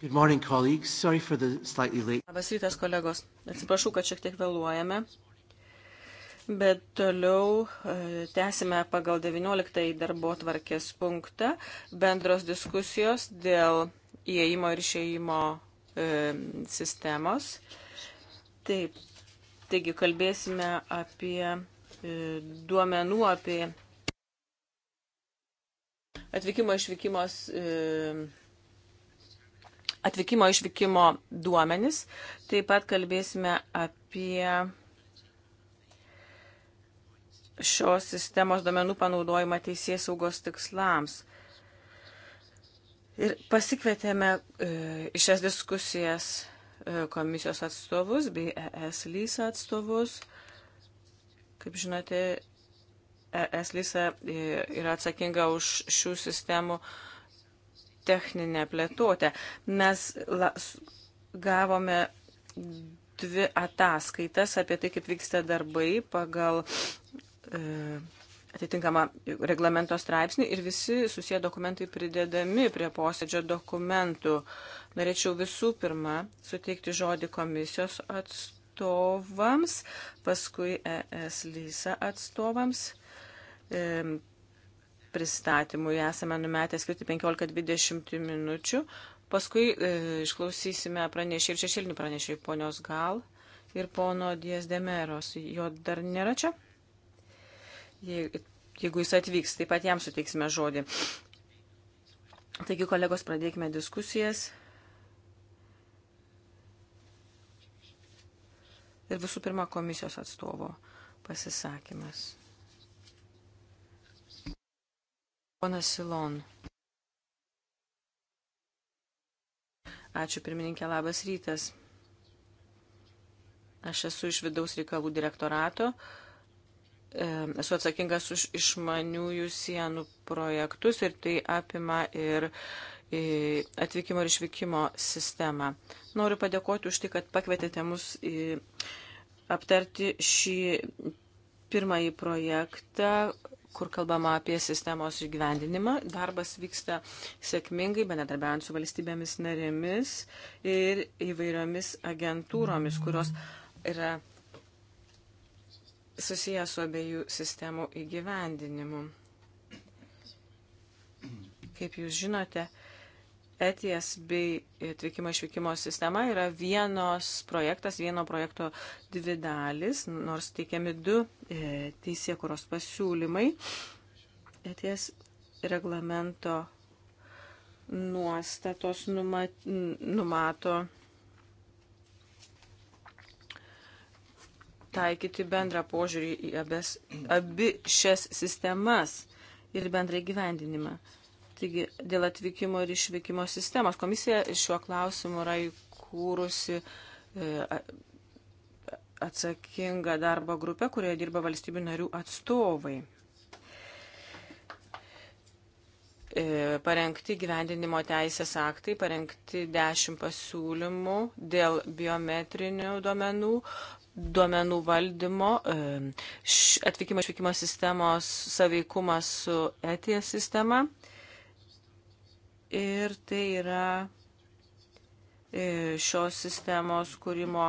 Good morning, colleagues. Sorry for the slightly late. Labas rytas, kolegos. Atsiprašau, kad šiek tiek vėluojame. Bet toliau e, tęsime pagal 19 darbo tvarkės punktą bendros diskusijos dėl įėjimo ir išėjimo e, sistemos. Taip, taigi kalbėsime apie e, duomenų, apie atvykimo išvykimos. E, atvykimo išvykimo duomenis. Taip pat kalbėsime apie šios sistemos domenų panaudojimą teisės saugos tikslams. Ir pasikvietėme e, į šias diskusijas e, komisijos atstovus bei ES lysa atstovus. Kaip žinote, ES lysa e, yra atsakinga už šių sistemų uh, techninę plėtotę. Mes gavome dvi ataskaitas apie tai, kaip vyksta darbai pagal e, atitinkamą reglamento straipsnį ir visi susiję dokumentai pridedami prie posėdžio dokumentų. Norėčiau visų pirma suteikti žodį komisijos atstovams, paskui ES lysa atstovams. E, pristatymui esame numetę skirti 15-20 minučių. Paskui e, išklausysime pranešį ir šešėlinių pranešį ponios Gal ir pono Dies Demeros. Jo dar nėra čia? Je, jeigu jis atvyks, taip pat jam suteiksime žodį. Taigi, kolegos, pradėkime diskusijas. Ir visų pirma, komisijos atstovo pasisakymas. Ponas Silon. Ačiū pirmininkė, labas rytas. Aš esu iš vidaus reikalų direktorato. E, esu atsakingas už išmaniųjų sienų projektus ir tai apima ir e, atvykimo ir išvykimo sistemą. Noriu padėkoti už tai, kad pakvietėte mus aptarti šį pirmąjį projektą, kur kalbama apie sistemos įgyvendinimą. Darbas vyksta sėkmingai, bendradarbiaujant su valstybėmis narėmis ir įvairiomis agentūromis, kurios yra susijęs su abiejų sistemų įgyvendinimu. Kaip jūs žinote, ETS bei atvykimo išvykimo sistema yra vienos projektas, vieno projekto dvi dalis, nors teikiami du e, teisėkuros pasiūlymai. ETS reglamento nuostatos numat, numato taikyti bendrą požiūrį į abes, abi šias sistemas ir bendrą gyvendinimą. Taigi, dėl atvykimo ir išvykimo sistemos komisija šiuo klausimu yra įkūrusi e, atsakinga darbo grupė, kurioje dirba valstybių narių atstovai. E, parengti gyvendinimo teisės aktai, parengti dešimt pasiūlymų dėl biometrinių duomenų, duomenų valdymo, e, atvykimo išvykimo sistemos saveikumas su ETIA sistema Ir tai yra e, šios sistemos kūrimo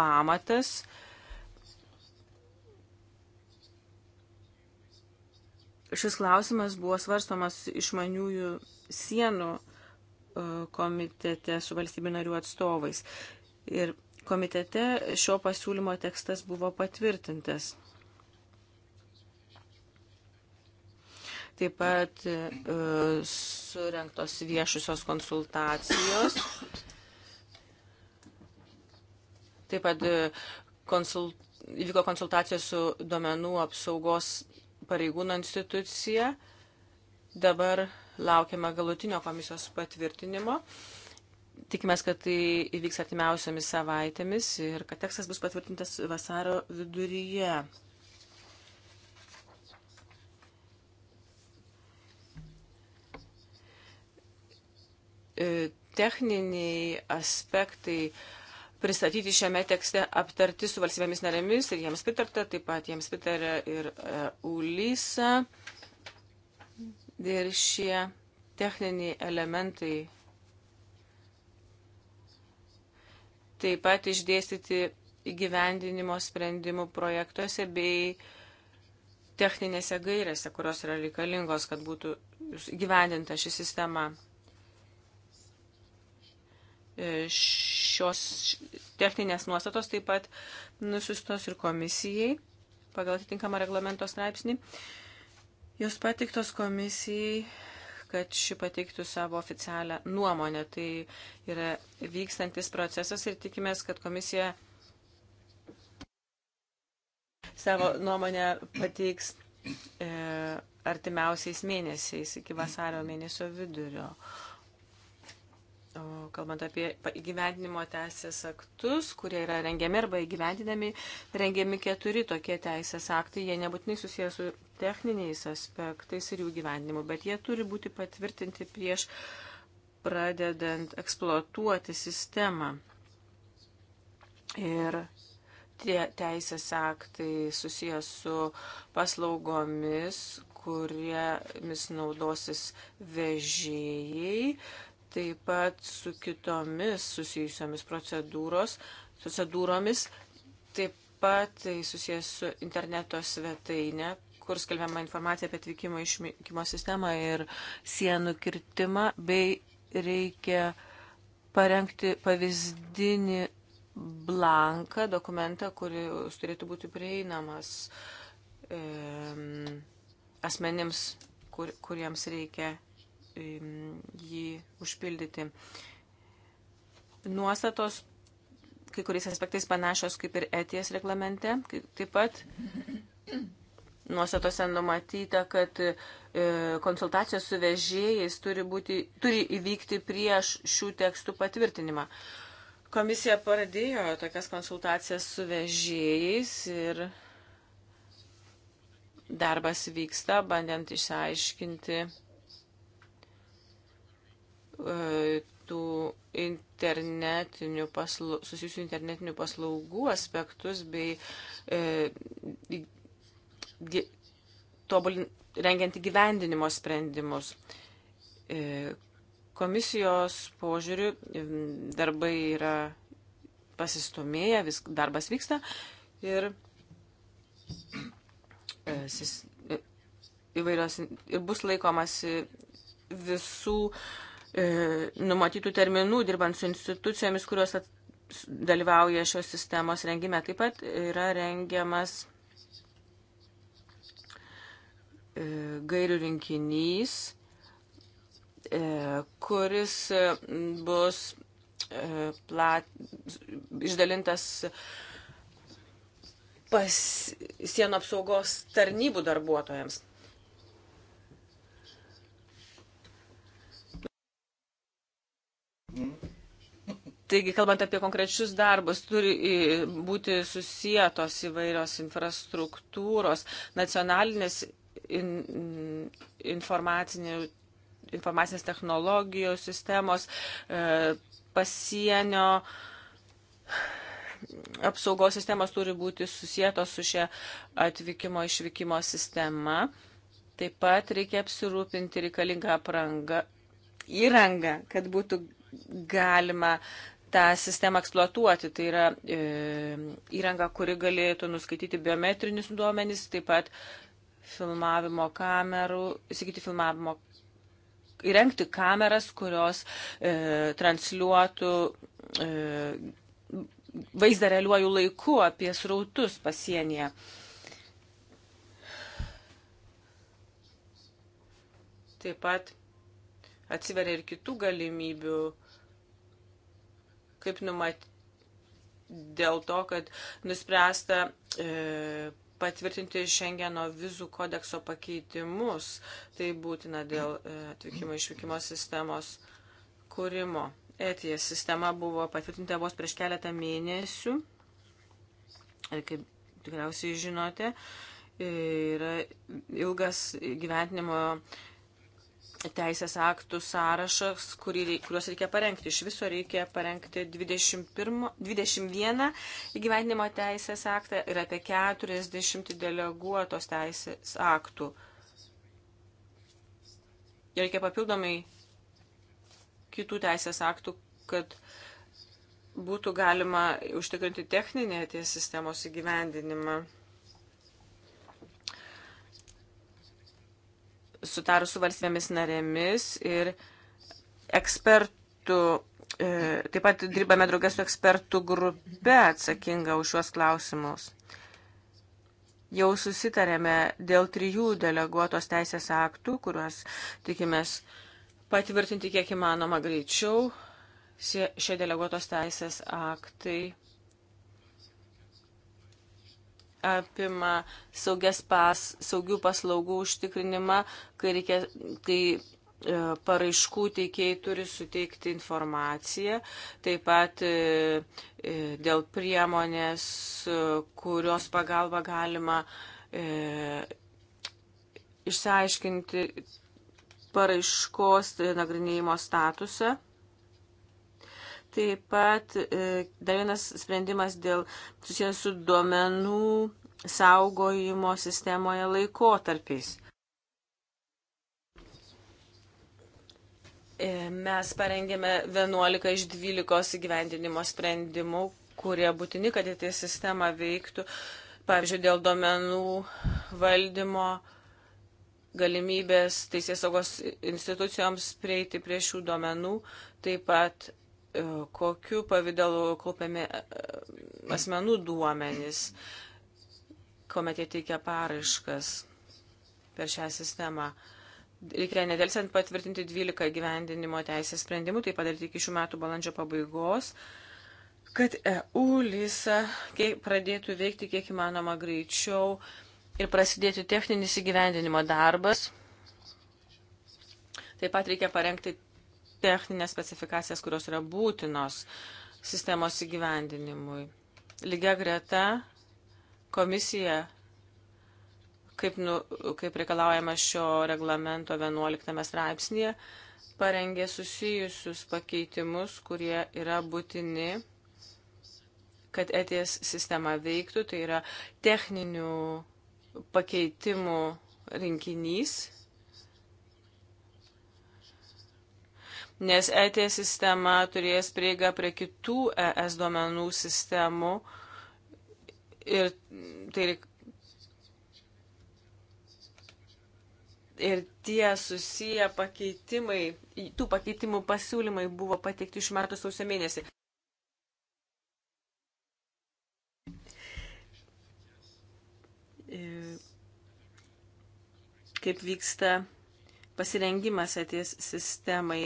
pamatas. Šis klausimas buvo svarstomas išmaniųjų sienų e, komitete su valstybių narių atstovais. Ir komitete šio pasiūlymo tekstas buvo patvirtintas. Taip pat e, surinktos viešusios konsultacijos. Taip pat e, konsult, vyko konsultacija su duomenų apsaugos pareigūno institucija. Dabar laukiame galutinio komisijos patvirtinimo. Tikimės, kad tai įvyks artimiausiamis savaitėmis ir kad tekstas bus patvirtintas vasaro viduryje. E, techniniai aspektai pristatyti šiame tekste aptarti su valstybėmis narėmis ir jiems pritarta, taip pat jiems pritarė ir e, ULISA. Ir šie techniniai elementai taip pat išdėstyti įgyvendinimo sprendimų projektuose bei techninėse gairėse, kurios yra reikalingos, kad būtų gyvendinta ši sistema. E, šios techninės nuostatos taip pat nusistos ir komisijai pagal atitinkamą reglamento straipsnį. Jos patiktos komisijai, kad ši pateiktų savo oficialią nuomonę. Tai yra vykstantis procesas ir tikimės, kad komisija savo nuomonę pateiks e, artimiausiais mėnesiais iki vasario mėnesio vidurio. E, kalbant apie įgyvendinimo teisės aktus, kurie yra rengiami arba įgyvendinami, rengiami keturi tokie teisės aktai, jie nebūtinai susijęs su techniniais aspektais ir jų gyvenimu, bet jie turi būti patvirtinti prieš pradedant eksploatuoti sistemą. Ir tie teisės aktai susijęs su paslaugomis, kuriemis naudosis vežėjai, taip pat su kitomis susijusiomis procedūromis, taip pat tai susijęs su interneto svetainė, kur skelbiama informacija apie atvykimo išvykimo sistemą ir sienų kirtimą, bei reikia parengti pavyzdinį blanką dokumentą, kuris turėtų būti prieinamas e, asmenims, kur, kuriems reikia Um, jį užpildyti. Nuostatos kai kuriais aspektais panašios kaip ir eties reglamente. Taip pat nuostatose numatyta, kad e, konsultacijos su vežėjais turi, būti, turi įvykti prieš šių tekstų patvirtinimą. Komisija pradėjo tokias konsultacijas su vežėjais ir darbas vyksta, bandant išsiaiškinti tų internetinių paslau, susijusių internetinių paslaugų aspektus bei e, di, tobulin, rengiant įgyvendinimo sprendimus. E, komisijos požiūrių darbai yra pasistumėję, vis, darbas vyksta ir e, e, įvairios ir bus laikomasi visų uh, E, numatytų terminų, dirbant su institucijomis, kurios dalyvauja šios sistemos rengime. Taip pat yra rengiamas e, gairių rinkinys, e, kuris bus plat, išdalintas pas sienų apsaugos tarnybų darbuotojams. Taigi, kalbant apie konkrečius darbus, turi e, būti susijėtos įvairios infrastruktūros, nacionalinės in, informacinė, informacinės technologijų sistemos, e, pasienio apsaugos sistemos turi būti susijėtos su šia atvykimo išvykimo sistema. Taip pat reikia apsirūpinti reikalingą aprangą, įrangą, kad būtų galima uh, tą sistemą eksploatuoti. Tai yra e, įranga, kuri galėtų nuskaityti biometrinius duomenys, taip pat filmavimo kamerų, įsigyti filmavimo, įrengti kameras, kurios e, transliuotų e, vaizdą realiuoju laiku apie srautus pasienyje. Taip pat atsiveria ir kitų galimybių kaip numatyti dėl to, kad nuspręsta e, patvirtinti Šengeno vizų kodekso pakeitimus. Tai būtina dėl e, atvykimo išvykimo sistemos kūrimo. Etijas sistema buvo patvirtinta vos prieš keletą mėnesių. Ir kaip tikriausiai žinote, e, yra ilgas gyventinimo teisės aktų sąrašas, kurį, kuriuos reikia parengti. Iš viso reikia parengti 21, 21 įgyvendinimo teisės aktą ir apie 40 deleguotos teisės aktų. Ir reikia papildomai kitų teisės aktų, kad būtų galima užtikrinti techninį atės sistemos įgyvendinimą. sutarus su valstybėmis narėmis ir ekspertų, e, taip pat dirbame draugės su ekspertų grupe atsakinga už šiuos klausimus. Jau susitarėme dėl trijų deleguotos teisės aktų, kuriuos tikimės patvirtinti kiek įmanoma greičiau. Šie deleguotos teisės aktai apima saugias pas, saugių paslaugų užtikrinimą, kai, reikia, kai e, paraiškų teikėjai turi suteikti informaciją, taip pat e, e, dėl priemonės, kurios pagalba galima išsiaiškinti paraiškos nagrinėjimo statusą. Taip pat e, dar vienas sprendimas dėl susijęs su duomenų saugojimo sistemoje laikotarpiais. E, mes parengėme 11 iš 12 įgyvendinimo sprendimų, kurie būtini, kad į sistemą veiktų. Pavyzdžiui, dėl domenų valdymo galimybės teisės saugos institucijoms prieiti prie šių domenų, taip pat kokiu pavydalu kaupiami e, asmenų duomenys, kuomet jie teikia paraiškas per šią sistemą. Reikia nedelsiant patvirtinti 12 gyvendinimo teisės sprendimų, tai padaryti iki šių metų balandžio pabaigos, kad EU lysa pradėtų veikti kiek įmanoma greičiau ir prasidėtų techninis įgyvendinimo darbas. Taip pat reikia parengti techninės specifikacijas, kurios yra būtinos sistemos įgyvendinimui. Lygia greta komisija, kaip, nu, kaip reikalaujama šio reglamento 11 straipsnėje, parengė susijusius pakeitimus, kurie yra būtini kad ETS sistema veiktų, tai yra techninių pakeitimų rinkinys nes ETE sistema turės prieigą prie kitų ES duomenų sistemų ir tai Ir tie susiję pakeitimai, tų pakeitimų pasiūlymai buvo pateikti šių metų sausio mėnesį. Kaip vyksta pasirengimas atės e sistemai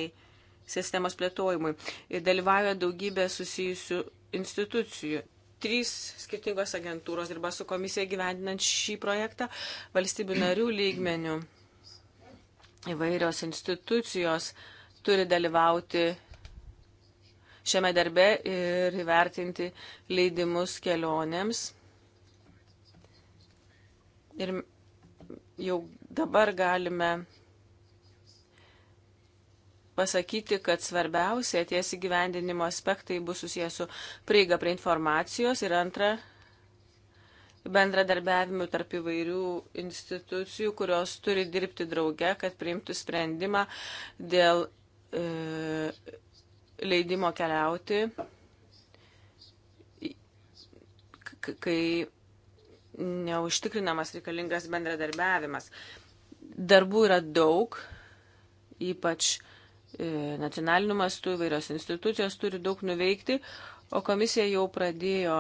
sistemos plėtojimui. Ir dalyvauja daugybė susijusių institucijų. Trys skirtingos agentūros dirba su komisija gyvendinant šį projektą valstybių narių lygmenių. Įvairios institucijos turi dalyvauti šiame darbe ir įvertinti leidimus kelionėms. Ir jau dabar galime pasakyti, kad svarbiausia ties įgyvendinimo aspektai bus susijęs su prieiga prie informacijos ir antra bendradarbiavimu tarp įvairių institucijų, kurios turi dirbti drauge, kad priimtų sprendimą dėl e, leidimo keliauti, kai neužtikrinamas reikalingas bendradarbiavimas. Darbų yra daug, ypač e, E, nacionaliniu mastu, vairios institucijos turi daug nuveikti, o komisija jau pradėjo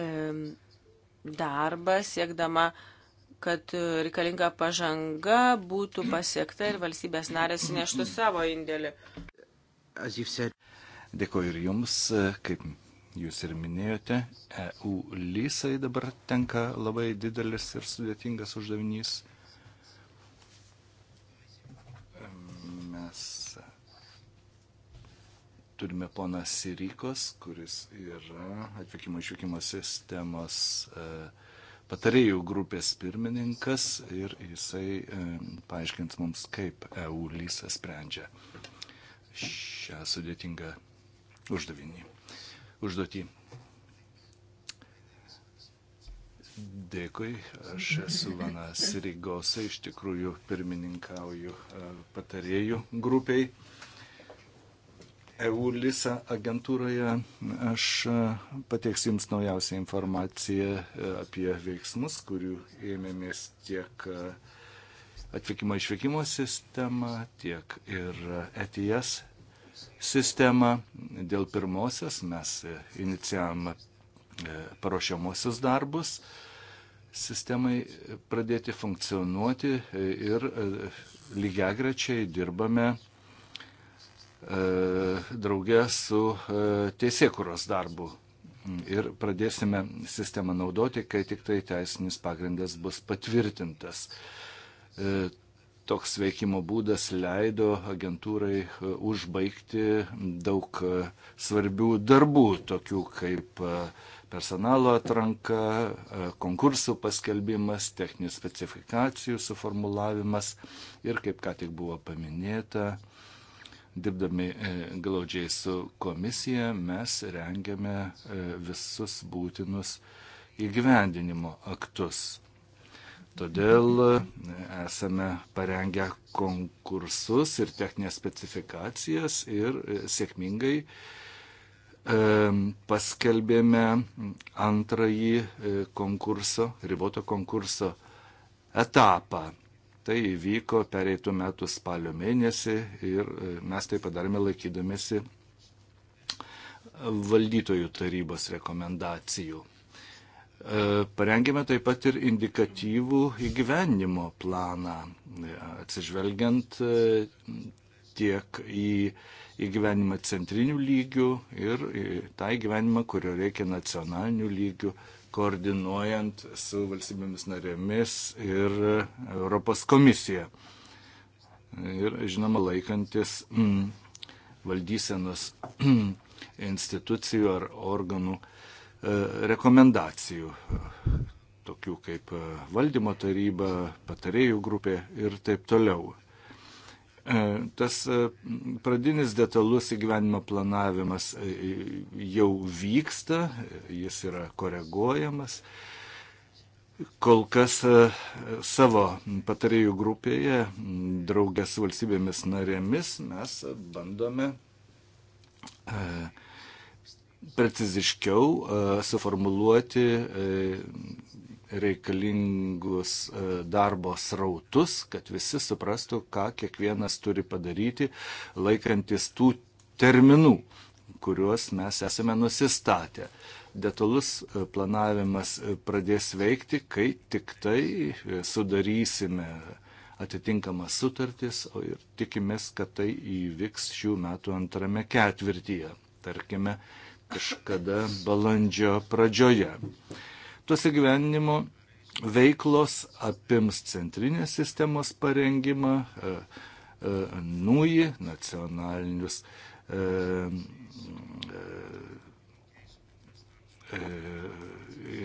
e, darbą siekdama kad reikalinga pažanga būtų pasiekta ir valstybės narės neštų savo indėlį. Dėkuoju ir jums, kaip jūs ir minėjote, EU lysai dabar tenka labai didelis ir sudėtingas uždavinys. Mes turime poną Sirikos, kuris yra atvykimo išvykimo sistemos e, patarėjų grupės pirmininkas ir jisai e, paaiškins mums, kaip EU lysa sprendžia šią sudėtingą uždavinį užduotį. Dėkui, aš esu Lanas Rygosa, iš tikrųjų pirmininkauju e, patarėjų grupiai. EULISA agentūroje aš e, pateiksiu Jums naujausią informaciją e, apie veiksmus, kurių ėmėmės tiek atvykimo išvykimo sistema, tiek ir ETS sistemą. Dėl pirmosios mes e, inicijavome e, paruošiamosius darbus sistemai e, pradėti funkcionuoti ir lygiagrečiai dirbame draugė su teisėkuros darbu. Ir pradėsime sistemą naudoti, kai tik tai teisinis pagrindas bus patvirtintas Toks veikimo būdas leido agentūrai e, užbaigti daug e, svarbių darbų, tokių kaip e, personalo atranka, konkursų paskelbimas, techninių specifikacijų suformulavimas ir, kaip ką tik buvo paminėta, dirbdami glaudžiai su komisija, mes rengiame visus būtinus įgyvendinimo aktus. Todėl e, esame parengę konkursus ir techninės specifikacijas ir e, sėkmingai e, paskelbėme antrąjį konkurso, riboto konkurso etapą. Tai įvyko pereitų metų spalio mėnesį ir mes tai padarėme laikydamėsi valdytojų tarybos rekomendacijų. E, parengėme taip pat ir indikatyvų įgyvenimo planą, e, atsižvelgiant e, tiek į įgyvenimą centrinių lygių ir tą įgyvenimą, kurio reikia nacionalinių lygių, koordinuojant su valstybėmis narėmis ir Europos komisija. Ir, žinoma, laikantis mm, valdysenos mm, institucijų ar organų uh, E, rekomendacijų, tokių kaip e, valdymo taryba, patarėjų grupė ir taip toliau. E, tas pradinis detalus įgyvenimo planavimas jau vyksta, jis yra koreguojamas. Kol kas savo patarėjų grupėje, draugės valstybėmis narėmis, mes bandome uh, preciziškiau e, suformuluoti e, reikalingus e, darbo srautus, kad visi suprastų, ką kiekvienas turi padaryti, laikantis tų terminų, kuriuos mes esame nusistatę. Detalus planavimas pradės veikti, kai tik tai sudarysime atitinkamas sutartis ir tikimės, kad tai įvyks šių metų antrame ketvirtyje. Tarkime, kažkada balandžio pradžioje. Tuos įgyvenimo veiklos apims centrinės sistemos parengimą, e, e, NUI, nacionalinius e,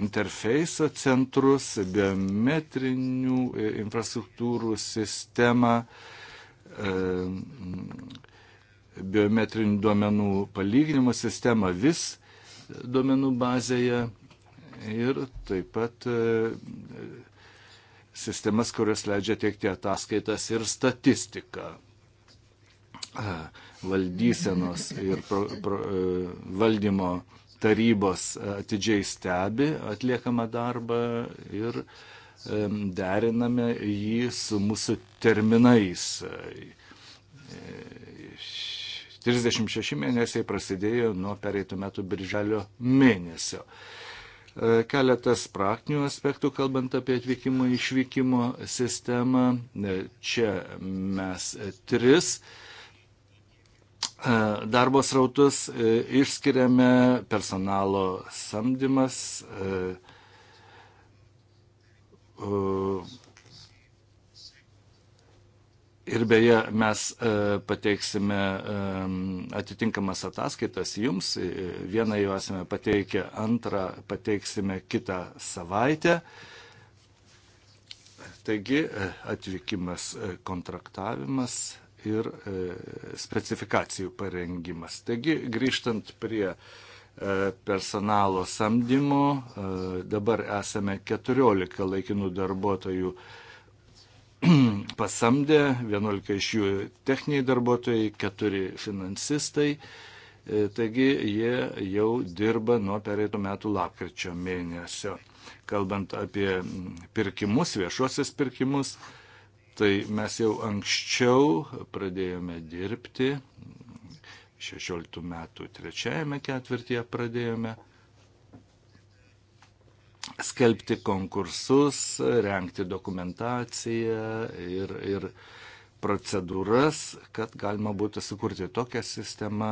interfeiso centrus, biometrinių infrastruktūrų sistemą, biometrinių duomenų palyginimo sistemą vis duomenų bazėje ir taip pat e, sistemas, kurios leidžia teikti ataskaitas ir statistiką e, valdysenos ir pro, pro, e, valdymo tarybos atidžiai stebi atliekamą darbą ir deriname jį su mūsų terminais 36 mėnesiai prasidėjo nuo pereitų metų birželio mėnesio. E, keletas praktinių aspektų, kalbant apie atvykimo išvykimo sistemą. E, čia mes tris e, darbo srautus išskiriame personalo samdymas, Ir beje, mes e, pateiksime e, atitinkamas ataskaitas jums. E, vieną jau esame pateikę, antrą pateiksime kitą savaitę. Taigi atvykimas, kontraktavimas ir specifikacijų parengimas. Taigi grįžtant prie personalo samdymo, dabar esame 14 laikinų darbuotojų pasamdė, 11 iš jų techniniai darbuotojai, 4 finansistai. E, taigi jie jau dirba nuo pereitų metų lapkričio mėnesio. Kalbant apie pirkimus, viešuosius pirkimus, tai mes jau anksčiau pradėjome dirbti. 16 metų trečiajame ketvirtyje pradėjome skelbti konkursus, renkti dokumentaciją ir, ir procedūras, kad galima būtų sukurti tokią sistemą,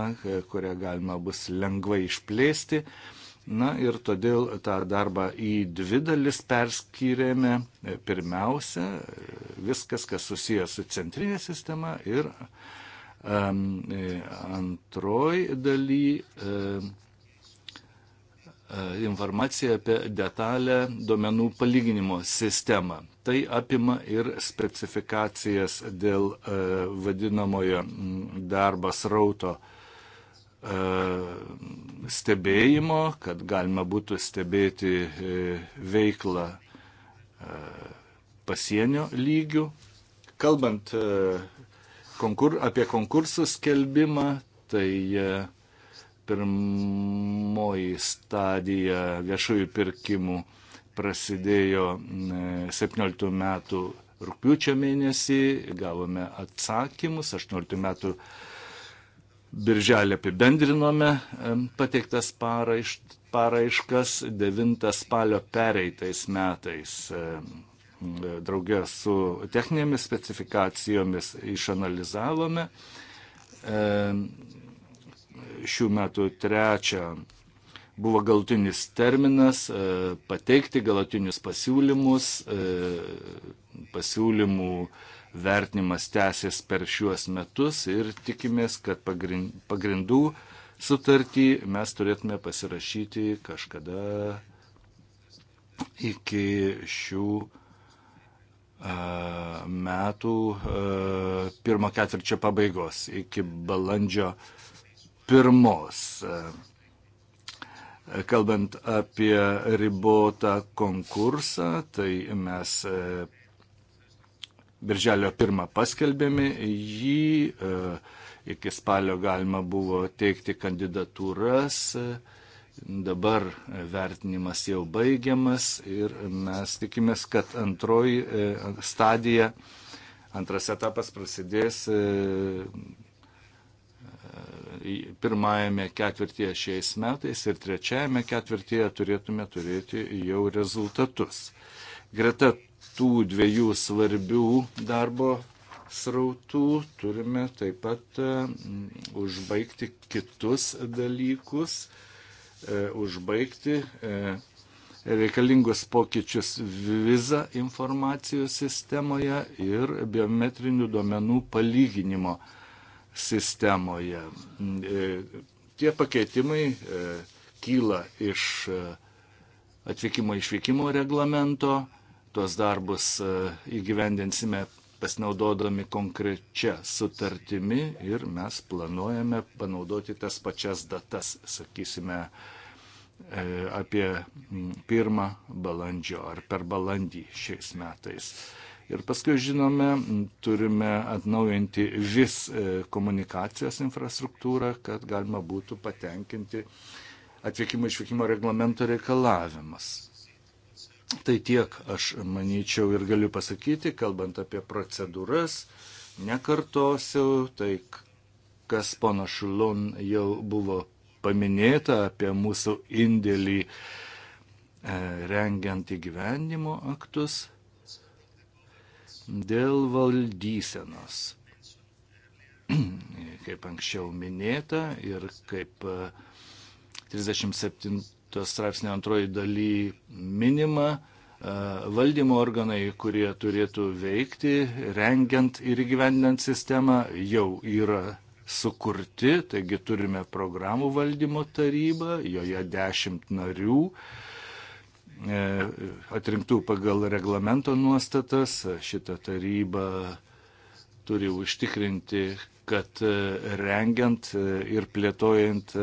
kurią galima bus lengvai išplėsti. Na ir todėl tą darbą į dvi dalis perskyrėme. Pirmiausia, viskas, kas susijęs su centrinė sistema ir um, antroji daly um, E, informaciją apie detalę duomenų palyginimo sistemą. Tai apima ir specifikacijas dėl e, vadinamojo darbas rauto e, stebėjimo, kad galima būtų stebėti veiklą pasienio lygių. Kalbant konkur, apie konkursų skelbimą, tai uh, Pirmoji stadija viešųjų pirkimų prasidėjo 17 e, metų rūpiučio mėnesį, gavome atsakymus, 18 metų birželį apibendrinome e, pateiktas paraiš, paraiškas, 9 spalio pereitais metais e, draugė su techninėmis specifikacijomis išanalizavome šių metų trečią buvo galutinis terminas e, pateikti galutinius pasiūlymus. E, pasiūlymų vertinimas tęsės per šiuos metus ir tikimės, kad pagrindų sutartį mes turėtume pasirašyti kažkada iki šių e, metų pirmo ketvirčio pabaigos, iki balandžio 1 pirmos. Kalbant apie ribotą konkursą, tai mes e, birželio pirmą paskelbėme jį, e, iki spalio galima buvo teikti kandidatūras, e, dabar vertinimas jau baigiamas ir mes tikimės, kad antroji stadija, antras etapas prasidės pirmajame ketvirtyje šiais metais ir trečiajame ketvirtyje turėtume turėti jau rezultatus. Greta tų dviejų svarbių darbo srautų turime taip pat e, užbaigti kitus dalykus, e, užbaigti e, reikalingus pokyčius viza informacijos sistemoje ir biometrinių duomenų palyginimo sistemoje sistemoje. Mm, e, tie pakeitimai e, kyla iš e, atvykimo išvykimo reglamento, tuos darbus įgyvendinsime pasinaudodami konkrečia sutartimi ir mes planuojame panaudoti tas pačias datas, sakysime, apie mm, pirmą balandžio ar per balandį šiais metais. Ir paskui, žinome, turime atnaujinti vis e, komunikacijos infrastruktūrą, kad galima būtų patenkinti atvykimo išvykimo reglamento reikalavimas. Tai tiek aš manyčiau ir galiu pasakyti, kalbant apie procedūras, nekartosiu tai, kas pono Šulon jau buvo paminėta apie mūsų indėlį e, rengiant įgyvendimo aktus. Dėl valdysenos, kaip anksčiau minėta ir kaip 37 e, straipsnio antroji daly minima, e, valdymo organai, kurie turėtų veikti, rengiant ir įgyvendinant sistemą, jau yra sukurti, taigi turime programų valdymo tarybą, joje dešimt narių, E, atrinktų pagal reglamento nuostatas. Šita taryba turi užtikrinti, kad e, rengiant e, ir plėtojant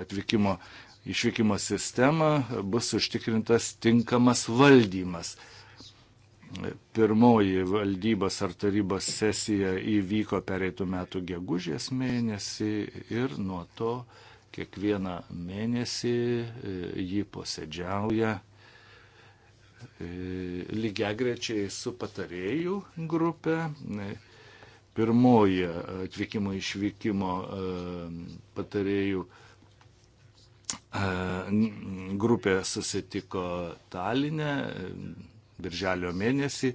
atvykimo, išvykimo sistemą bus užtikrintas tinkamas valdymas. Pirmoji valdybos ar tarybos sesija įvyko pereitų metų gegužės mėnesį ir nuo to uh, Kiekvieną mėnesį e, jį posėdžiauja e, lygiagrečiai su patarėjų grupė. E, pirmoji atvykimo išvykimo patarėjų grupė susitiko Talinę birželio mėnesį,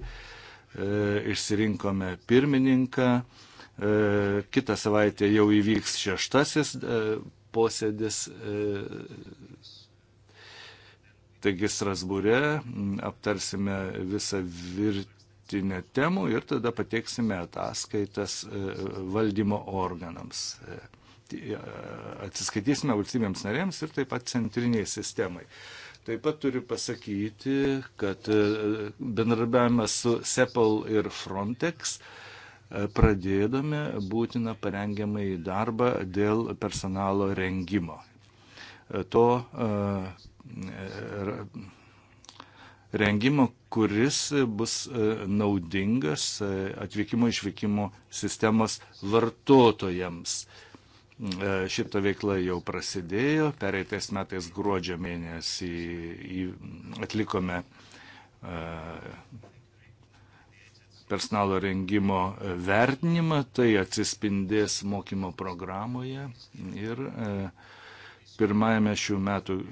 išsirinkome pirmininką, kitą savaitę jau įvyks šeštasis posėdis. E, taigi Strasbūre aptarsime visą virtinę temų ir tada pateiksime ataskaitas e, valdymo organams. E, atsiskaitysime valstybėms narėms ir taip pat centriniai sistemai. Taip pat turiu pasakyti, kad bendradarbiavimas su CEPAL ir Frontex uh, pradėdami būtina parengiamai darbą dėl personalo rengimo. To e, rengimo, kuris bus e, naudingas e, atvykimo išvykimo sistemos vartotojams. Šita veikla jau prasidėjo, pereitais metais gruodžio mėnesį atlikome personalo rengimo e, vertinimą, tai atsispindės mokymo programoje ir e, pirmajame šių metų e,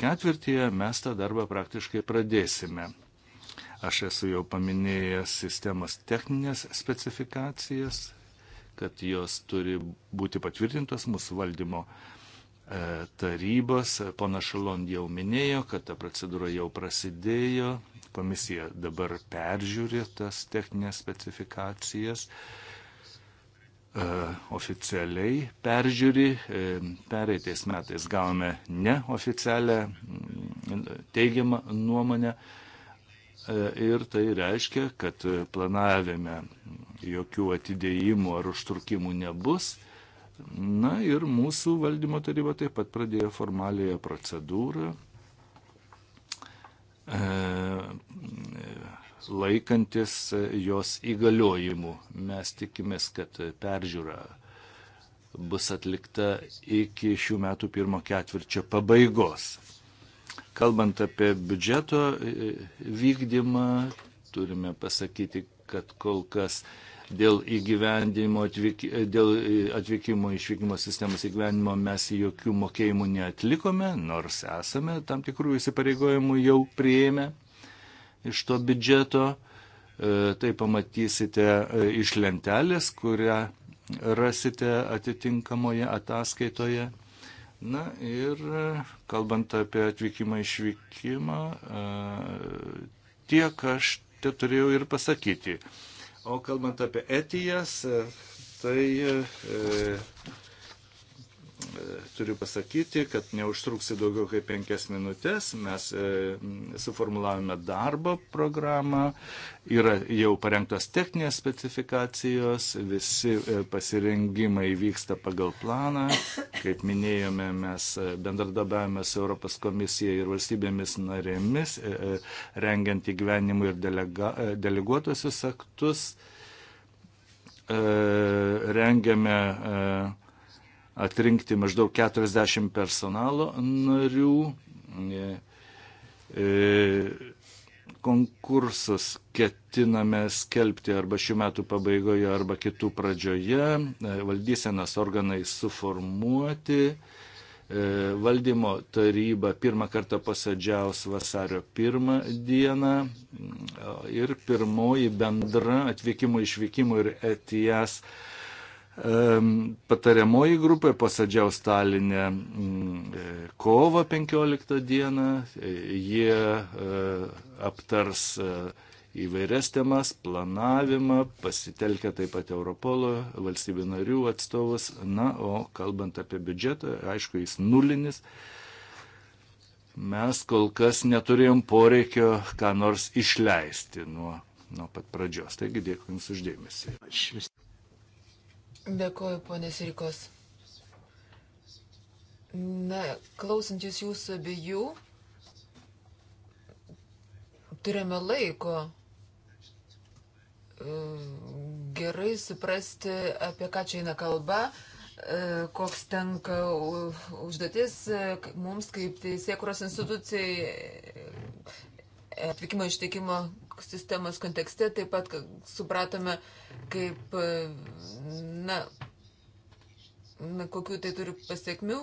ketvirtyje mes tą darbą praktiškai pradėsime. Aš esu jau paminėjęs sistemos techninės specifikacijas, kad jos turi būti patvirtintos mūsų valdymo tarybos. Pana Šalon jau minėjo, kad ta procedūra jau prasidėjo, Komisija dabar peržiūri tas techninės specifikacijas, e, oficialiai peržiūri. E, pereitais metais gavome neoficialią teigiamą nuomonę e, ir tai reiškia, kad planavime jokių atidėjimų ar užtrukimų nebus. Na ir mūsų valdymo taryba taip pat pradėjo formaliąją procedūrą E, laikantis jos įgaliojimų. Mes tikimės, kad peržiūra bus atlikta iki šių metų pirmo ketvirčio pabaigos. Kalbant apie biudžeto e, vykdymą, turime pasakyti, kad kol kas dėl, atvyk, dėl atvykimo išvykimo sistemos įgyvenimo mes jokių mokėjimų neatlikome, nors esame tam tikrų įsipareigojimų jau prieėmę iš to biudžeto. E, tai pamatysite e, iš lentelės, kurią rasite atitinkamoje ataskaitoje. Na ir e, kalbant apie atvykimą išvykimą, tiek aš te turėjau ir pasakyti. O kalbant apie etijas, e, tai e, E, turiu pasakyti, kad neužtruksi daugiau kaip penkias minutės. Mes e, suformulavome darbo programą, yra jau parengtos techninės specifikacijos, visi e, pasirengimai vyksta pagal planą. Kaip minėjome, mes bendradarbiavame su Europos komisija ir valstybėmis narėmis, rengiant įgyvenimų ir delega, deleguotosius aktus. Rengiame uh, atrinkti maždaug 40 personalo narių. E, e, konkursus ketiname skelbti arba šių metų pabaigoje, arba kitų pradžioje. E, Valdysenas organai suformuoti. Valdymo taryba pirmą kartą posėdžiaus vasario pirmą dieną ir pirmoji bendra atvykimo, išvykimo ir etijas uh, Patariamoji grupė posėdžiau Stalinę mm, e, kovo 15 dieną. E, jie e, aptars įvairias temas, planavimą, pasitelkia taip pat Europolo valstybių narių atstovus. Na, o kalbant apie biudžetą, aišku, jis nulinis. Mes kol kas neturėjom poreikio ką nors išleisti nuo, nuo pat pradžios. Taigi dėkui Jums uždėmesi. Dėkoju, ponės Rikos. Na, klausantis jūsų abiejų, turime laiko e, gerai suprasti, apie ką čia eina kalba, e, koks tenka užduotis e, mums kaip teisėkuros institucijai atvykimo išteikimo sistemos kontekste taip pat supratome, kaip, na, na kokiu tai turi pasiekmių.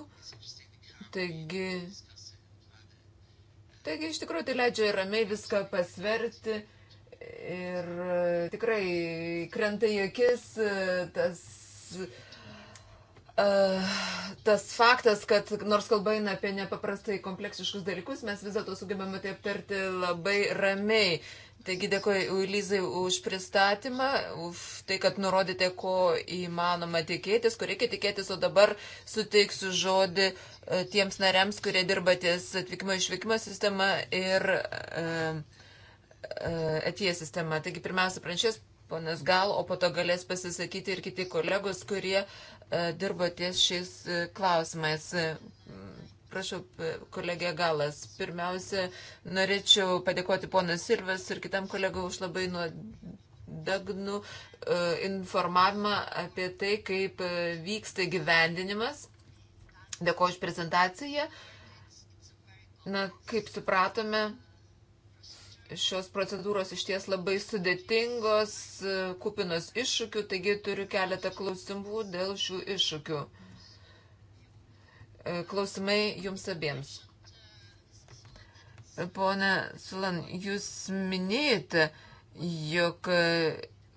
Taigi, taigi, iš tikrųjų, tai leidžia ramiai viską pasverti ir e, tikrai krenta į akis e, tas. Uh, tas faktas, kad nors kalba eina apie nepaprastai kompleksiškus dalykus, mes vis dėlto sugebame tai aptarti labai ramiai. Taigi dėkoju Lizai už pristatymą, už tai, kad nurodėte, ko įmanoma tikėtis, ko reikia tikėtis, o dabar suteiksiu žodį e, tiems nariams, kurie dirba ties atvykimo išvykimo sistema ir e, e, atėję sistema. Taigi pirmiausia, pranšės ponas Gal, o po to galės pasisakyti ir kiti kolegos, kurie dirbo ties šiais klausimais. Prašau, kolegė Galas. Pirmiausia, norėčiau padėkoti ponas Silvas ir kitam kolegui už labai nuodagnų e, informavimą apie tai, kaip e, vyksta gyvendinimas. Dėkuoju už prezentaciją. Na, kaip supratome, šios procedūros iš ties labai sudėtingos, e, kupinos iššūkių, taigi turiu keletą klausimų dėl šių iššūkių klausimai jums abiems. Pone Sulan, jūs minėjote, jog e,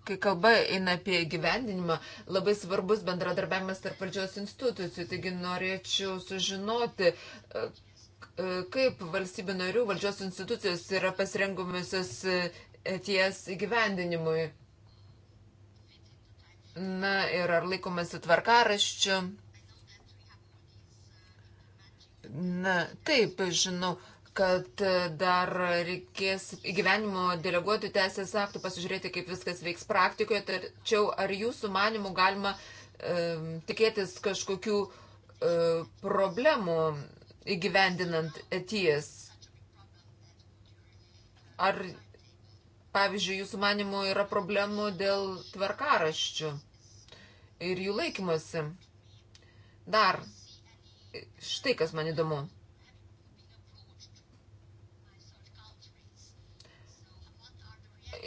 kai kalba eina apie gyvendinimą, labai svarbus bendradarbiavimas tarp valdžios institucijų. Taigi norėčiau sužinoti, e, e, kaip valstybių narių valdžios institucijos yra pasirengumusios ties įgyvendinimui. Na ir ar laikomasi tvarkaraščių? Na, taip, žinau, kad e, dar reikės įgyvenimo deleguotų teisės aktų pasižiūrėti, kaip viskas veiks praktikoje, tačiau ar jūsų manimų galima um, tikėtis kažkokių um, problemų įgyvendinant eties? Ar, pavyzdžiui, jūsų manimų yra problemų dėl tvarkaraščių ir jų laikymosi? Dar štai kas man įdomu.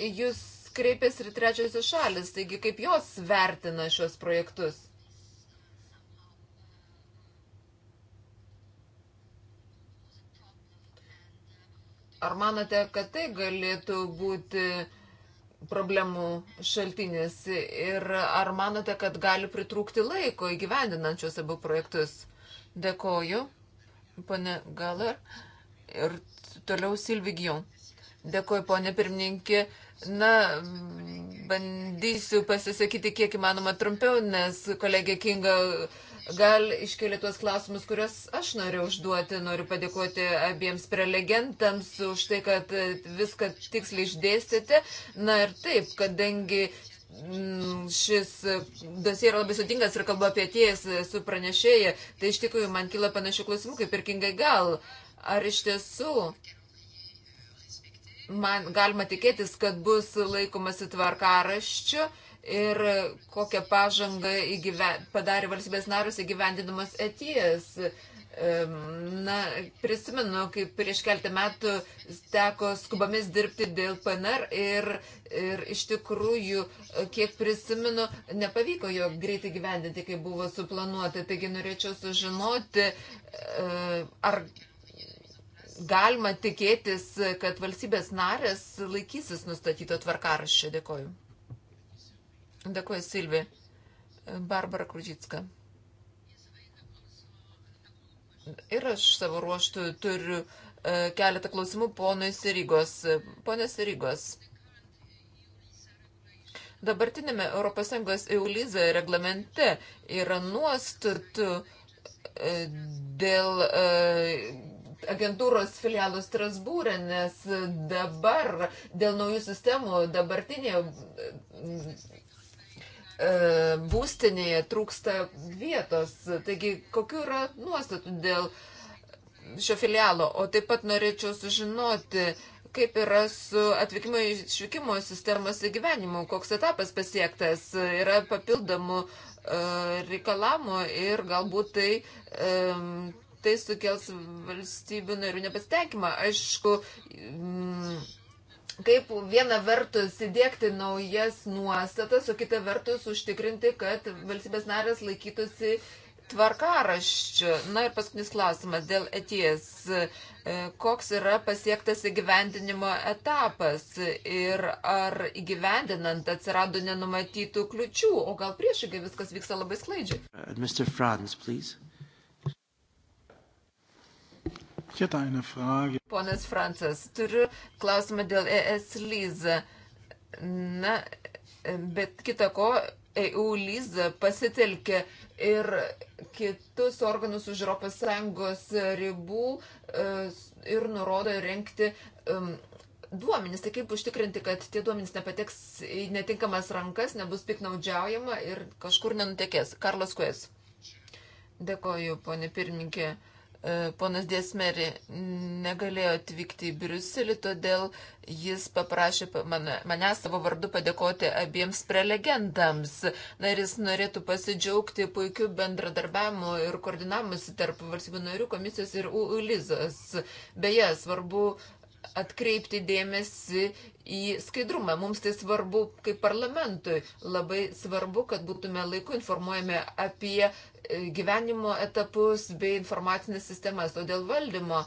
Jūs kreipėsi ir trečiosios šalis, taigi kaip jos vertina šios projektus? Ar manote, kad tai galėtų būti problemų šaltinis ir ar manote, kad gali pritrūkti laiko įgyvendinančios abu projektus? Dėkoju, pane Galer. Ir toliau Silvigijon. Dėkoju, ponė pirmininkė. Na, bandysiu pasisakyti kiek įmanoma trumpiau, nes kolegė Kinga gal iškėlė tuos klausimus, kuriuos aš noriu užduoti. Noriu padėkoti abiems prelegentams už tai, kad viską tiksliai išdėstėte. Na ir taip, kadangi Mm, šis mm, dosie yra labai sudingas ir kalba apie ties e, su pranešėja, tai iš tikrųjų man kyla panašių klausimų kaip ir kingai gal. Ar iš tiesų man galima tikėtis, kad bus laikomasi tvarkaraščių ir kokią pažangą įgyven, padarė valstybės narus įgyvendinamas etijas. Na, prisimenu, kaip prieš keltą metų teko skubomis dirbti dėl PNR ir, ir iš tikrųjų, kiek prisimenu, nepavyko jo greitai gyvendinti, kaip buvo suplanuota. Taigi norėčiau sužinoti, e, ar galima tikėtis, kad valstybės narės laikysis nustatyto tvarkaraščio. Dėkoju. Dėkoju, Silvi. Barbara Krudžicka. Ir aš savo ruoštų turiu e, keletą klausimų ponui Sirygos. Pone Sirygos, dabartinėme ES EULIZA reglamente yra nuostatų e, dėl e, agentūros filialų Strasbūrė, nes dabar dėl naujų sistemų dabartinėje E, būstinėje trūksta vietos. Taigi, kokiu yra nuostatų dėl šio filialo? O taip pat norėčiau sužinoti, kaip yra su atvykimo išvykimo sistemos įgyvenimu, koks etapas pasiektas, yra papildomų e, reikalamų ir galbūt tai. E, tai sukels valstybių narių nepasitenkimą. Aišku, mm, kaip viena vertus įdėkti naujas nuostatas, o kita vertus užtikrinti, kad valstybės narės laikytųsi tvarkaraščių. Na ir paskutinis klausimas dėl eties. E, koks yra pasiektas įgyvendinimo etapas ir ar įgyvendinant atsirado nenumatytų kliučių, o gal priešingai viskas vyksta labai sklaidžiai? Uh, Mr. Franz, please. Ponas Francas, turiu klausimą dėl ES lyza. Na, bet kita ko, EU lyza pasitelkė ir kitus organus už ES ribų e, ir nurodo renkti duomenys. Tai kaip užtikrinti, kad tie duomenys nepateks į netinkamas rankas, nebus piknaudžiaujama ir kažkur nenutekės. Karlas Kues. Dėkoju, ponė pirmininkė ponas Dėsmeri negalėjo atvykti į Briuselį, todėl jis paprašė mane, mane savo vardu padėkoti abiems prelegentams. Na ir jis norėtų pasidžiaugti puikiu bendradarbiavimu ir koordinavimusi tarp valstybių narių komisijos ir ULIZOS. Beje, svarbu atkreipti dėmesį į skaidrumą. Mums tai svarbu kaip parlamentui. Labai svarbu, kad būtume laiku informuojami apie e, gyvenimo etapus bei informacinės sistemas. O dėl valdymo,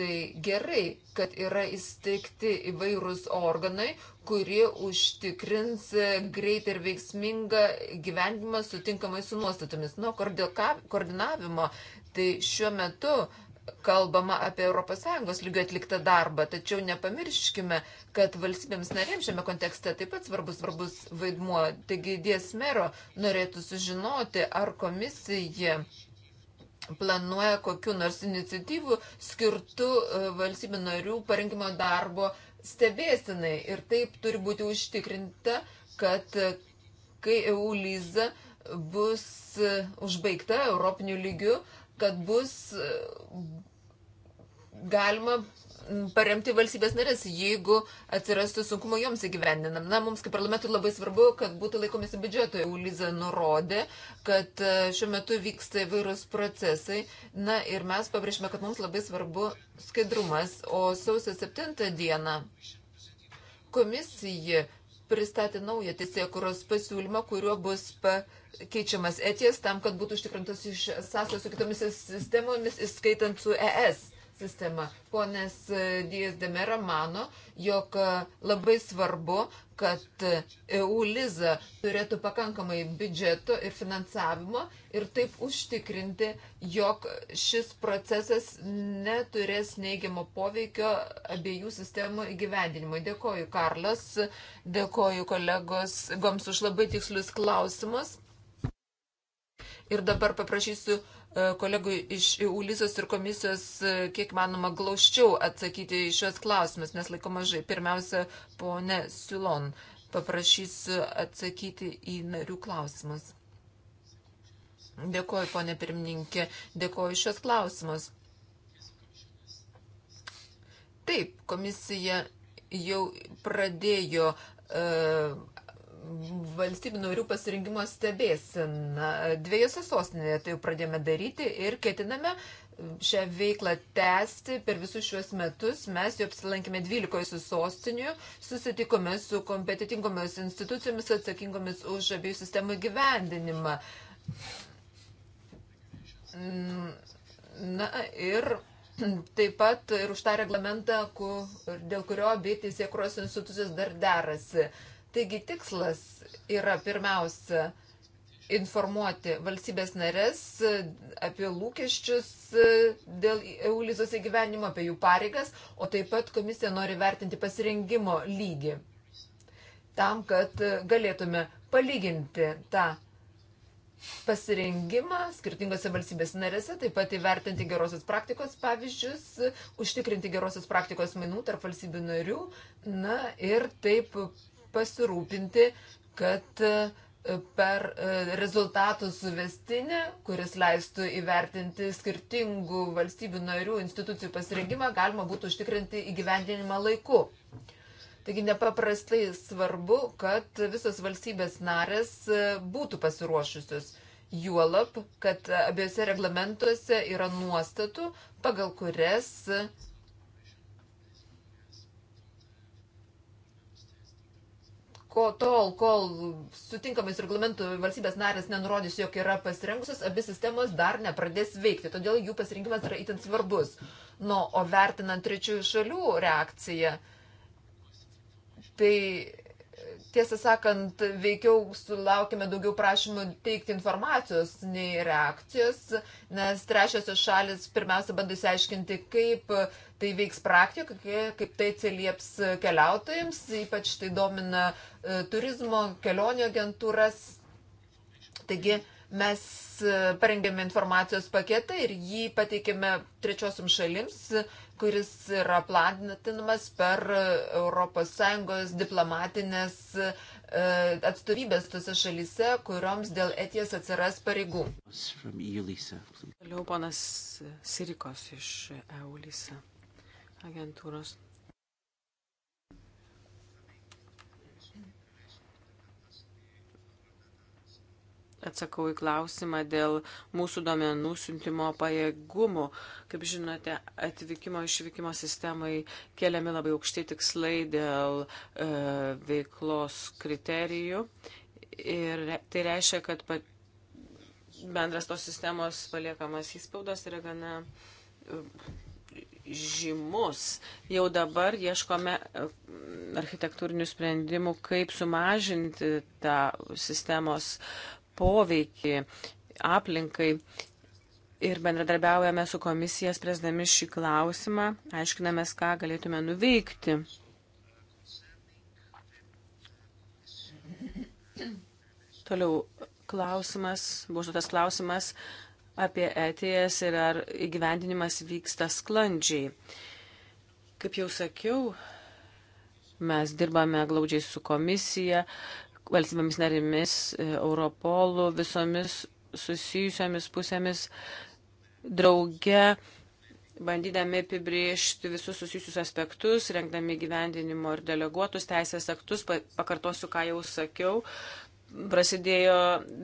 tai gerai, kad yra įsteigti įvairūs organai, kurie užtikrins greitą ir veiksmingą gyvenimą sutinkamai su nuostatomis. Nuo koordinavimo, tai šiuo metu kalbama apie ES lygio atliktą darbą, tačiau nepamirškime, kad valstybėms narėms šiame kontekste taip pat svarbus, svarbus vaidmuo. Taigi Dies mero norėtų sužinoti, ar komisija planuoja kokiu nors iniciatyvų skirtų e, valstybių narių parinkimo darbo stebėsinai. Ir taip turi būti užtikrinta, kad e, kai EU lyza bus e, užbaigta Europinių lygių, uh, kad bus e, galima paremti valstybės narės, jeigu atsirastų sunkumo joms įgyvendinam. Na, mums kaip parlamentui labai svarbu, kad būtų laikomisi biudžeto. Ulyza nurodė, kad e, šiuo metu vyksta įvairūs procesai. Na ir mes pabrėžime, kad mums labai svarbu skaidrumas. O sausio 7 dieną komisija pristatė naują teisėkuros pasiūlymą, kuriuo bus pakeičiamas ETIES tam, kad būtų užtikrintas iš sąsajos su kitomis sistemomis, įskaitant su ES sistema. Ponas Dijas Demera mano, jog e, labai svarbu, kad EU Liza turėtų pakankamai biudžeto ir finansavimo ir taip užtikrinti, jog šis procesas neturės neigiamo poveikio abiejų sistemų įgyvendinimui. Dėkoju, Karlas, dėkoju kolegos Goms už labai tikslius klausimus. Ir dabar paprašysiu E, kolegų iš ULISOS ir komisijos e, kiek manoma glaučiau atsakyti į šios klausimus, nes laiko mažai. Pirmiausia, ponė Silon, paprašysiu atsakyti į narių klausimus. Dėkoju, ponė pirmininkė, dėkoju šios klausimus. Taip, komisija jau pradėjo e, valstybių narių pasirinkimo stebėsena. Dviejose sostinėje tai jau pradėjome daryti ir ketiname šią veiklą tęsti per visus šiuos metus. Mes jau apsilankėme 12 sostinių, susitikome su kompetitingomis institucijomis atsakingomis už abiejų sistemų gyvendinimą. Na ir taip pat ir už tą reglamentą, kur, dėl kurio abi teisėkuros institucijos dar derasi. Uh, Taigi tikslas yra pirmiausia informuoti valstybės narės e, apie lūkesčius e, dėl EULIZOS įgyvenimo, apie jų pareigas, o taip pat komisija nori vertinti pasirengimo lygį tam, kad e, galėtume palyginti tą pasirengimą skirtingose valstybės narėse, taip pat įvertinti gerosios praktikos pavyzdžius, užtikrinti gerosios praktikos mainų tarp valstybių narių, na ir taip pasirūpinti, kad e, per e, rezultatų suvestinę, kuris leistų įvertinti skirtingų valstybių narių institucijų pasirengimą, galima būtų užtikrinti įgyvendinimą laiku. Taigi nepaprastai svarbu, kad visos valstybės narės e, būtų pasiruošusios. Juolab, kad abiejose reglamentuose yra nuostatų, pagal kurias ko tol, kol sutinkamais reglamentų valstybės narės nenurodys, jog yra pasirengusios, abi sistemos dar nepradės veikti. Todėl jų pasirinkimas yra itin svarbus. Nu, o vertinant trečiųjų šalių reakciją, tai tiesą sakant, veikiau sulaukime daugiau prašymų teikti informacijos nei reakcijos, nes trečiosios šalis pirmiausia bando įsiaiškinti, kaip tai veiks praktikoje, kaip tai atsilieps keliautojams, ypač tai domina e, turizmo kelionių agentūras. Taigi mes e, parengėme informacijos paketą ir jį pateikėme trečiosiam šalims, kuris yra platinamas per ES diplomatinės e, atstovybės tose šalyse, kurioms dėl eties atsiras pareigų. Toliau ponas Sirikos iš EULISA agentūros. Atsakau į klausimą dėl mūsų domenų siuntimo pajėgumų. Kaip žinote, atvykimo išvykimo sistemai keliami labai aukšti tikslai dėl e, veiklos kriterijų. Ir tai reiškia, kad pat, bendras tos sistemos paliekamas įspaudas yra gana e, žymus. Jau dabar ieškome e, architektūrinių sprendimų, kaip sumažinti tą sistemos poveikį aplinkai. Ir bendradarbiaujame su komisijas, presdami šį klausimą, aiškinamės, ką galėtume nuveikti. Toliau klausimas, buvo užduotas klausimas, apie ETS ir ar įgyvendinimas vyksta sklandžiai. Kaip jau sakiau, mes dirbame glaudžiai su komisija, valstybėmis narimis, e, Europolu, visomis susijusiamis pusėmis drauge, bandydami apibriežti visus susijusius aspektus, rengdami gyvendinimo ir deleguotus teisės aktus, pakartosiu, ką jau sakiau, prasidėjo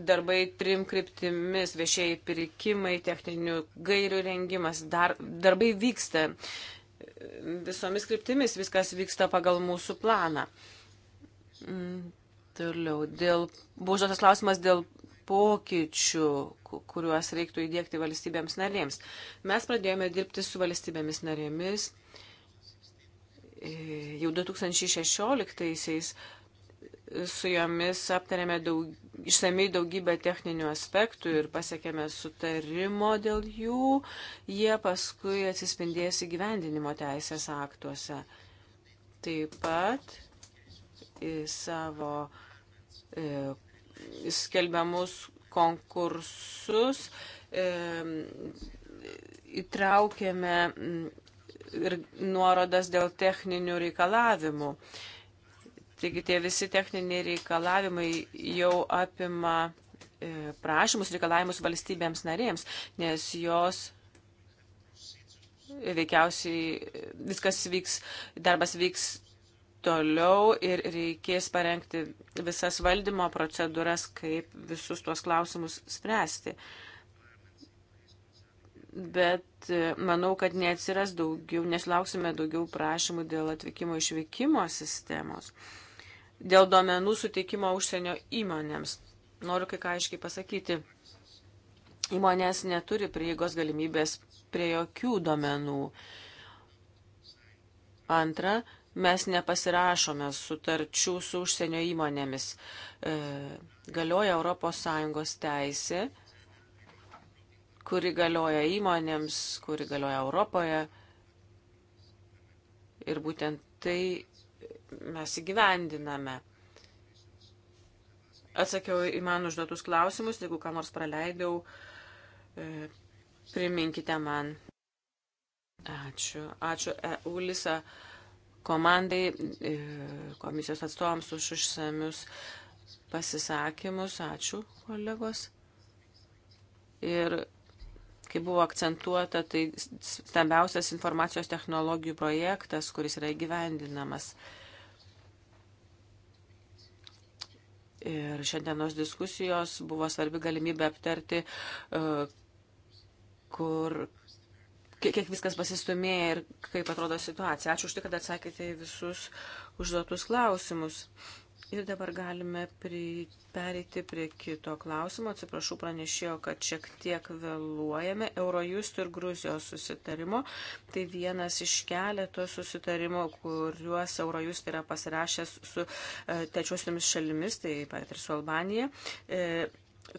darbai trim kryptimis - viešieji pirkimai, techninių gairių rengimas. Dar, darbai vyksta visomis kryptimis, viskas vyksta pagal mūsų planą. Mm, toliau, dėl, buvo užduotas klausimas dėl pokyčių, kuriuos reiktų įdėkti valstybėms narėms. Mes pradėjome dirbti su valstybėmis narėmis e, jau 2016-aisiais su jomis aptarėme daug, išsamei daugybę techninių aspektų ir pasiekėme sutarimo dėl jų, jie paskui atsispindės įgyvendinimo teisės aktuose. Taip pat į savo e, skelbiamus konkursus e, įtraukėme ir nuorodas dėl techninių reikalavimų. E, Taigi tie visi techniniai reikalavimai jau apima e, prašymus, reikalavimus valstybėms narėms, nes jos veikiausiai viskas vyks, darbas vyks toliau ir reikės parengti visas valdymo procedūras, kaip visus tuos klausimus spręsti. Bet e, manau, kad neatsiras daugiau, neslauksime daugiau prašymų dėl atvykimo išvykimo sistemos. Uh, dėl duomenų suteikimo užsienio įmonėms. Noriu kai ką aiškiai pasakyti. Įmonės neturi prieigos galimybės prie jokių duomenų. Antra, mes nepasirašome sutarčių su užsienio įmonėmis. E, galioja ES teisė, kuri galioja įmonėms, kuri galioja Europoje. Ir būtent tai mes įgyvendiname. Atsakiau į man užduotus klausimus, jeigu ką nors praleidau, e, priminkite man. Ačiū. Ačiū EULISA komandai, e, komisijos atstovams už išsamius pasisakymus. Ačiū, kolegos. Ir kaip buvo akcentuota, tai stambiausias informacijos technologijų projektas, kuris yra įgyvendinamas. Ir šiandienos diskusijos buvo svarbi galimybė aptarti, e, kur, kiek viskas pasistumėja ir kaip atrodo situacija. Ačiū už tai, kad atsakėte į visus užduotus klausimus. Ir dabar galime pri, pereiti prie kito klausimo. Atsiprašau pranešėjo, kad šiek tiek vėluojame. Eurojust ir Gruzijos susitarimo. Tai vienas iš keleto susitarimo, kuriuos Eurojust yra pasirašęs su e, trečiosiamis šalimis, taip pat ir su Albanija. E,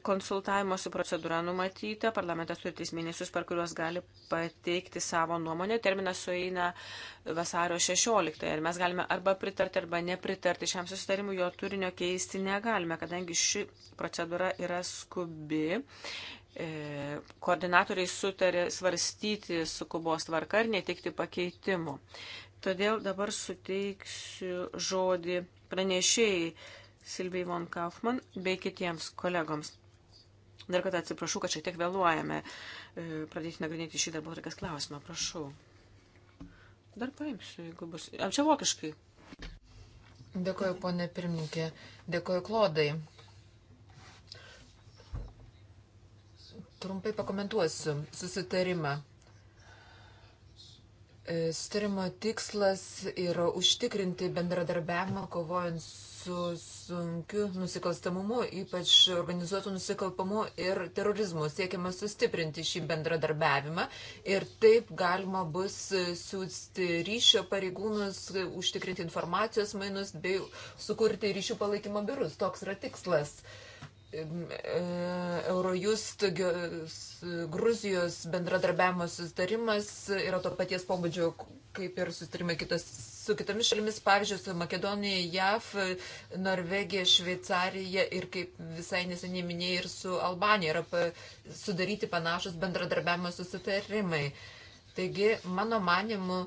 konsultavimosi procedūra numatyta, parlamentas turi tris mėnesius, per kuriuos gali pateikti savo nuomonę, terminas sueina vasario 16 ir mes galime arba pritarti, arba nepritarti šiam susitarimui, jo turinio keisti negalime, kadangi ši procedūra yra skubi. E, koordinatoriai sutarė svarstyti su kubos tvarka ir netikti pakeitimų. Todėl dabar suteiksiu žodį pranešėjai Silvijai von Kaufman bei kitiems kolegoms. Dar kartą atsiprašau, kad šiek tiek vėluojame e, pradėti nagrinėti šį darbo tokias klausimą. Prašau. Dar paimsiu, jeigu bus. Ar čia vokiškai? Dėkuoju, ponė pirmininkė. Dėkuoju, Klodai. Trumpai pakomentuosiu susitarimą. E, Sutarimo tikslas yra užtikrinti bendradarbiavimą kovojant su sunkiu nusikalstamumu, ypač organizuotų nusikalpamu ir terorizmu. Siekiama sustiprinti šį bendradarbiavimą ir taip galima bus siūsti ryšio pareigūnus, užtikrinti informacijos mainus bei sukurti ryšių palaikymo biurus. Toks yra tikslas. E, Eurojust Gruzijos bendradarbiavimo sustarimas yra to paties pobūdžio kaip ir sustarimai kitos su kitomis šalimis, pavyzdžiui, su Makedonija, JAV, Norvegija, Šveicarija ir, kaip visai neseniai minėjai, ir su Albanija yra sudaryti panašus bendradarbiavimo susitarimai. Taigi, mano manimu,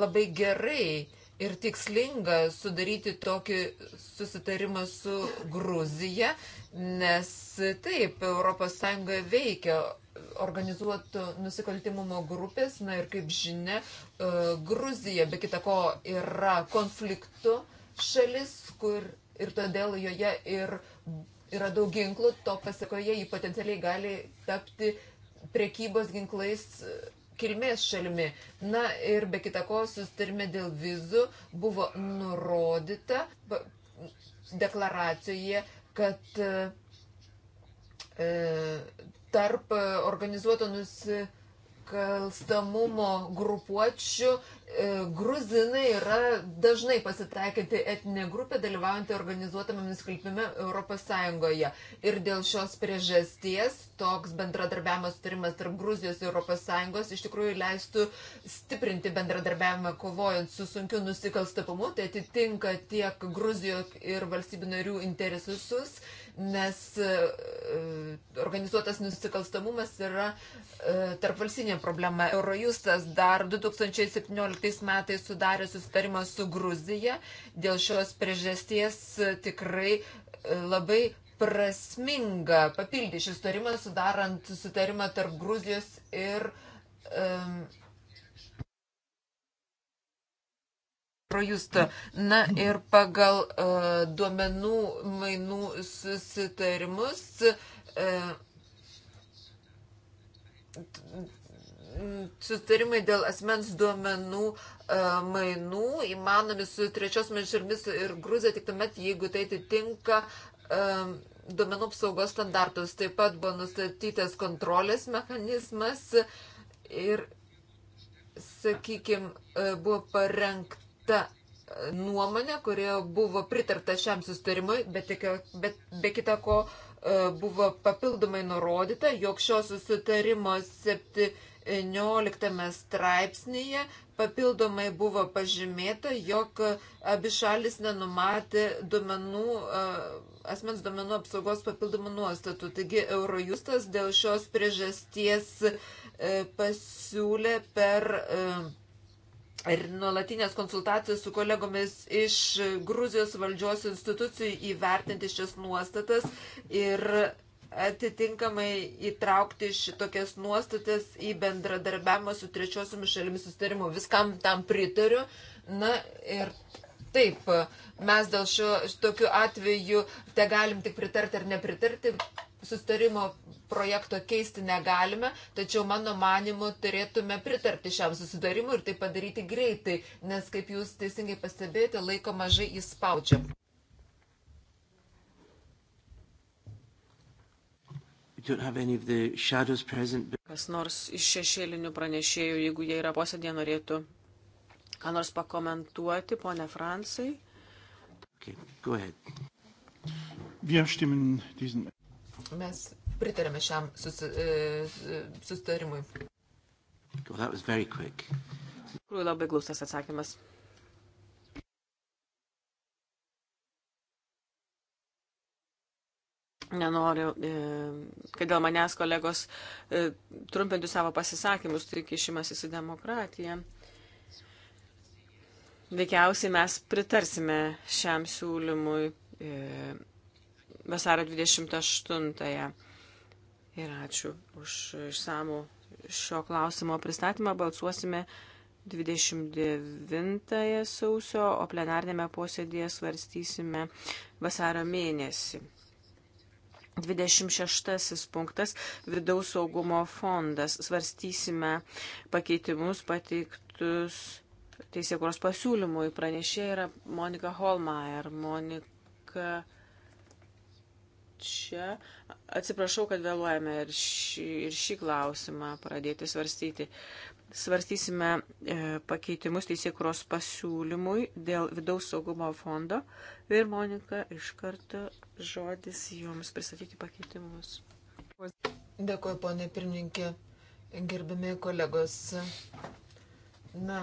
labai gerai ir tikslinga sudaryti tokį susitarimą su Gruzija, nes taip, ES veikia organizuotų nusikaltimumo grupės. Na ir kaip žinia, e, Gruzija be kita ko yra konfliktų šalis, kur ir todėl joje ir yra daug ginklų, to pasakoje jį potencialiai gali tapti prekybos ginklais e, kilmės šalimi. Na ir be kitako sustarime dėl vizų buvo nurodyta deklaracijoje, kad e, e tarp e, organizuoto nusikalstamumo grupuočių. E, gruzinai yra dažnai pasitaikinti etinė grupė dalyvaujantį organizuotame nusikalpime ES. Ir dėl šios priežasties toks bendradarbiavimo sutarimas tarp Gruzijos ir ES iš tikrųjų leistų stiprinti bendradarbiavimą kovojant su sunkiu nusikalstapumu, tai atitinka tiek Gruzijos ir valstybių narių interesus, nes e, organizuotas nusikalstamumas yra e, tarp valstybinė problema. Eurojustas dar 2017 metais sudarė susitarimą su Gruzija. Dėl šios priežasties tikrai e, labai prasminga papildyti šį sutarimą, sudarant sutarimą tarp Gruzijos ir um, projusto. Na ir pagal uh, duomenų mainų susitarimus. Uh, e, sutarimai dėl asmens duomenų e, mainų įmanomi su trečios mažirmis ir Gruzija tik tuomet, jeigu tai atitinka um, duomenų apsaugos standartus. Taip pat buvo nustatytas kontrolės mechanizmas ir, sakykime, buvo parengta nuomonė, kurioje buvo pritarta šiam sustarimui, bet, bet be kita ko e, buvo papildomai nurodyta, jog šio susitarimo 17 straipsnėje papildomai buvo pažymėta, jog abi šalis nenumatė duomenų e, asmens domenų apsaugos papildomų nuostatų. Taigi Eurojustas dėl šios priežasties e, pasiūlė per e, ir nuolatinės konsultacijos su kolegomis iš Gruzijos valdžios institucijų įvertinti šias nuostatas ir atitinkamai įtraukti šitokias nuostatas į bendradarbiavimą su trečiosiomis šalimis sustarimu. Viskam tam pritariu. Na ir Taip, mes dėl šio, tokių atvejų te galim tik pritarti ar nepritarti, sustarimo projekto keisti negalime, tačiau mano manimu turėtume pritarti šiam susidarimui ir tai padaryti greitai, nes kaip jūs teisingai pastebėjote, laiko mažai įspaučia. Kas nors iš šešėlinių pranešėjų, jeigu jie yra posėdė, norėtų Ką nors pakomentuoti, ponė Fransai? Mes pritarėme šiam susi, e, susitarimui. Well, Tikrųjų labai glaustas atsakymas. nenoriu, e, kad dėl manęs kolegos e, trumpintų savo pasisakymus, tai kišimasis į demokratiją. Veikiausiai mes pritarsime šiam siūlymui e, vasario 28-ąją. Ir ačiū už išsamų šio klausimo pristatymą. Balsuosime 29 sausio, o plenarnėme posėdėje svarstysime vasario mėnesį. 26 punktas - vidaus saugumo fondas. Svarstysime pakeitimus pateiktus teisėkuros pasiūlymui. Pranešė yra Monika Holmeier. Monika čia. Atsiprašau, kad vėluojame ir šį, ir šį klausimą pradėti svarstyti. Svarstysime e, pakeitimus teisėkuros pasiūlymui dėl vidaus saugumo fondo. Ir Monika, iš karto žodis jums pristatyti pakeitimus. Dėkuoju, ponė pirmininkė, gerbiami kolegos. Na,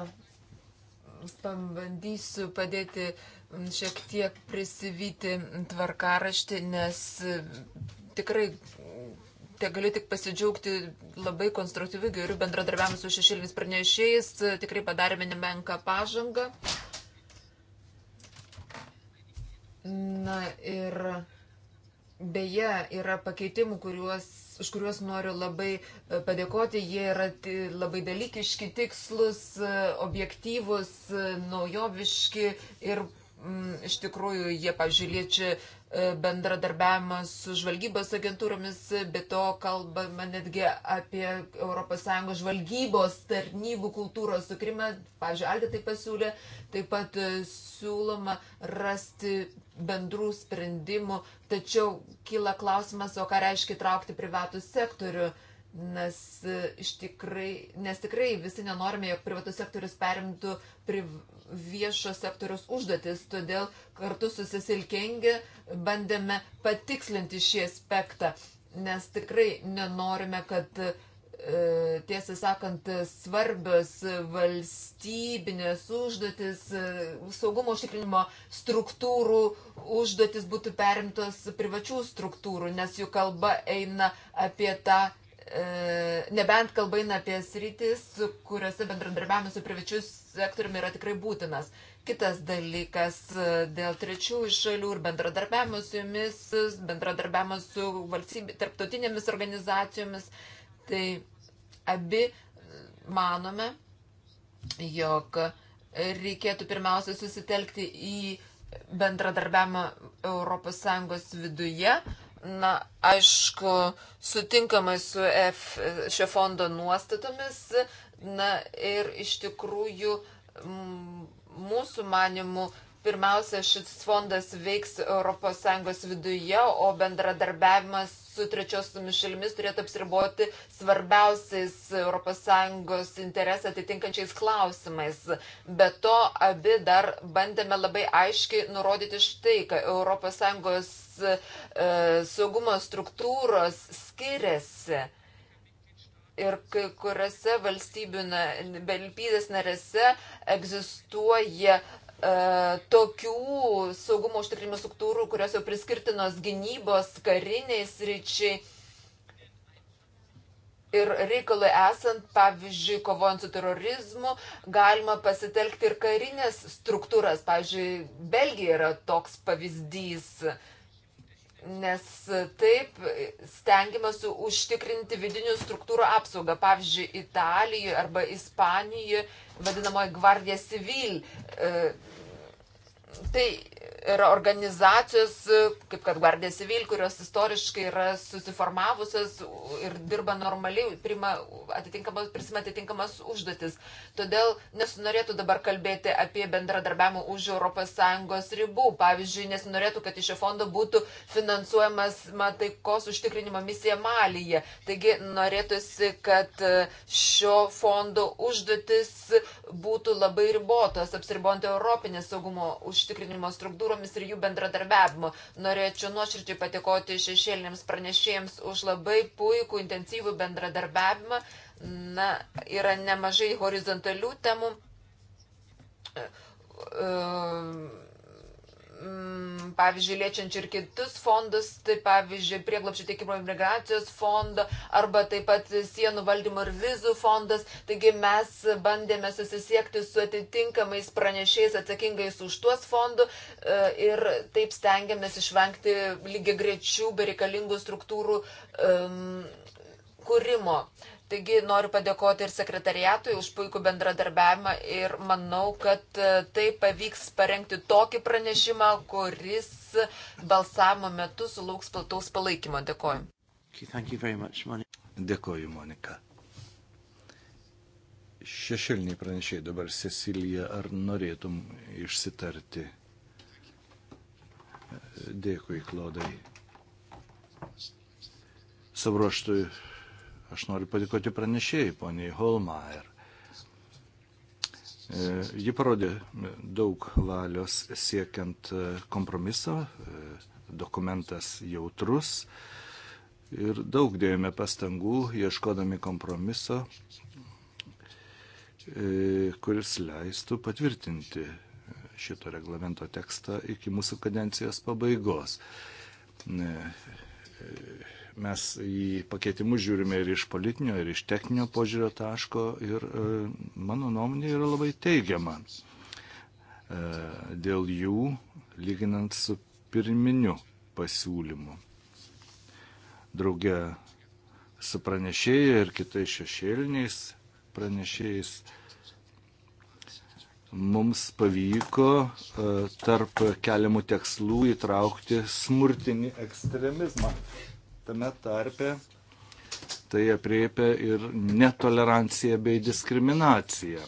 Pabandysiu padėti šiek tiek prisivyti tvarkaraštį, nes tikrai te galiu tik pasidžiaugti labai konstruktyviu, geru bendradarbiavimu su šešėlinis pranešėjais. Tikrai padarėme nemenką pažangą. Na ir beje, yra pakeitimų, kuriuos už kuriuos noriu labai e, padėkoti. Jie yra labai dalykiški, tikslus, e, objektyvus, e, naujoviški ir m, mm, iš tikrųjų jie, pavyzdžiui, liečia bendradarbiavimą su žvalgybos agentūromis, bet to kalbama netgi apie ES žvalgybos tarnybų kultūros sukrimą. Pavyzdžiui, Aldė tai pasiūlė, taip pat siūloma rasti bendrų sprendimų, tačiau kyla klausimas, o ką reiškia traukti privatų sektorių, nes, e, tikrai, nes tikrai visi nenorime, jog privatus sektorius perimtų priv, viešo sektoriaus užduotis, todėl kartu susisilkengi bandėme patikslinti šį aspektą, nes tikrai nenorime, kad uh, E, tiesą sakant, svarbios valstybinės užduotis, e, saugumo užtikrinimo struktūrų užduotis būtų perimtos privačių struktūrų, nes jų kalba eina apie tą, e, nebent kalba eina apie sritis, kuriuose bendradarbiavimas su privačiu sektoriumi yra tikrai būtinas. Kitas dalykas dėl trečiųjų šalių ir bendradarbiavimo su jumis, bendradarbiavimo su valstybė, tarptautinėmis organizacijomis. Uh, Tai abi e, manome, jog reikėtų pirmiausia susitelkti į bendradarbiavimą ES viduje. Na, aišku, sutinkamai su F, šio fondo nuostatomis. Na ir iš tikrųjų mūsų manimų Pirmiausia, šis fondas veiks ES viduje, o bendradarbiavimas su trečiosiomis šalimis turėtų apsiriboti svarbiausiais ES interesą atitinkančiais klausimais. Be to, abi dar bandėme labai aiškiai nurodyti štai, kad ES e, saugumo struktūros skiriasi. Ir kai kuriuose valstybių belpydės narėse egzistuoja E, tokių saugumo užtikrinimo struktūrų, kurios jau priskirtinos gynybos, kariniais ryčiai. Ir reikalui esant, pavyzdžiui, kovojant su terorizmu, galima pasitelkti ir karinės struktūras. Pavyzdžiui, Belgija yra toks pavyzdys. Uh, nes taip stengiamasi užtikrinti vidinių struktūrų apsaugą. Pavyzdžiui, Italijoje arba Ispanijoje vadinamoji Guardia Civil. E, tai yra organizacijos, e, kaip kad Guardia Civil, kurios istoriškai yra susiformavusios ir dirba normaliai, prisima atitinkamas, prisima atitinkamas užduotis. Todėl nesinorėtų dabar kalbėti apie bendradarbiavimą už ES ribų. Pavyzdžiui, nesinorėtų, kad iš šio fondo būtų finansuojamas taikos užtikrinimo misija Malyje. Taigi norėtųsi, kad e, šio fondo užduotis būtų labai ribotos, apsiribojant Europinės saugumo užtikrinimo struktūros pastangomis ir jų bendradarbiavimu. Norėčiau nuoširdžiai patikoti šešėlinėms pranešėjams už labai puikų intensyvų bendradarbiavimą. Na, yra nemažai horizontalių temų. Uh, Mm, pavyzdžiui, liečiančių ir kitus fondus, tai pavyzdžiui, prieglapšio teikimo imigracijos fondo arba taip pat sienų valdymo ir vizų fondas. Taigi mes bandėme susisiekti su atitinkamais pranešėjais atsakingais už tuos fondų e, ir taip stengiamės išvengti lygiai grečių bereikalingų struktūrų um, kūrimo. Uh, Taigi noriu padėkoti ir sekretariatui už puikų bendradarbiavimą ir manau, kad e, tai pavyks parengti tokį pranešimą, kuris balsavimo metu sulauks plataus palaikymo. Dėkoju. Much, Monica. Dėkoju, Monika. Šešėliniai pranešiai dabar, Cecilija, ar norėtum išsitarti? Dėkui, Klodai. Savruoštui Aš noriu padėkoti pranešėjai, poniai Holmeier. E, ji parodė daug valios siekiant e, kompromiso, e, dokumentas jautrus ir daug dėjome pastangų ieškodami kompromiso, kuris leistų patvirtinti šito reglamento tekstą iki mūsų kadencijos pabaigos Mes į pakeitimus žiūrime ir iš politinio, ir iš techninio požiūrio taško ir e, mano nuomonė yra labai teigiama e, dėl jų, lyginant su pirminiu pasiūlymu. Drauge su pranešėjai ir kitais šešėliniais pranešėjais mums pavyko e, tarp keliamų tikslų įtraukti smurtinį ekstremizmą. Tame tarpe tai apriepia ir netoleranciją bei diskriminaciją.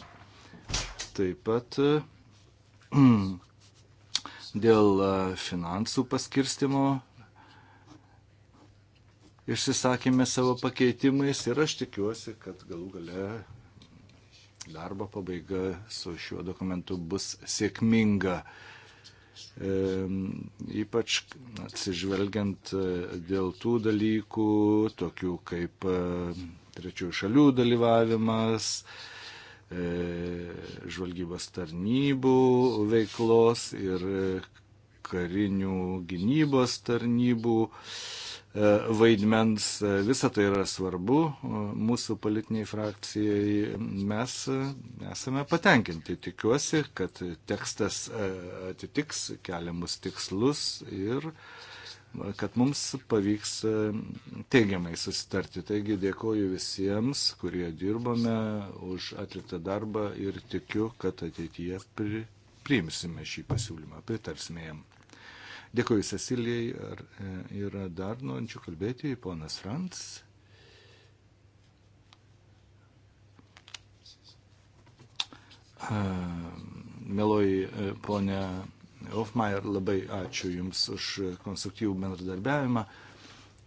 Taip pat dėl finansų paskirstimo išsisakėme savo pakeitimais ir aš tikiuosi, kad galų gale darbo pabaiga su šiuo dokumentu bus sėkminga ypač atsižvelgiant e, dėl tų dalykų, tokių kaip e, trečiųjų šalių dalyvavimas, e, žvalgybos tarnybų veiklos ir karinių gynybos tarnybų e, E, vaidmens. E, visa tai yra svarbu e, mūsų politiniai frakcijai. Mes esame patenkinti. Tikiuosi, kad tekstas atitiks keliamus tikslus ir kad mums pavyks teigiamai susitarti. Taigi dėkoju visiems, kurie dirbame už atliktą darbą ir tikiu, kad ateityje pri, priimsime šį pasiūlymą, pritarsime jam. Dėkuoju Cecilijai. Ar yra e, dar norinčių kalbėti? Ponas Frans. Meloji e, ponė Hofmeier, labai ačiū Jums už konstruktyvų bendradarbiavimą.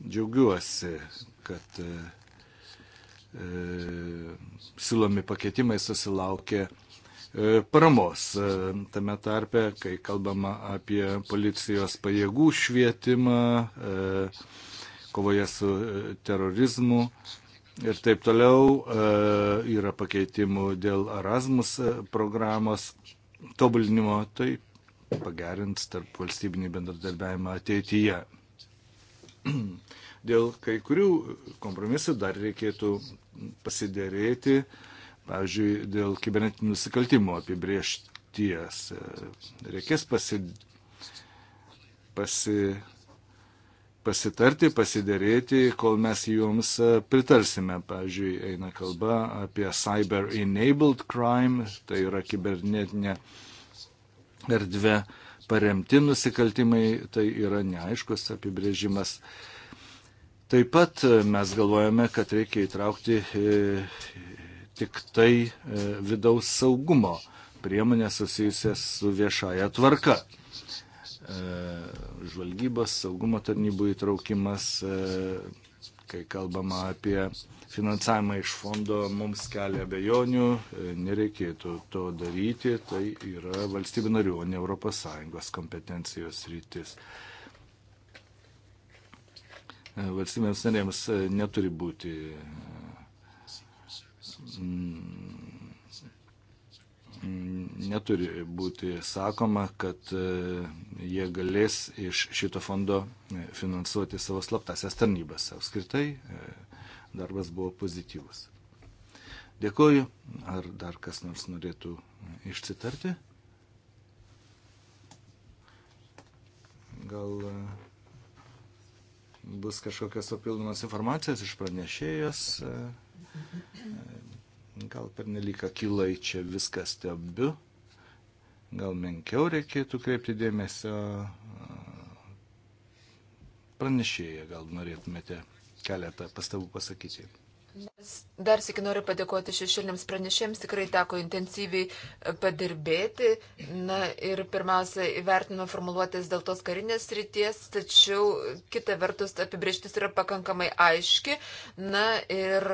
Džiaugiuosi, kad e, e siūlomi pakeitimai susilaukė e, E, paramos e, tame tarpe, kai kalbama apie policijos pajėgų švietimą, e, kovoje su terorizmu ir taip toliau. Yra pakeitimų dėl Erasmus programos tobulinimo, tai pagerins tarp valstybinį bendradarbiavimą ateityje. Dėl kai kurių kompromisų dar reikėtų pasidėrėti, uh, pavyzdžiui, dėl kibernetinių nusikaltimų apibriešties. E, reikės pasi, pasi, pasitarti, pasidėrėti, kol mes joms e, pritarsime. Pavyzdžiui, eina kalba apie cyber enabled crime, tai yra kibernetinė erdvė paremti nusikaltimai, tai yra neaiškus apibrėžimas. Taip pat e, mes galvojame, kad reikia įtraukti tik tai e, vidaus saugumo priemonės susijusias su viešaja tvarka. E, žvalgybos saugumo tarnybų įtraukimas, e, kai kalbama apie finansavimą iš fondo, mums kelia bejonių, nereikėtų to daryti, tai yra valstybių narių, o ne ES kompetencijos rytis valstybėms narėms neturi būti Mm, neturi būti sakoma, kad e, jie galės iš šito fondo e, finansuoti savo slaptasias tarnybas. Apskritai e, darbas buvo pozityvus. Dėkoju. Ar dar kas nors norėtų išsitarti? Gal bus kažkokios papildomos informacijos iš pranešėjos Gal per neliką kilai čia viską stebiu, gal menkiau reikėtų kreipti dėmesio. Pranešėję gal norėtumėte keletą pastabų pasakyti. Dar sėki noriu padėkoti šešėlėms pranešėjams, tikrai teko intensyviai e, padirbėti. Na ir pirmiausia, įvertino formuluotės dėl tos karinės ryties, tačiau kita vertus apibrieštis yra pakankamai aiški. Na ir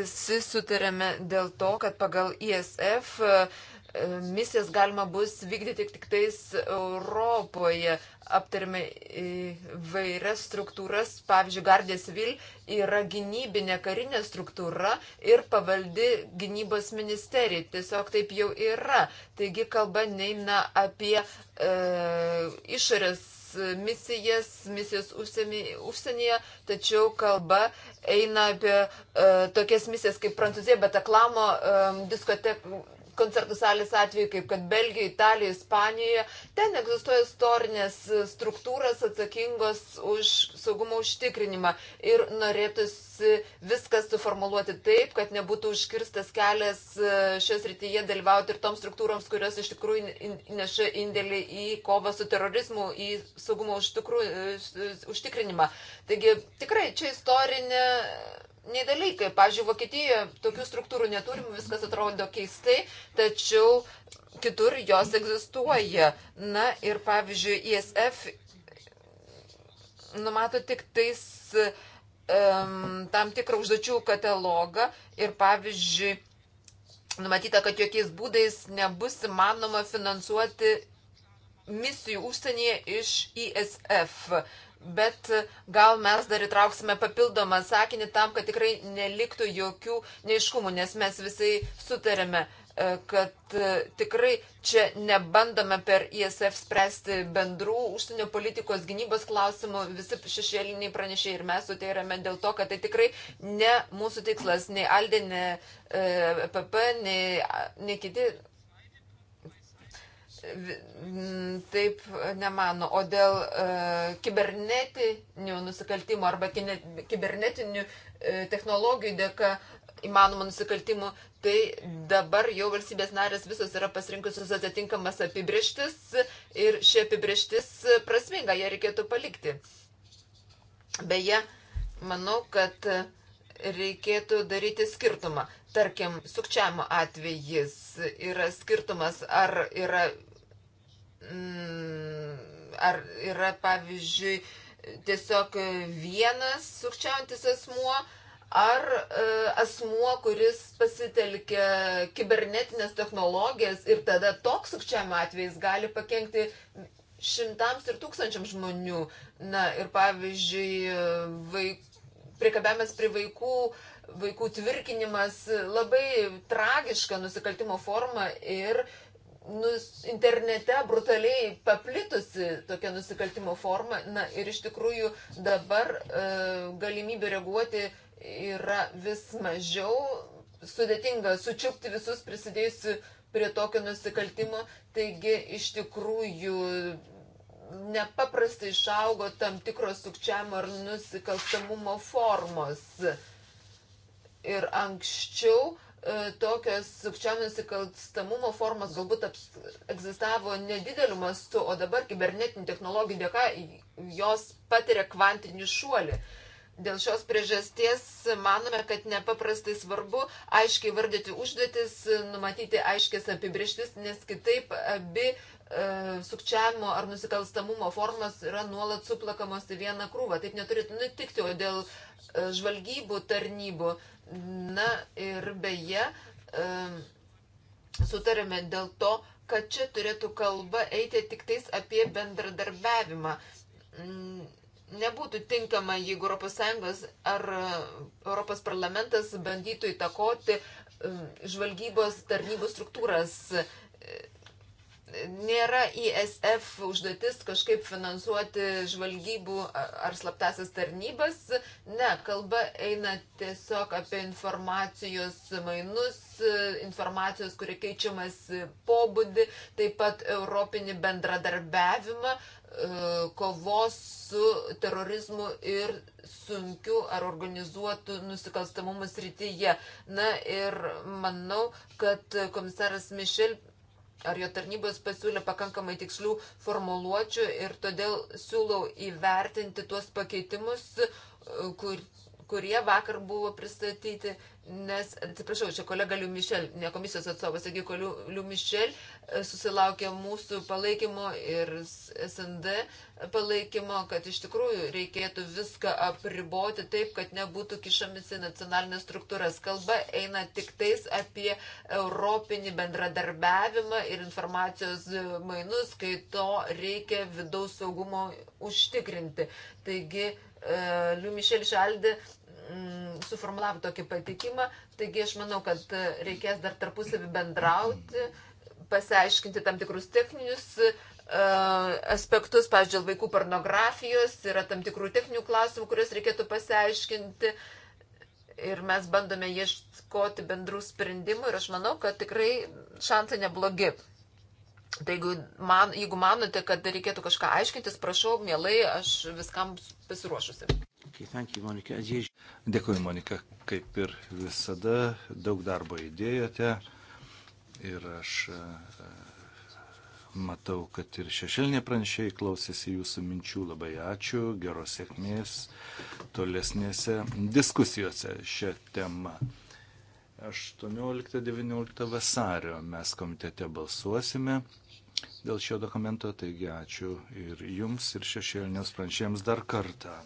visi sutarėme dėl to, kad pagal ISF e, E, misijas galima bus vykdyti tik tais Europoje. Aptarėme vairias struktūras, pavyzdžiui, Gardė Civil yra gynybinė karinė struktūra ir pavaldi gynybos ministerijai. Tiesiog taip jau yra. Taigi kalba neina apie e, išorės misijas, misijas užsienyje, tačiau kalba eina apie e, tokias misijas kaip Prancūzija, bet aklamo e, diskotekų koncertų salės atveju, kaip kad Belgija, Italija, Ispanijoje. Ten egzistuoja istorinės e, struktūros atsakingos už saugumo užtikrinimą ir norėtųsi viskas suformuoluoti taip, kad nebūtų užkirstas kelias e, šios rytyje dalyvauti ir toms struktūroms, kurios iš tikrųjų neša indėlį į kovą su terorizmu, į saugumo e, užtikrinimą. Taigi tikrai čia istorinė pagrindiniai dalykai. Pavyzdžiui, Vokietijoje tokių struktūrų neturim, viskas atrodo keistai, tačiau kitur jos egzistuoja. Na ir pavyzdžiui, ISF numato tik tais um, tam tikrą užduočių katalogą ir pavyzdžiui, numatyta, kad jokiais būdais nebus įmanoma finansuoti misijų užsienyje iš ISF. Bet e, gal mes dar įtrauksime papildomą sakinį tam, kad tikrai neliktų jokių neiškumų, nes mes visai sutarėme, e, kad e, tikrai čia nebandome per ISF spręsti bendrų užsienio politikos gynybos klausimų, visi šešėliniai pranešiai ir mes suteirame dėl to, kad tai tikrai ne mūsų tikslas, nei Aldė, nei PP, nei, nei kiti taip nemano. O dėl uh, kibernetinių nusikaltimų arba kine, kibernetinių uh, technologijų dėka įmanomų nusikaltimų, tai dabar jau valstybės narės visos yra pasirinkusios atitinkamas apibrieštis ir ši apibrieštis prasminga, ją reikėtų palikti. Beje, manau, kad reikėtų daryti skirtumą. Tarkim, sukčiavimo atvejis yra skirtumas, ar yra Mm, ar yra, pavyzdžiui, tiesiog vienas sukčiaujantis asmuo, ar e, asmuo, kuris pasitelkia kibernetinės technologijas ir tada toks sukčiavimo atvejais gali pakengti šimtams ir tūkstančiams žmonių. Na ir pavyzdžiui, vaik, priekabėmės prie vaikų, vaikų tvirkinimas labai tragiška nusikaltimo forma ir uh, nus, internete brutaliai paplitusi tokia nusikaltimo forma. Na ir iš tikrųjų dabar e, galimybė reaguoti yra vis mažiau sudėtinga sučiupti visus prisidėjusi prie tokio nusikaltimo. Taigi iš tikrųjų nepaprastai išaugo tam tikros sukčiamo ar nusikalstamumo formos. Ir anksčiau uh, E, tokios sukčiavimo nusikalstamumo formos galbūt aps, egzistavo nedideliu mastu, o dabar kibernetinių technologijų dėka jos patiria kvantinį šuolį. Dėl šios priežasties manome, kad nepaprastai svarbu aiškiai vardyti užduotis, numatyti aiškės apibrieštis, nes kitaip abi E, sukčiavimo ar nusikalstamumo formos yra nuolat suplakamos į vieną krūvą. Taip neturėtų nutikti, o dėl e, žvalgybų tarnybų. Na ir beje, e, sutarėme dėl to, kad čia turėtų kalba eiti tik tais apie bendradarbiavimą. Mm, nebūtų tinkama, jeigu ES ar ES parlamentas bandytų įtakoti žvalgybos tarnybų struktūras nėra ISF užduotis kažkaip finansuoti žvalgybų ar slaptasias tarnybas. Ne, kalba eina tiesiog apie informacijos mainus, informacijos, kuri keičiamas pobūdį, taip pat europinį bendradarbiavimą, e, kovos su terorizmu ir sunkiu ar organizuotu nusikalstamumu srityje. Na ir manau, kad komisaras Mišel ar jo tarnybos pasiūlė pakankamai tikslių formuluočių ir todėl siūlau įvertinti tuos pakeitimus, e, kur kurie vakar buvo pristatyti, nes, atsiprašau, čia kolega Liumišel, ne komisijos atstovas, taigi Liumišel e, susilaukė mūsų palaikymo ir SND palaikymo, kad iš tikrųjų reikėtų viską apriboti taip, kad nebūtų kišamis į nacionalinės struktūras. Kalba eina tik tais apie europinį bendradarbiavimą ir informacijos mainus, kai to reikia vidaus saugumo užtikrinti. Taigi, e, Liumišel Šaldė Mm, suformulavo tokį patikimą, taigi aš manau, kad e, reikės dar tarpusavį bendrauti, pasiaiškinti tam tikrus techninius e, aspektus, pavyzdžiui, vaikų pornografijos, yra tam tikrų techninių klausimų, kuriuos reikėtų pasiaiškinti. Ir mes bandome ieškoti bendrų sprendimų ir aš manau, kad tikrai šansai neblogi. Tai jeigu, man, jeigu manote, kad reikėtų kažką aiškintis, prašau, mielai, aš viskam pasiruošusi. Okay, thank you, Monika. Dėkuoju, Monika, kaip ir visada, daug darbo įdėjote ir aš e, e, matau, kad ir šešėlinė pranešėjai klausėsi jūsų minčių. Labai ačiū, geros sėkmės tolesnėse diskusijose šią temą. 18-19 vasario mes komitete balsuosime dėl šio dokumento, taigi ačiū ir jums, ir šešėlinės pranešėjams dar kartą.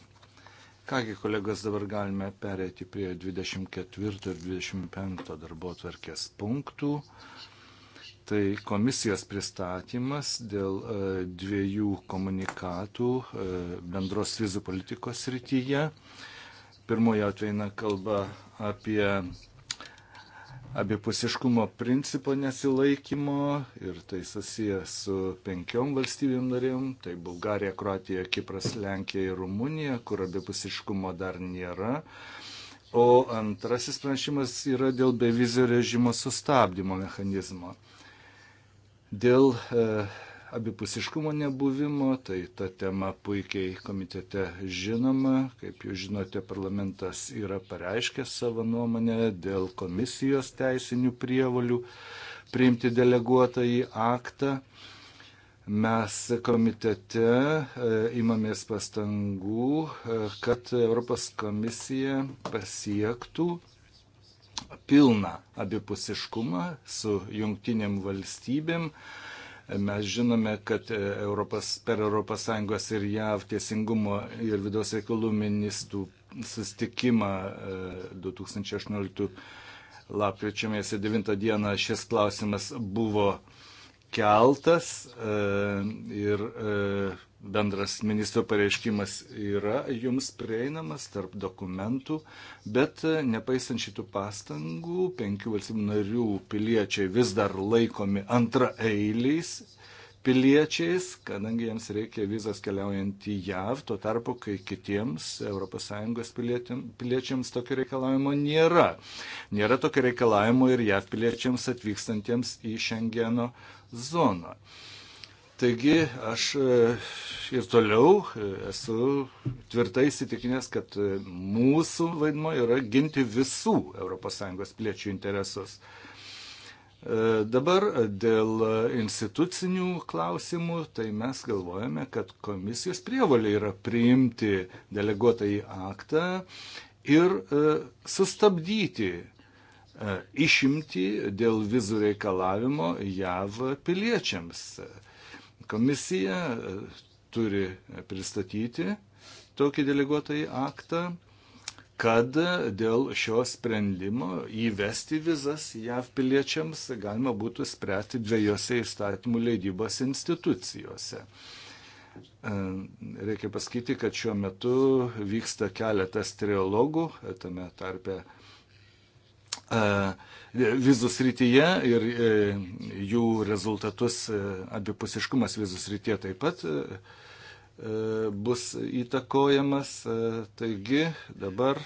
Kągi, kolegos, dabar galime perėti prie 24 ir 25 darbo atverkės punktų. Tai komisijos pristatymas dėl e, dviejų komunikatų e, bendros vizų politikos rytyje. Pirmoje atveina kalba apie abipusiškumo principo nesilaikymo ir tai susiję su penkiom valstybėm narėm - tai Bulgarija, Kroatija, Kipras, Lenkija ir Rumunija, kur abipusiškumo dar nėra. O antrasis pranešimas yra dėl bevizio režimo sustabdymo mechanizmo. Dėl e, abipusiškumo nebuvimo, tai ta tema puikiai komitete žinoma. Kaip jūs žinote, parlamentas yra pareiškęs savo nuomonę dėl komisijos teisinių prievalių priimti deleguotąjį aktą. Mes komitete e, imamės pastangų, e, kad Europos komisija pasiektų pilną abipusiškumą su jungtinėm valstybėm, Mes žinome, kad e, Europos, per ES ir JAV teisingumo ir vidaus reikalų ministrų sustikimą 2018 e, lapkričio mėnesį 9 dieną šis klausimas buvo keltas e, ir bendras ministro pareiškimas yra jums prieinamas tarp dokumentų, bet e, nepaisant šitų pastangų, penkių valstybių narių piliečiai vis dar laikomi antraeiliais piliečiais, kadangi jiems reikia vizos keliaujant į JAV, tuo tarpu, kai kitiems ES piliečiams tokio reikalavimo nėra. Nėra tokio reikalavimo ir JAV piliečiams atvykstantiems į Šengeno zoną. Uh, Taigi aš e, ir toliau e, esu tvirtai įsitikinęs, kad e, mūsų vaidmo yra ginti visų ES piliečių interesus. Dabar dėl institucinių klausimų, tai mes galvojame, kad komisijos prievalė yra priimti deleguotą į aktą ir sustabdyti išimti dėl vizų reikalavimo JAV piliečiams. Komisija e, turi pristatyti tokį deleguotąjį aktą, kad dėl šio sprendimo įvesti vizas JAV piliečiams galima būtų spręsti dviejose įstatymų leidybos institucijose. E, reikia pasakyti, kad šiuo metu vyksta keletas triologų, tame tarpe vizų srityje ir e, jų rezultatus e, abipusiškumas vizų srityje taip pat e, bus įtakojamas. Taigi dabar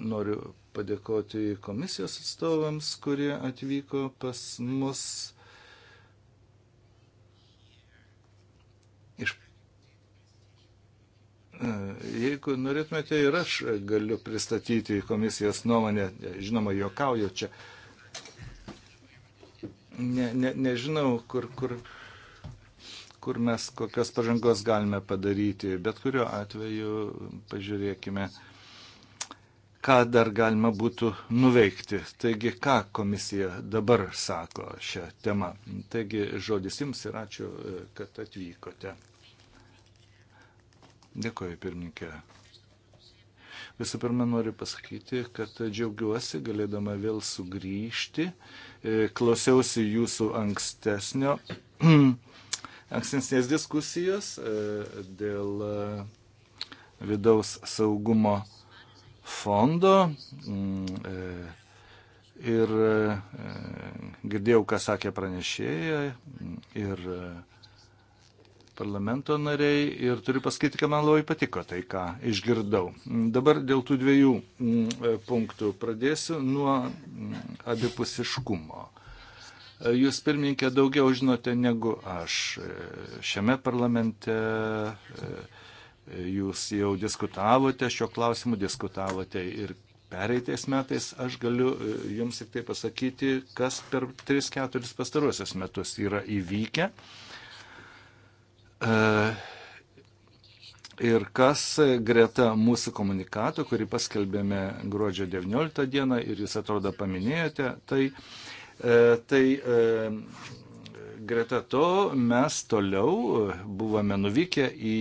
noriu padėkoti komisijos atstovams, kurie atvyko pas mus. Jeigu norėtumėte ir aš galiu pristatyti komisijos nuomonę, žinoma, juokauju čia. Ne, ne, nežinau, kur, kur, kur mes kokios pažangos galime padaryti, bet kuriuo atveju pažiūrėkime, ką dar galima būtų nuveikti. Taigi, ką komisija dabar sako šią temą. Taigi, žodis jums ir ačiū, kad atvykote. Dėkuoju, pirmininkė. Visų pirma, noriu pasakyti, kad džiaugiuosi galėdama vėl sugrįžti. E, klausiausi jūsų ankstesnio, ankstesnės diskusijos e, dėl e, vidaus saugumo fondo. Mm, ir girdėjau, ką sakė pranešėja. Mm, ir parlamento nariai ir turiu pasakyti, kad man labai patiko tai, ką išgirdau. Dabar dėl tų dviejų mm, e, punktų pradėsiu nuo mm, abipusiškumo. E, jūs pirmininkė daugiau žinote negu aš. E, šiame parlamente jūs jau diskutavote šio klausimu, diskutavote ir pereitais metais aš galiu jums tik tai pasakyti, kas per 3-4 pastaruosius metus yra įvykę. E, ir kas e, greta mūsų komunikato, kurį paskelbėme gruodžio 19 dieną ir jūs atrodo paminėjote, tai, e, tai greta to mes toliau buvome nuvykę į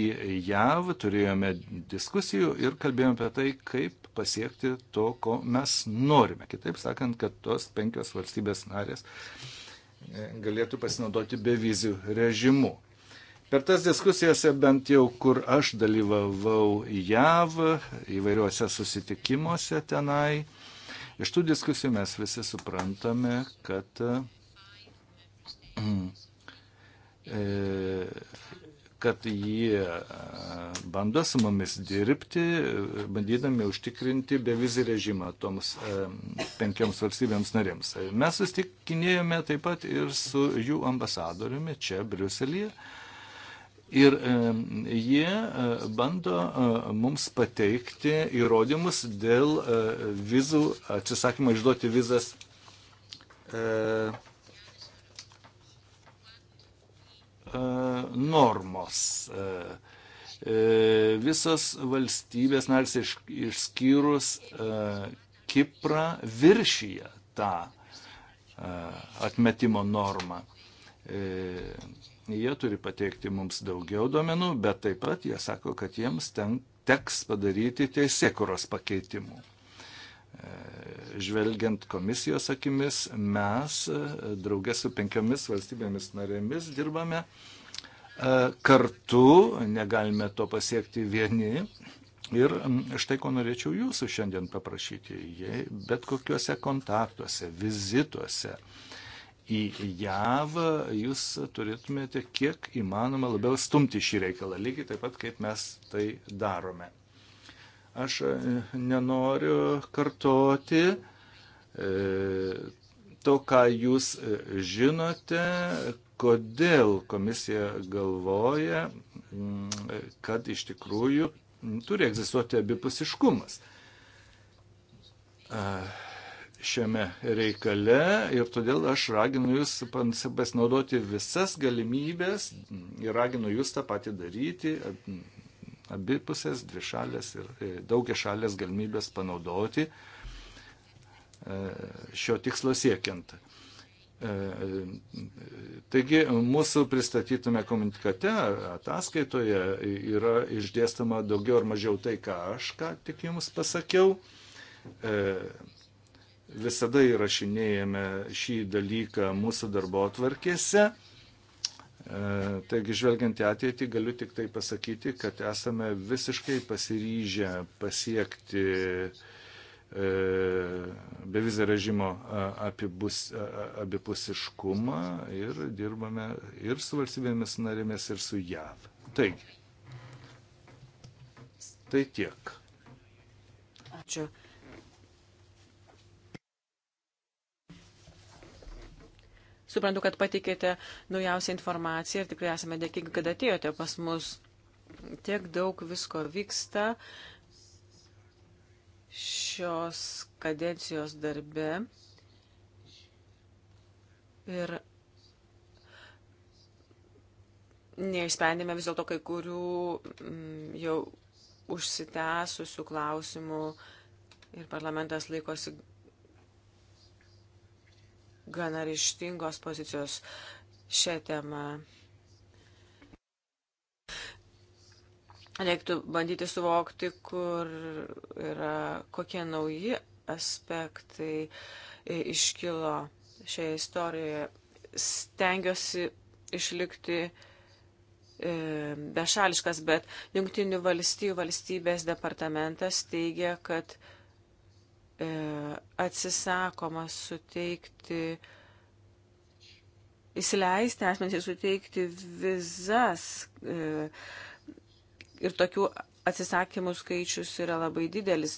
JAV, turėjome diskusijų ir kalbėjome apie tai, kaip pasiekti to, ko mes norime. Kitaip sakant, kad tos penkios valstybės narės galėtų pasinaudoti bevizių režimu. Per tas diskusijose, bent jau kur aš dalyvavau JAV, įvairiuose susitikimuose tenai, iš tų diskusijų mes visi suprantame, kad e, kad jie e, bando su mumis dirbti, bandydami užtikrinti bevizį režimą toms e, penkioms valstybėms narėms. Mes susitikinėjome taip pat ir su jų ambasadoriumi čia Briuselėje. Ir jie bando mums pateikti įrodymus dėl vizų, atsisakymą išduoti vizas normos. Visos valstybės nors išskyrus Kiprą viršyje tą atmetimo normą. Jie turi pateikti mums daugiau duomenų, bet taip pat jie sako, kad jiems ten teks padaryti teisėkuros pakeitimų. E, žvelgiant komisijos akimis, mes e, draugė su penkiomis valstybėmis narėmis dirbame e, kartu, negalime to pasiekti vieni, Ir štai ko norėčiau jūsų šiandien paprašyti, jei bet kokiuose kontaktuose, vizituose, į JAV, jūs turėtumėte kiek įmanoma labiau stumti šį reikalą, lygiai taip pat kaip mes tai darome. Aš e, nenoriu kartoti e, to, ką jūs e, žinote, kodėl komisija galvoja, mm, kad iš tikrųjų turi egzistuoti abipusiškumas. Uh šiame reikale ir todėl aš raginu jūs pasinaudoti visas galimybės ir raginu jūs tą patį daryti, abipusės, dvišalės ir e, daugiašalės galimybės panaudoti e, šio tikslo siekiant. E, taigi mūsų pristatytume komunikate, ataskaitoje yra išdėstama daugiau ar mažiau tai, ką aš ką tik jums pasakiau visada įrašinėjame šį dalyką mūsų darbo atvarkėse. E, taigi, žvelgiant į ateitį, galiu tik tai pasakyti, kad esame visiškai pasiryžę pasiekti e, bevizio režimo abipus, abipusiškumą ir dirbame ir su valstybėmis narėmis, ir su JAV. Taigi, tai tiek. Ačiū. Suprantu, kad patikėte naujausią informaciją ir tikrai esame dėkingi, kad atėjote pas mus. Tiek daug visko vyksta šios kadencijos darbe. Ir neišsprendėme vis dėlto kai kurių m, mm, jau užsitęsusių klausimų ir parlamentas laikosi gana ryštingos pozicijos šią temą. Reiktų bandyti suvokti, kur yra kokie nauji aspektai iškilo šioje istorijoje. Stengiuosi išlikti e, bešališkas, bet Junktinių valstybių valstybės departamentas teigia, kad E, atsisakoma suteikti, įsileisti asmenys ir suteikti vizas. E, ir tokių atsisakymų skaičius yra labai didelis.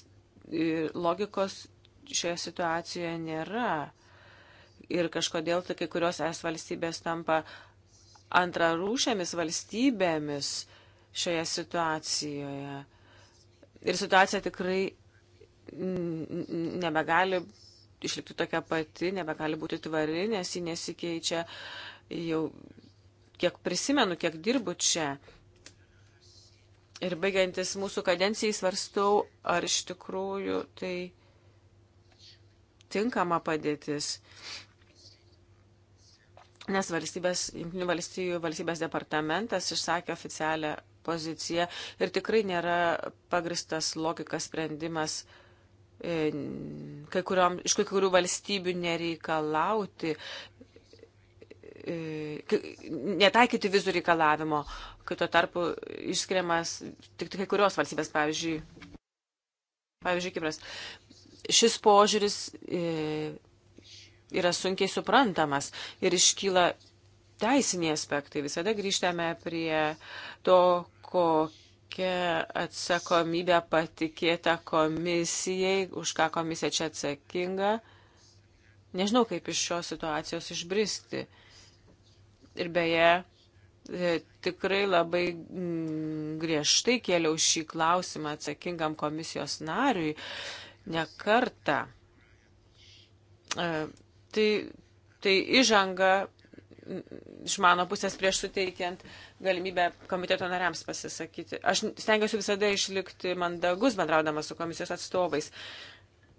Ir logikos šioje situacijoje nėra. Ir kažkodėl tai kai kurios es valstybės tampa antrarūšėmis valstybėmis šioje situacijoje. Ir situacija tikrai nebegali išlikti tokia pati, nebegali būti tvari, nes ji nesikeičia jau kiek prisimenu, kiek dirbu čia. Ir baigiantis mūsų kadencijai svarstau, ar iš tikrųjų tai tinkama padėtis. Nes valstybės, Junktinių valstybių valstybės departamentas išsakė oficialią poziciją ir tikrai nėra pagristas logikas sprendimas uh, E, kai kuriom, iš kai kurių valstybių nereikalauti, e, netaikyti vizų reikalavimo, kai tuo tarpu išskiriamas tik kai kurios valstybės, pavyzdžiui, pavyzdžiui, Kipras. Šis požiūris e, yra sunkiai suprantamas ir iškyla teisiniai aspektai. Visada grįžtame prie to, kokie tokia atsakomybė patikėta komisijai, už ką komisija čia atsakinga. Nežinau, kaip iš šios situacijos išbristi. Ir beje, e, tikrai labai mm, griežtai kėliau šį klausimą atsakingam komisijos nariui ne kartą. E, tai, tai įžanga iš mano pusės prieš suteikiant galimybę komiteto nariams pasisakyti. Aš stengiuosi visada išlikti mandagus bendraudamas su komisijos atstovais,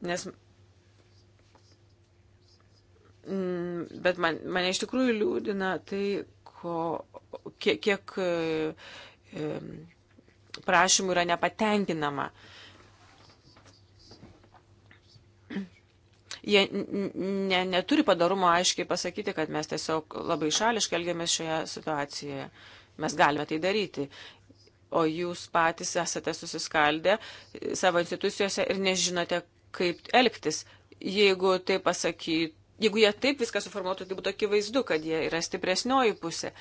nes. Mm, bet man, mane iš tikrųjų liūdina tai, ko, kiek, kiek e, prašymų yra nepatenkinama. Uh, jie ne, neturi padarumo aiškiai pasakyti, kad mes tiesiog labai šališkai elgiamės šioje situacijoje. Mes galime tai daryti. O jūs patys esate susiskaldę savo institucijose ir nežinote, kaip elgtis. Jeigu tai pasakytų, jeigu jie taip viską suformuotų, tai būtų akivaizdu, kad jie yra stipresnioji pusė.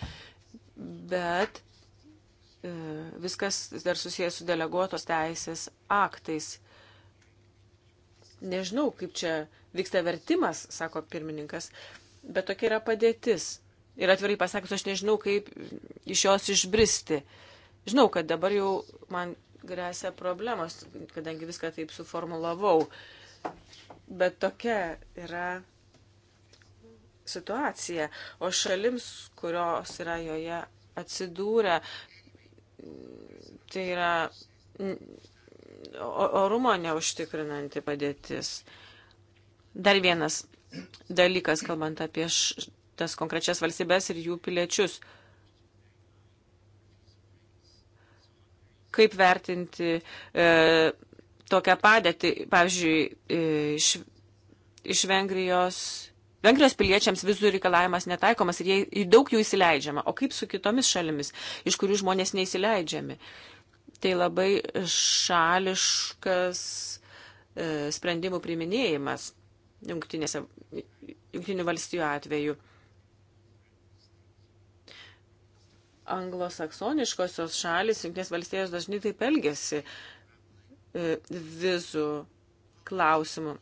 Bet e, viskas dar susijęs su deleguotos teisės aktais. Nežinau, kaip čia vyksta vertimas, sako pirmininkas, bet tokia yra padėtis. Ir atvirai pasakus, aš nežinau, kaip iš jos išbristi. Žinau, kad dabar jau man grėsia problemos, kadangi viską taip suformulavau. Bet tokia yra situacija. O šalims, kurios yra joje atsidūrę, tai yra orumo neužtikrinanti padėtis. Dar vienas dalykas, kalbant apie š, tas konkrečias valstybės ir jų piliečius. Kaip vertinti e, tokią padėtį, pavyzdžiui, e, iš, iš Vengrijos. Vengrijos piliečiams vizų reikalavimas netaikomas ir jie, daug jų įsileidžiama. O kaip su kitomis šalimis, iš kurių žmonės neįsileidžiami? E, tai labai šališkas e, sprendimų priminėjimas jungtinių valstijų atveju. Anglosaksoniškosios šalis, jungtinės valstijos dažnai taip elgesi e, vizų klausimu.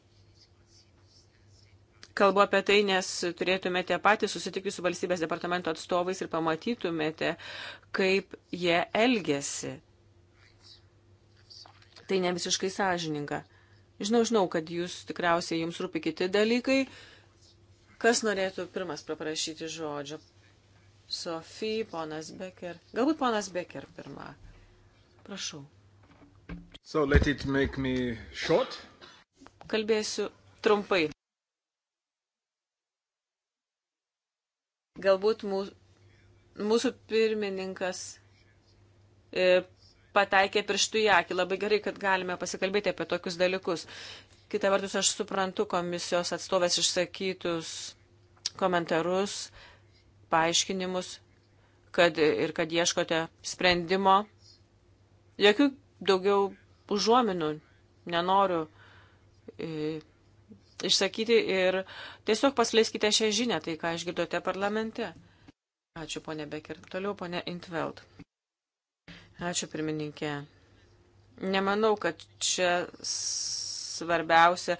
Kalbu apie tai, nes turėtumėte patys susitikti su valstybės departamento atstovais ir pamatytumėte, kaip jie elgesi tai ne visiškai sąžininga. Žinau, žinau, kad jūs tikriausiai jums rūpi kiti dalykai. Kas norėtų pirmas paprašyti žodžio? Sofija, ponas Becker. Galbūt ponas Becker pirmą. Prašau. So let it make me short. Kalbėsiu trumpai. Galbūt mūsų, mūsų pirmininkas e, pataikė pirštų į akį. Labai gerai, kad galime pasikalbėti apie tokius dalykus. Kita vertus, aš suprantu komisijos atstovės išsakytus komentarus, paaiškinimus kad, ir kad ieškote sprendimo. Jokių daugiau užuominų nenoriu e, išsakyti ir tiesiog pasleiskite šią žinę, tai ką išgirdote parlamente. Ačiū, ponė Becker. Toliau, ponė Intveld. Ačiū pirmininkė. Nemanau, kad čia svarbiausia e,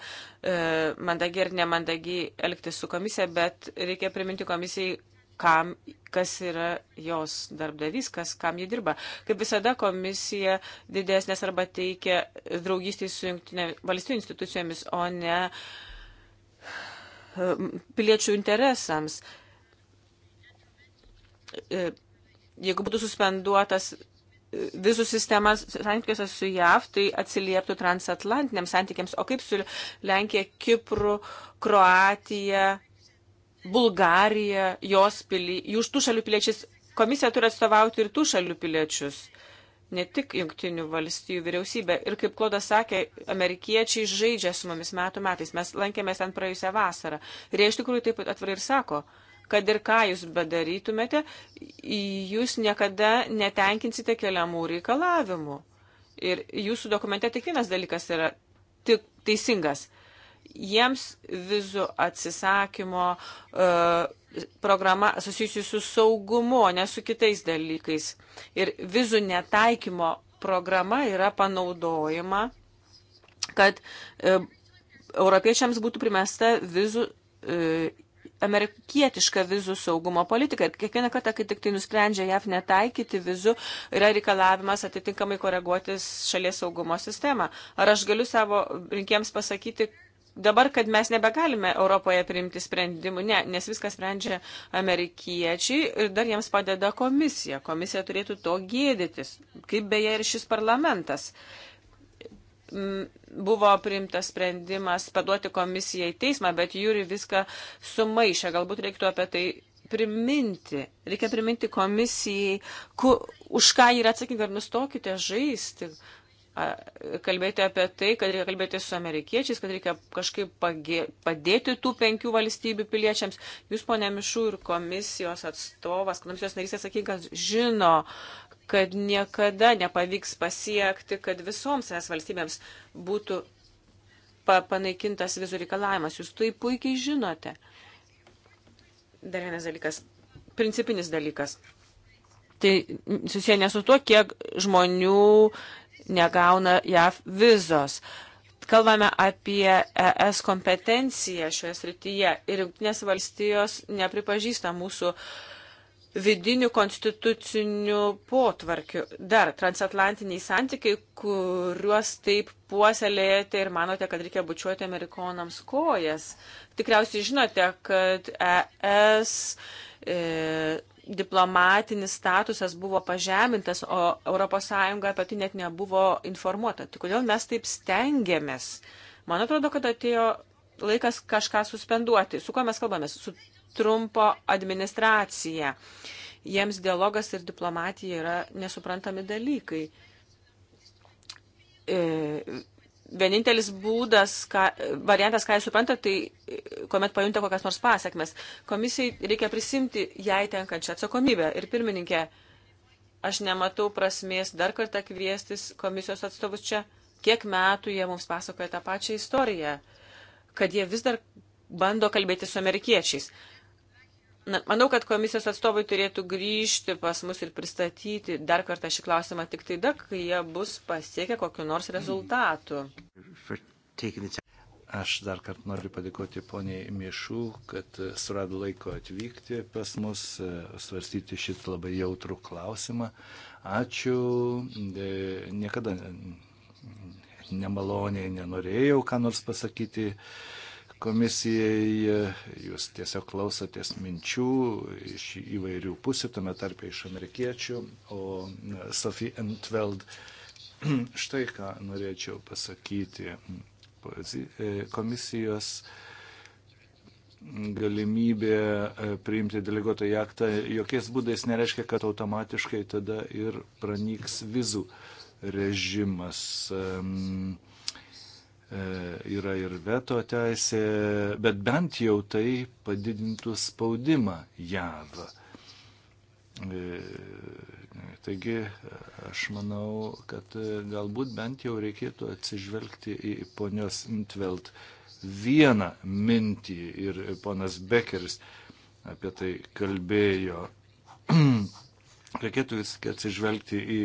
mandagiai ir nemandagiai elgtis su komisija, bet reikia priminti komisijai, kam, kas yra jos darbdavys, kas, kam jie dirba. Kaip visada, komisija didesnės arba teikia draugystį su jungtinė valstybių institucijomis, o ne e, piliečių interesams. E, jeigu būtų suspenduotas vizų sistemas santykiuose su JAV, tai atsilieptų transatlantiniams santykiams. O kaip su Lenkija, Kipru, Kroatija, Bulgarija, jos pili, jūs tų šalių piliečiais, komisija turi atstovauti ir tų šalių piliečius, ne tik jungtinių valstybių vyriausybė. Ir kaip Klodas sakė, amerikiečiai žaidžia su mumis metų metais. Mes lankėmės ten praėjusią vasarą. Ir jie iš tikrųjų taip atvirai ir sako. Uh, kad ir ką jūs bedarytumėte, jūs niekada netenkinsite keliamų reikalavimų. Ir jūsų dokumente tik vienas dalykas yra tik teisingas. Jiems vizų atsisakymo uh, programa susijusi su saugumu, ne su kitais dalykais. Ir vizų netaikymo programa yra panaudojama, kad uh, europiečiams būtų primesta vizų uh, amerikietišką vizų saugumo politiką. Ir kiekvieną kartą, kai tik tai nusprendžia JAF netaikyti vizų, yra reikalavimas atitinkamai koreguoti šalies saugumo sistemą. Ar aš galiu savo rinkiems pasakyti, dabar, kad mes nebegalime Europoje priimti sprendimų, ne, nes viską sprendžia amerikiečiai ir dar jiems padeda komisija. Komisija turėtų to gėdytis, kaip beje ir šis parlamentas. Uh, Mm, buvo priimtas sprendimas paduoti komisiją į teismą, bet Jūri viską sumaišė. Galbūt reiktų apie tai priminti. Reikia priminti komisijai, ku, už ką yra atsakinga ir nustokite žaisti. Kalbėti apie tai, kad reikia kalbėti su amerikiečiais, kad reikia kažkaip pagė, padėti tų penkių valstybių piliečiams. Jūs, ponė Mišų, ir komisijos atstovas, komisijos narys atsakingas, žino, uh, kad niekada nepavyks pasiekti, kad visoms es valstybėms būtų pa panaikintas vizų reikalavimas. Jūs tai puikiai žinote. Dar vienas dalykas, principinis dalykas. Tai susiję ne su tuo, kiek žmonių negauna JAV vizos. Kalbame apie ES kompetenciją šioje srityje ir Junktinės valstijos nepripažįsta mūsų uh, vidinių konstitucinių potvarkių. Dar transatlantiniai santykiai, kuriuos taip puoselėjate ir manote, kad reikia bučiuoti amerikonams kojas. Tikriausiai žinote, kad ES e, diplomatinis statusas buvo pažemintas, o ES apie tai net nebuvo informuota. Tai kodėl mes taip stengiamės? Man atrodo, kad atėjo laikas kažką suspenduoti. Su kuo mes kalbame? Su Trumpo administracija. Jiems dialogas ir diplomatija yra nesuprantami dalykai. E, vienintelis būdas, ką, variantas, ką jie supranta, tai e, kuomet pajunta kokias nors pasiekmes. Komisijai reikia prisimti jai tenkančią atsakomybę. Ir pirmininkė, aš nematau prasmės dar kartą kviestis komisijos atstovus čia, kiek metų jie mums pasakoja tą pačią istoriją, kad jie vis dar bando kalbėti su amerikiečiais. Na, manau, kad komisijos atstovai turėtų grįžti pas mus ir pristatyti dar kartą šį klausimą tik tada, kai jie bus pasiekę kokiu nors rezultatu. Aš dar kartą noriu padėkoti poniai Mišų, kad surado laiko atvykti pas mus, e, svarstyti šitą labai jautrų klausimą. Ačiū, e, niekada nemaloniai nenorėjau ką nors pasakyti komisijai, jūs tiesiog klausotės minčių iš įvairių pusių, tame tarpe iš amerikiečių, o Sophie Entveld štai ką norėčiau pasakyti. E, komisijos galimybė e, priimti deleguotą aktą jokiais būdais nereiškia, kad automatiškai tada ir pranyks vizų režimas. Um, E, yra ir veto teisė, bet bent jau tai padidintų spaudimą JAV. E, taigi aš manau, kad e, galbūt bent jau reikėtų atsižvelgti į ponios Intvelt vieną mintį ir ponas Bekeris apie tai kalbėjo. reikėtų viską atsižvelgti į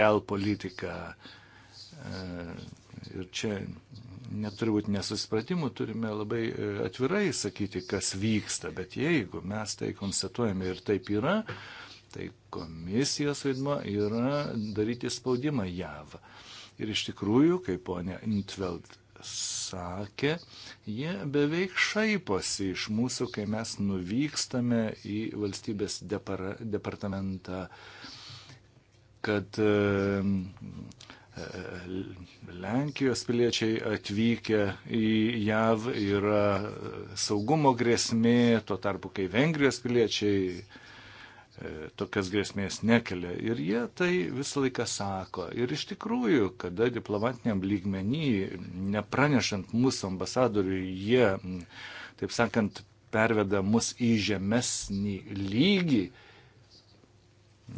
real politiką Ir čia neturi būti nesusipratimų, turime labai e, atvirai sakyti, kas vyksta, bet jeigu mes tai konstatuojame ir taip yra, tai komisijos vaidmo yra daryti spaudimą JAV. Ir iš tikrųjų, kaip ponė Intveld sakė, jie beveik šaiposi iš mūsų, kai mes nuvykstame į valstybės depara, departamentą, kad e, Lenkijos piliečiai atvykę į JAV yra saugumo grėsmė, tuo tarpu kai Vengrijos piliečiai e, tokias grėsmės nekelia. Ir jie tai visą laiką sako. Ir iš tikrųjų, kada diplomatiniam lygmenį, nepranešant mūsų ambasadoriui, jie, taip sakant, perveda mus į žemesnį lygį,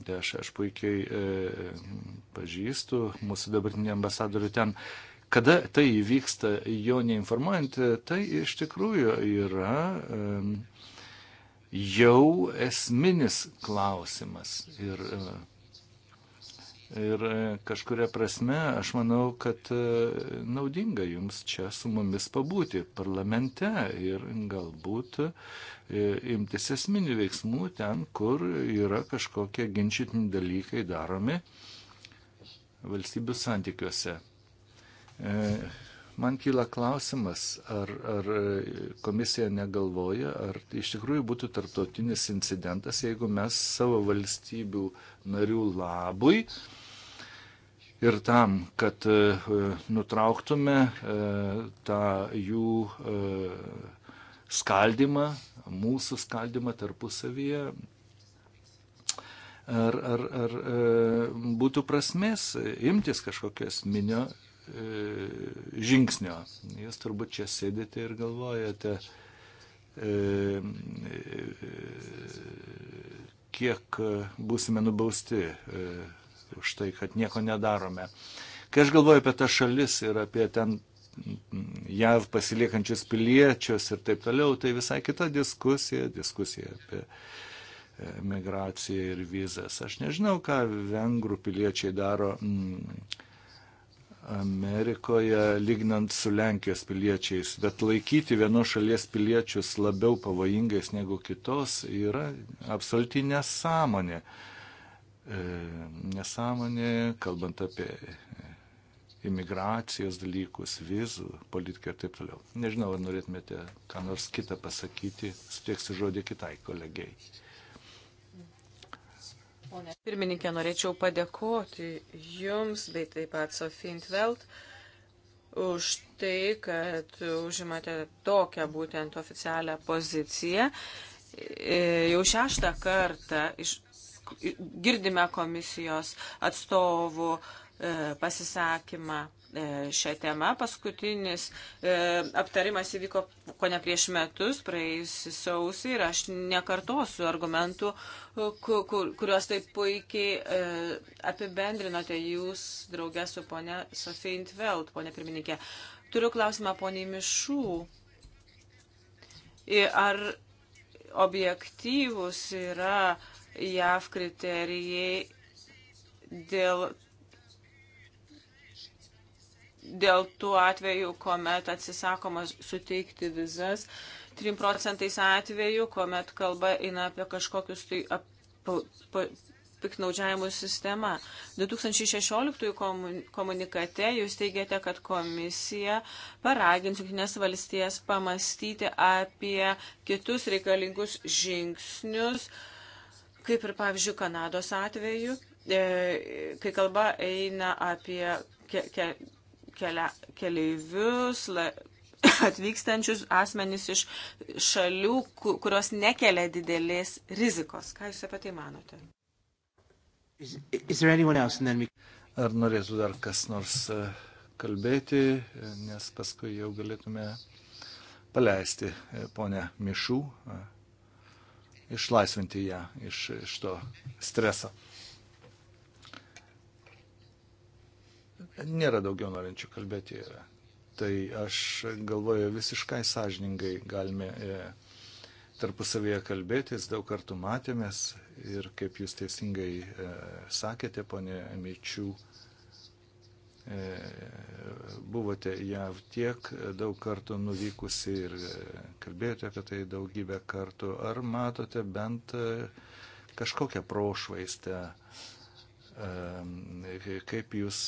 Tai aš, aš puikiai e, pažįstu mūsų dabartinį ambasadorių ten. Kada tai įvyksta, jo neinformuojant, tai iš tikrųjų yra e, jau esminis klausimas. Ir e, Ir e, kažkuria prasme, aš manau, kad e, naudinga jums čia su mumis pabūti parlamente ir galbūt e, imtis esminių veiksmų ten, kur yra kažkokie ginčytini dalykai daromi valstybių santykiuose. Man kyla klausimas, ar, ar komisija negalvoja, ar iš tikrųjų būtų tarptautinis incidentas, jeigu mes savo valstybių narių labui, ir tam, kad e, nutrauktume e, tą jų e, skaldimą, mūsų skaldimą tarpusavyje, ar, ar, ar būtų prasmės imtis kažkokios minio žingsnio. Jūs turbūt čia sėdite ir galvojate, kiek būsime nubausti už tai, kad nieko nedarome. Kai aš galvoju apie tą šalis ir apie ten JAV pasiliekančius piliečius ir taip toliau, tai visai kita diskusija, diskusija apie e, migraciją ir vizas. Aš nežinau, ką vengrų piliečiai daro. Mm, Amerikoje, lygnant su Lenkijos piliečiais, bet laikyti vienos šalies piliečius labiau pavojingais negu kitos yra absoliuti nesąmonė. E, nesąmonė, kalbant apie imigracijos dalykus, vizų, politiką ir taip toliau. Nežinau, ar norėtumėte ką nors kitą pasakyti, sutieksiu žodį kitai kolegiai. Pone pirmininkė, norėčiau padėkoti Jums, bei taip pat Sofint Velt, už tai, kad užimate tokią būtent oficialią poziciją. E, jau šeštą kartą iš girdime komisijos atstovų e, pasisakymą e, šią temą. Paskutinis e, aptarimas įvyko ko ne prieš metus, praėjusį sausį ir aš nekartosiu argumentų, kur, kur, kuriuos taip puikiai apibendrinote jūs draugę su ponė Sofija Intveld, ponė pirmininkė. Turiu klausimą poniai Mišų. Ar objektyvus yra uh, JAV kriterijai dėl, dėl tų atvejų, kuomet atsisakoma suteikti vizas, 3 procentais atvejų, kuomet kalba eina apie kažkokius tai ap, pa, pa, piknaudžiavimų sistema. 2016 komunikate jūs teigiate, kad komisija paragins Junktinės valstijas pamastyti apie kitus reikalingus žingsnius, uh, Kaip ir, pavyzdžiui, Kanados atveju, e, kai kalba eina apie ke, ke, kelia, keleivius, la, atvykstančius asmenys iš šalių, kurios nekelia didelės rizikos. Ką Jūs apie tai manote? Is, is we... Ar norėtų dar kas nors e, kalbėti, e, nes paskui jau galėtume paleisti ponę Mišų išlaisvinti ją iš, iš to streso. Nėra daugiau norinčių kalbėti. Yra. Tai aš galvoju, visiškai sąžiningai galime e, tarpusavėje kalbėtis, daug kartų matėmės ir, kaip jūs teisingai e, sakėte, ponė Mičiū, e, E, buvote jav tiek daug kartų nuvykusi ir e, kalbėjote apie tai daugybę kartų. Ar matote bent e, kažkokią prošvaistę, kaip jūs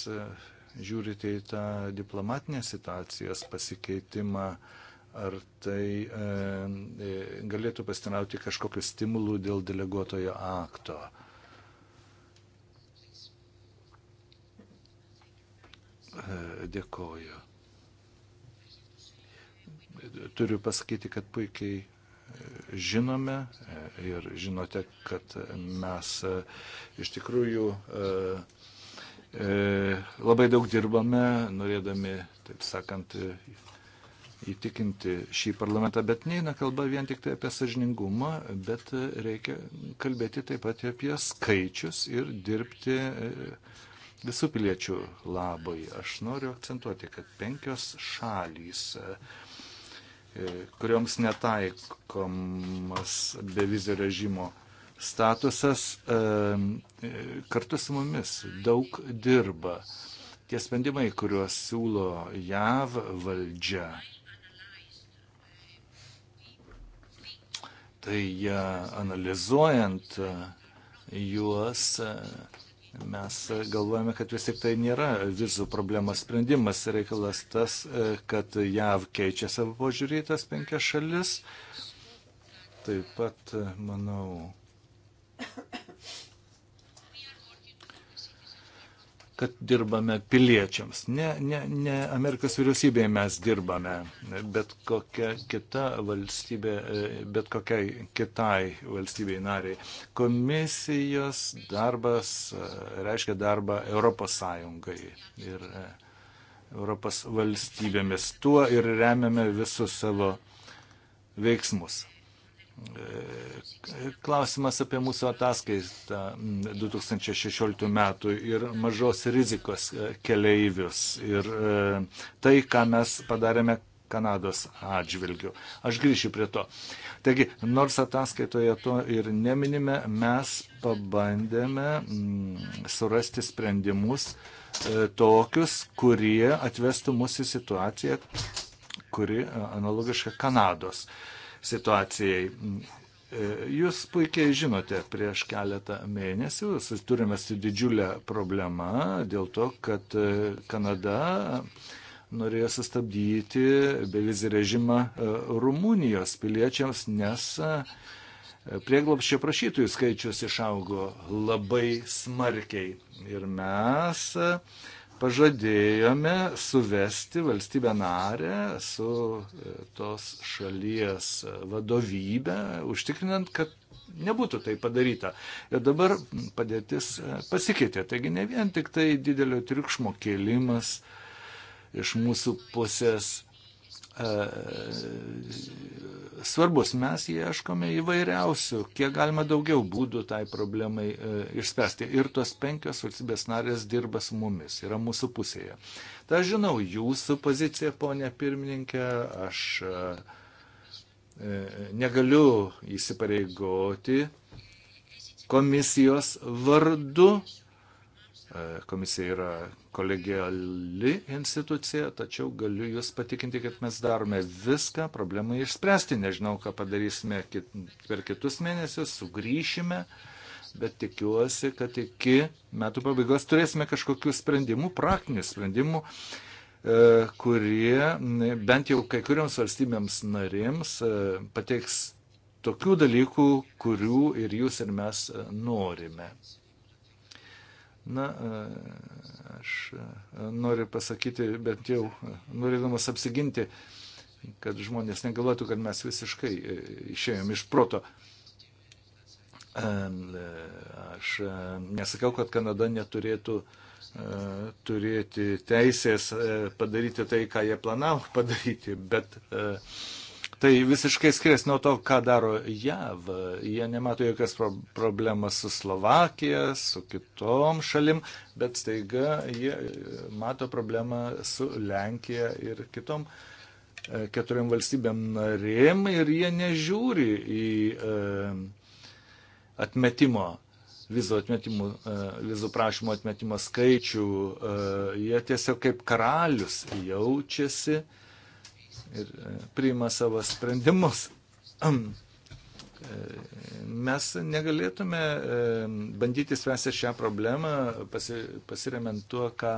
žiūrite į tą diplomatinę situacijos pasikeitimą? Ar tai e, galėtų pasinauti kažkokiu stimulu dėl deleguotojo akto? E, dėkoju. Turiu pasakyti, kad puikiai e, žinome e, ir žinote, kad mes e, iš tikrųjų labai daug dirbame, norėdami, taip sakant, įtikinti šį parlamentą, bet neina kalba vien tik tai apie sažiningumą, bet reikia kalbėti taip pat apie skaičius ir dirbti visų piliečių labai. Aš noriu akcentuoti, kad penkios šalys, e, kurioms netaikomas bevizio režimo statusas, e, e, kartu su mumis daug dirba. Tie sprendimai, kuriuos siūlo JAV valdžia, tai analizuojant juos Mes galvojame, kad vis tik tai nėra vizų problemos sprendimas. Reikalas tas, e, kad JAV keičia savo požiūrį į tas penkias šalis. Taip pat, e, manau, kad dirbame piliečiams. Ne, ne, ne Amerikos vyriausybėje mes dirbame, bet kokia kita valstybė, bet kokiai kitai valstybei nariai. Komisijos darbas e, reiškia darbą Europos Sąjungai ir e, Europos valstybėmis. Tuo ir remiame visus savo veiksmus. Klausimas apie mūsų ataskaitą 2016 mm, metų ir mažos rizikos e, keleivius ir e, tai, ką mes padarėme Kanados atžvilgiu. Aš grįšiu prie to. Taigi, nors ataskaitoje to ir neminime, mes pabandėme mm, surasti sprendimus e, tokius, kurie atvestų mus į situaciją, kuri analogiška Kanados. Uh, situacijai. Jūs puikiai žinote, prieš keletą mėnesių susidūrėme su didžiulė problema dėl to, kad e, Kanada norėjo sustabdyti bevizį režimą e, Rumunijos piliečiams, nes e, prieglopščio prašytojų skaičius išaugo labai smarkiai. Ir mes pažadėjome suvesti valstybę narę su e, tos šalies e, vadovybė, užtikrinant, kad nebūtų tai padaryta. Ir dabar padėtis e, pasikeitė. Taigi ne vien tik tai didelio triukšmo kėlimas iš mūsų pusės E, svarbus. Mes ieškome įvairiausių, kiek galima daugiau būdų tai problemai e, išspręsti. Ir tos penkios valstybės narės dirba su mumis, yra mūsų pusėje. Ta žinau, jūsų pozicija, ponė pirmininkė, aš e, negaliu įsipareigoti komisijos vardu. Komisija yra kolegiali institucija, tačiau galiu Jūs patikinti, kad mes darome viską problemai išspręsti. Nežinau, ką padarysime kit, per kitus mėnesius, sugrįšime, bet tikiuosi, kad iki metų pabaigos turėsime kažkokių sprendimų, praktinių sprendimų, e, kurie bent jau kai kuriams valstybėms narėms e, pateiks tokių dalykų, kurių ir jūs ir mes norime. Na, e, Aš e, noriu pasakyti, bent jau e, norėdamas apsiginti, kad žmonės negalvotų, kad mes visiškai e, išėjom iš proto. Aš nesakau, kad Kanada neturėtų turėti teisės padaryti tai, ką jie planavo padaryti, bet uh, Tai visiškai skiriasi nuo to, ką daro JAV. Jie nemato jokios pro problemas su Slovakija, su kitom šalim, bet staiga jie e, mato problemą su Lenkija ir kitom e, keturiam valstybėm narėm ir jie nežiūri į e, atmetimo vizų, atmetimų, vizų prašymo atmetimo skaičių. Jie tiesiog kaip karalius jaučiasi ir e, priima savo sprendimus. E, mes negalėtume e, bandyti spręsti šią problemą pasi, pasiremiant tuo, ką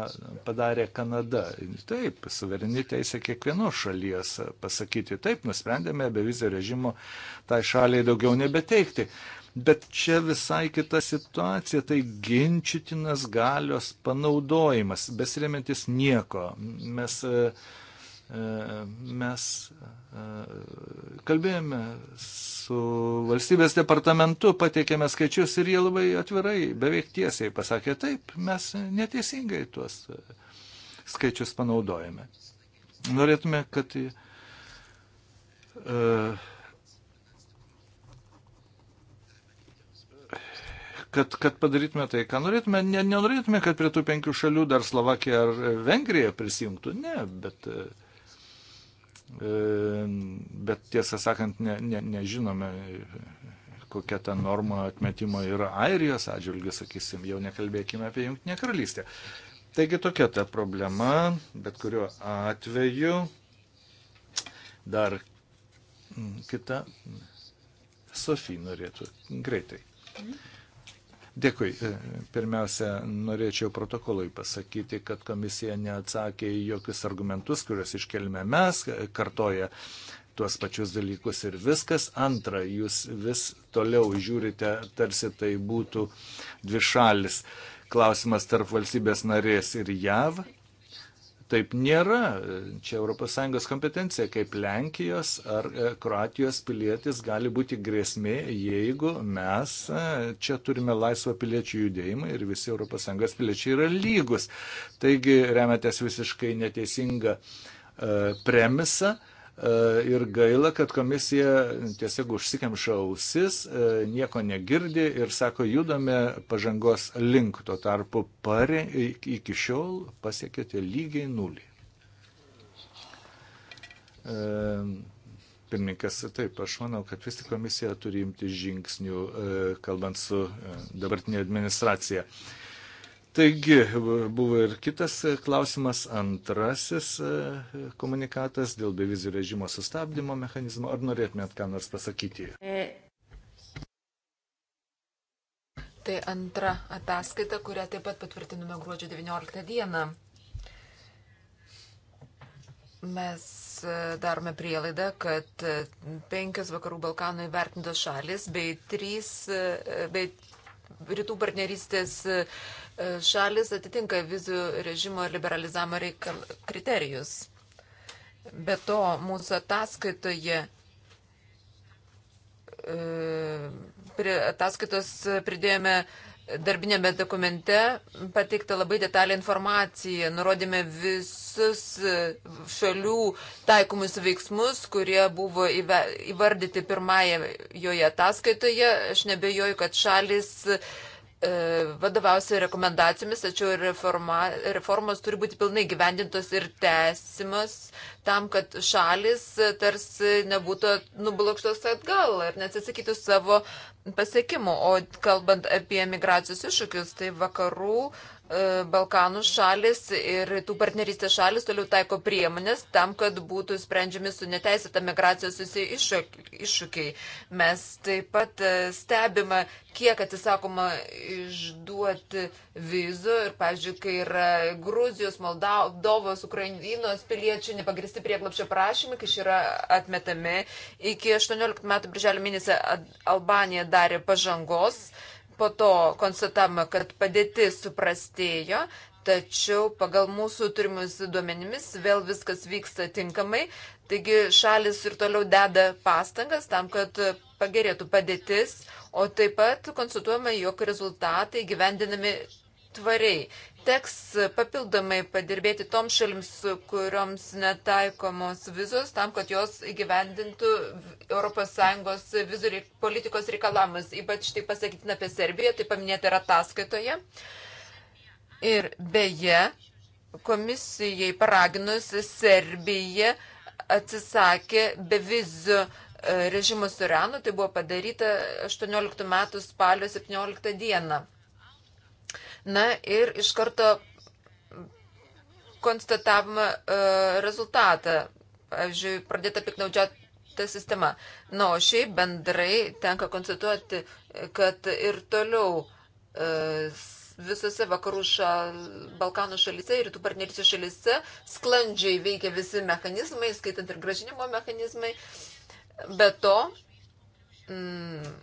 padarė Kanada. Taip, suvereni teisė kiekvienos šalies pasakyti, taip, nusprendėme be vizio režimo tai šaliai daugiau nebeteikti. Bet čia visai kita situacija, tai ginčytinas galios panaudojimas, besiremiantis nieko. Mes uh, E, mes e, kalbėjome su valstybės departamentu, pateikėme skaičius ir jie labai atvirai, beveik tiesiai pasakė, taip, mes neteisingai tuos e, skaičius panaudojame. Norėtume, kad kad, kad padarytume tai, ką norėtume. Nenorėtume, kad prie tų penkių šalių dar Slovakija ar Vengrija prisijungtų. Ne, bet uh, E, bet tiesą sakant, ne, ne, nežinome, kokia ta norma atmetimo yra Airijos atžvilgiu, sakysim, jau nekalbėkime apie Junktinę karalystę. Taigi tokia ta problema, bet kuriuo atveju dar kita Sofija norėtų greitai. Mhm. Dėkui. E, pirmiausia, norėčiau protokolui pasakyti, kad komisija neatsakė į jokius argumentus, kuriuos iškelime mes, e, kartoja tuos pačius dalykus ir viskas. Antra, jūs vis toliau žiūrite, tarsi tai būtų dvi šalis. Klausimas tarp valstybės narės ir JAV. Taip nėra. Čia ES kompetencija, kaip Lenkijos ar e, Kroatijos pilietis gali būti grėsmė, jeigu mes e, čia turime laisvą piliečių judėjimą ir visi ES piliečiai yra lygus. Taigi remiatės visiškai neteisinga e, premisa. Uh, E, ir gaila, kad komisija tiesiog užsikemša ausis, e, nieko negirdi ir sako, judame pažangos link, tuo tarpu pare, iki šiol pasiekėte lygiai nulį. E, pirmininkas, taip, aš manau, kad vis tik komisija turi imti žingsnių, kalbant su dabartinė administracija. Taigi buvo ir kitas e, klausimas, antrasis e, komunikatas dėl bevizijų režimo sustabdymo mechanizmo. Ar norėtumėt ką nors pasakyti? E, tai antra ataskaita, kurią taip pat patvirtinome gruodžio 19 dieną. Mes darome prielaidą, kad penkios vakarų Balkanų įvertintos šalis bei trys, bei rytų partnerystės šalis atitinka vizų režimo ir liberalizavimo reikal... kriterijus. Be to, mūsų ataskaitoje e, prie ataskaitos pridėjome darbinėme dokumente pateikta labai detalė informacija. Nurodėme visus šalių taikomus veiksmus, kurie buvo įvardyti pirmąją joje ataskaitoje. Aš nebejoju, kad šalis uh, E, vadovausi rekomendacijomis, tačiau reforma, reformos turi būti pilnai gyvendintos ir tęsimas tam, kad šalis tarsi nebūtų nublokštos atgal ir neatsisakytų savo pasiekimų. O kalbant apie migracijos iššūkius, tai vakarų E, Balkanų šalis ir tų partnerystės šalis toliau taiko priemonės tam, kad būtų sprendžiami su neteisėta migracija susiję iššūkiai. Mes taip pat e, stebime, kiek atsisakoma išduoti vizų ir, pavyzdžiui, kai yra Gruzijos, Moldovos, Ukrainos piliečiai nepagristi prieglapšio prašymai, kai šie yra atmetami. Iki 18 metų birželio mėnesį Albanija darė pažangos. Uh, Po to konstatavome, kad padėtis suprastėjo, tačiau pagal mūsų turimus duomenimis vėl viskas vyksta tinkamai. Taigi šalis ir toliau deda pastangas tam, kad pagerėtų padėtis, o taip pat konstatuojame, jog rezultatai gyvendinami tvariai teks papildomai padirbėti toms šalims, kurioms netaikomos vizos, tam, kad jos įgyvendintų ES vizų politikos reikalavimus. Ypač tai pasakytina apie Serbiją, tai paminėta yra ataskaitoje. Ir beje, komisijai paraginus Serbiją atsisakė bevizų e, režimo su Iranu, tai buvo padaryta 18 metų spalio 17 dieną. Na ir iš karto konstatavome e, rezultatą. Pavyzdžiui, pradėta piknaudžiata sistema. Na, nu, o šiaip bendrai tenka konstatuoti, kad ir toliau e, visose vakarų ša, Balkanų šalyse ir rytų partnerysių šalyse sklandžiai veikia visi mechanizmai, skaitant ir gražinimo mechanizmai. Be to, mm,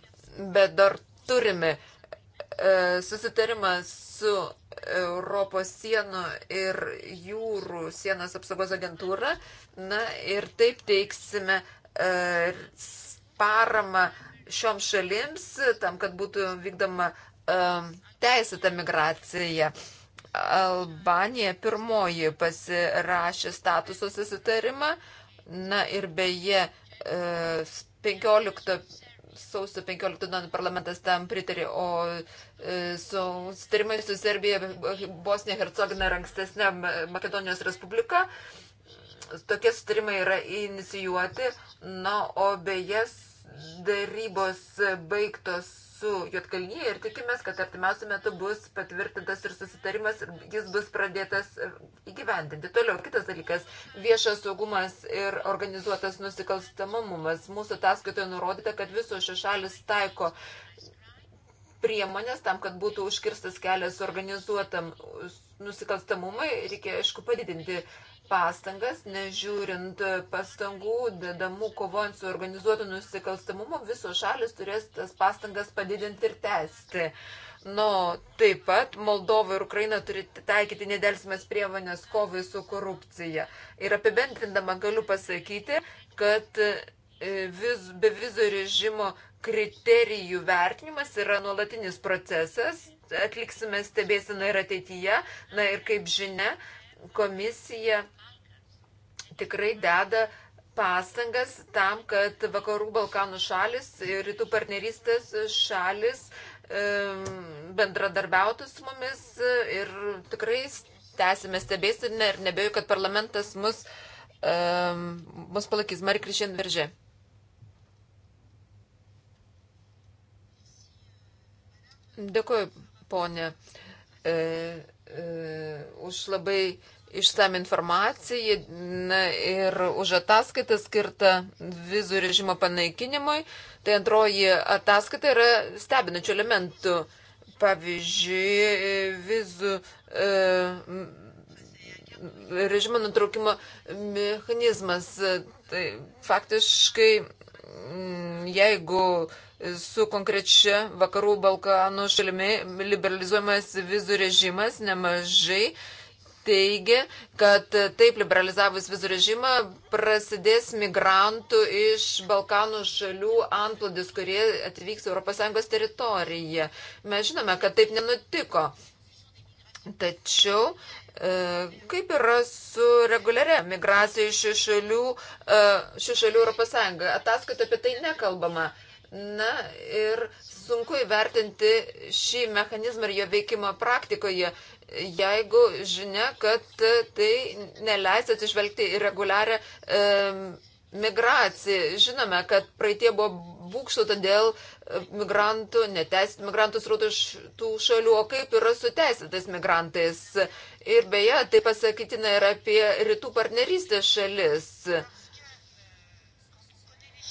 bet dar turime susitarimas su Europos sienų ir jūrų sienos apsaugos agentūra. Na ir taip teiksime e, paramą šioms šalims, tam, kad būtų vykdoma e, teisėta migracija. Albanija pirmoji pasirašė statuso susitarimą. Na ir beje, 15 e, sausio 15 dieną parlamentas tam pritarė, o e, susitarimai su Serbija, Bosnija, Hercegovina ir ankstesnė Makedonijos Respublika. Tokie sutarimai yra inicijuoti, na, o beje, darybos baigtos su Jotkalnyje ir tikimės, kad artimiausiu metu bus patvirtintas ir susitarimas, jis bus pradėtas e, įgyvendinti. Toliau kitas dalykas - viešas saugumas ir organizuotas nusikalstamumas. Mūsų ataskaitoje nurodyta, kad visos šios šalis taiko priemonės tam, kad būtų užkirstas kelias organizuotam nusikalstamumui, reikia, aišku, padidinti pastangas, nežiūrint pastangų dedamų kovojant su organizuotu nusikalstamumu, visos šalis turės tas pastangas padidinti ir tęsti. Nu, taip pat Moldova ir Ukraina turi taikyti nedelsimas priemonės kovai su korupcija. Ir apibendrindama galiu pasakyti, kad e, viz, be vizų režimo kriterijų vertinimas yra nuolatinis procesas, atliksime stebėsiną ir ateityje. Na ir kaip žinia, komisija tikrai deda pastangas tam, kad vakarų Balkanų šalis ir rytų partnerystės šalis bendradarbiautų su mumis ir tikrai tęsime stebėsime ir nebejoju, kad parlamentas mus, mus palaikys. Marija Krišien Viržė. Dėkuoju, ponė, e, e, už labai išsam informaciją na, ir už ataskaitą skirtą vizų režimo panaikinimui. Tai antroji ataskaita yra stebinačių elementų. Pavyzdžiui, vizų e, režimo nutraukimo mechanizmas. Tai faktiškai, jeigu su konkrečia vakarų Balkanų šalimi liberalizuojamas vizų režimas nemažai, e, teigia, kad taip liberalizavus vizų režimą prasidės migrantų iš Balkanų šalių antplūdis, kurie atvyks ES teritoriją. Mes žinome, kad taip nenutiko. Tačiau e, kaip yra su reguliaria migracija iš šių šalių, e, šių šalių ES? Ataskaita apie tai nekalbama. Na ir sunku įvertinti šį mechanizmą ir jo veikimą praktikoje, jeigu žinia, kad tai neleis atsižvelgti į reguliarę e, migraciją. Žinome, kad praeitie buvo būkštų, todėl e, migrantų, neteisėtų migrantų srautų iš tų šalių, o kaip yra su teisėtais migrantais. Ir beje, tai pasakytina ir apie rytų partnerystės šalis.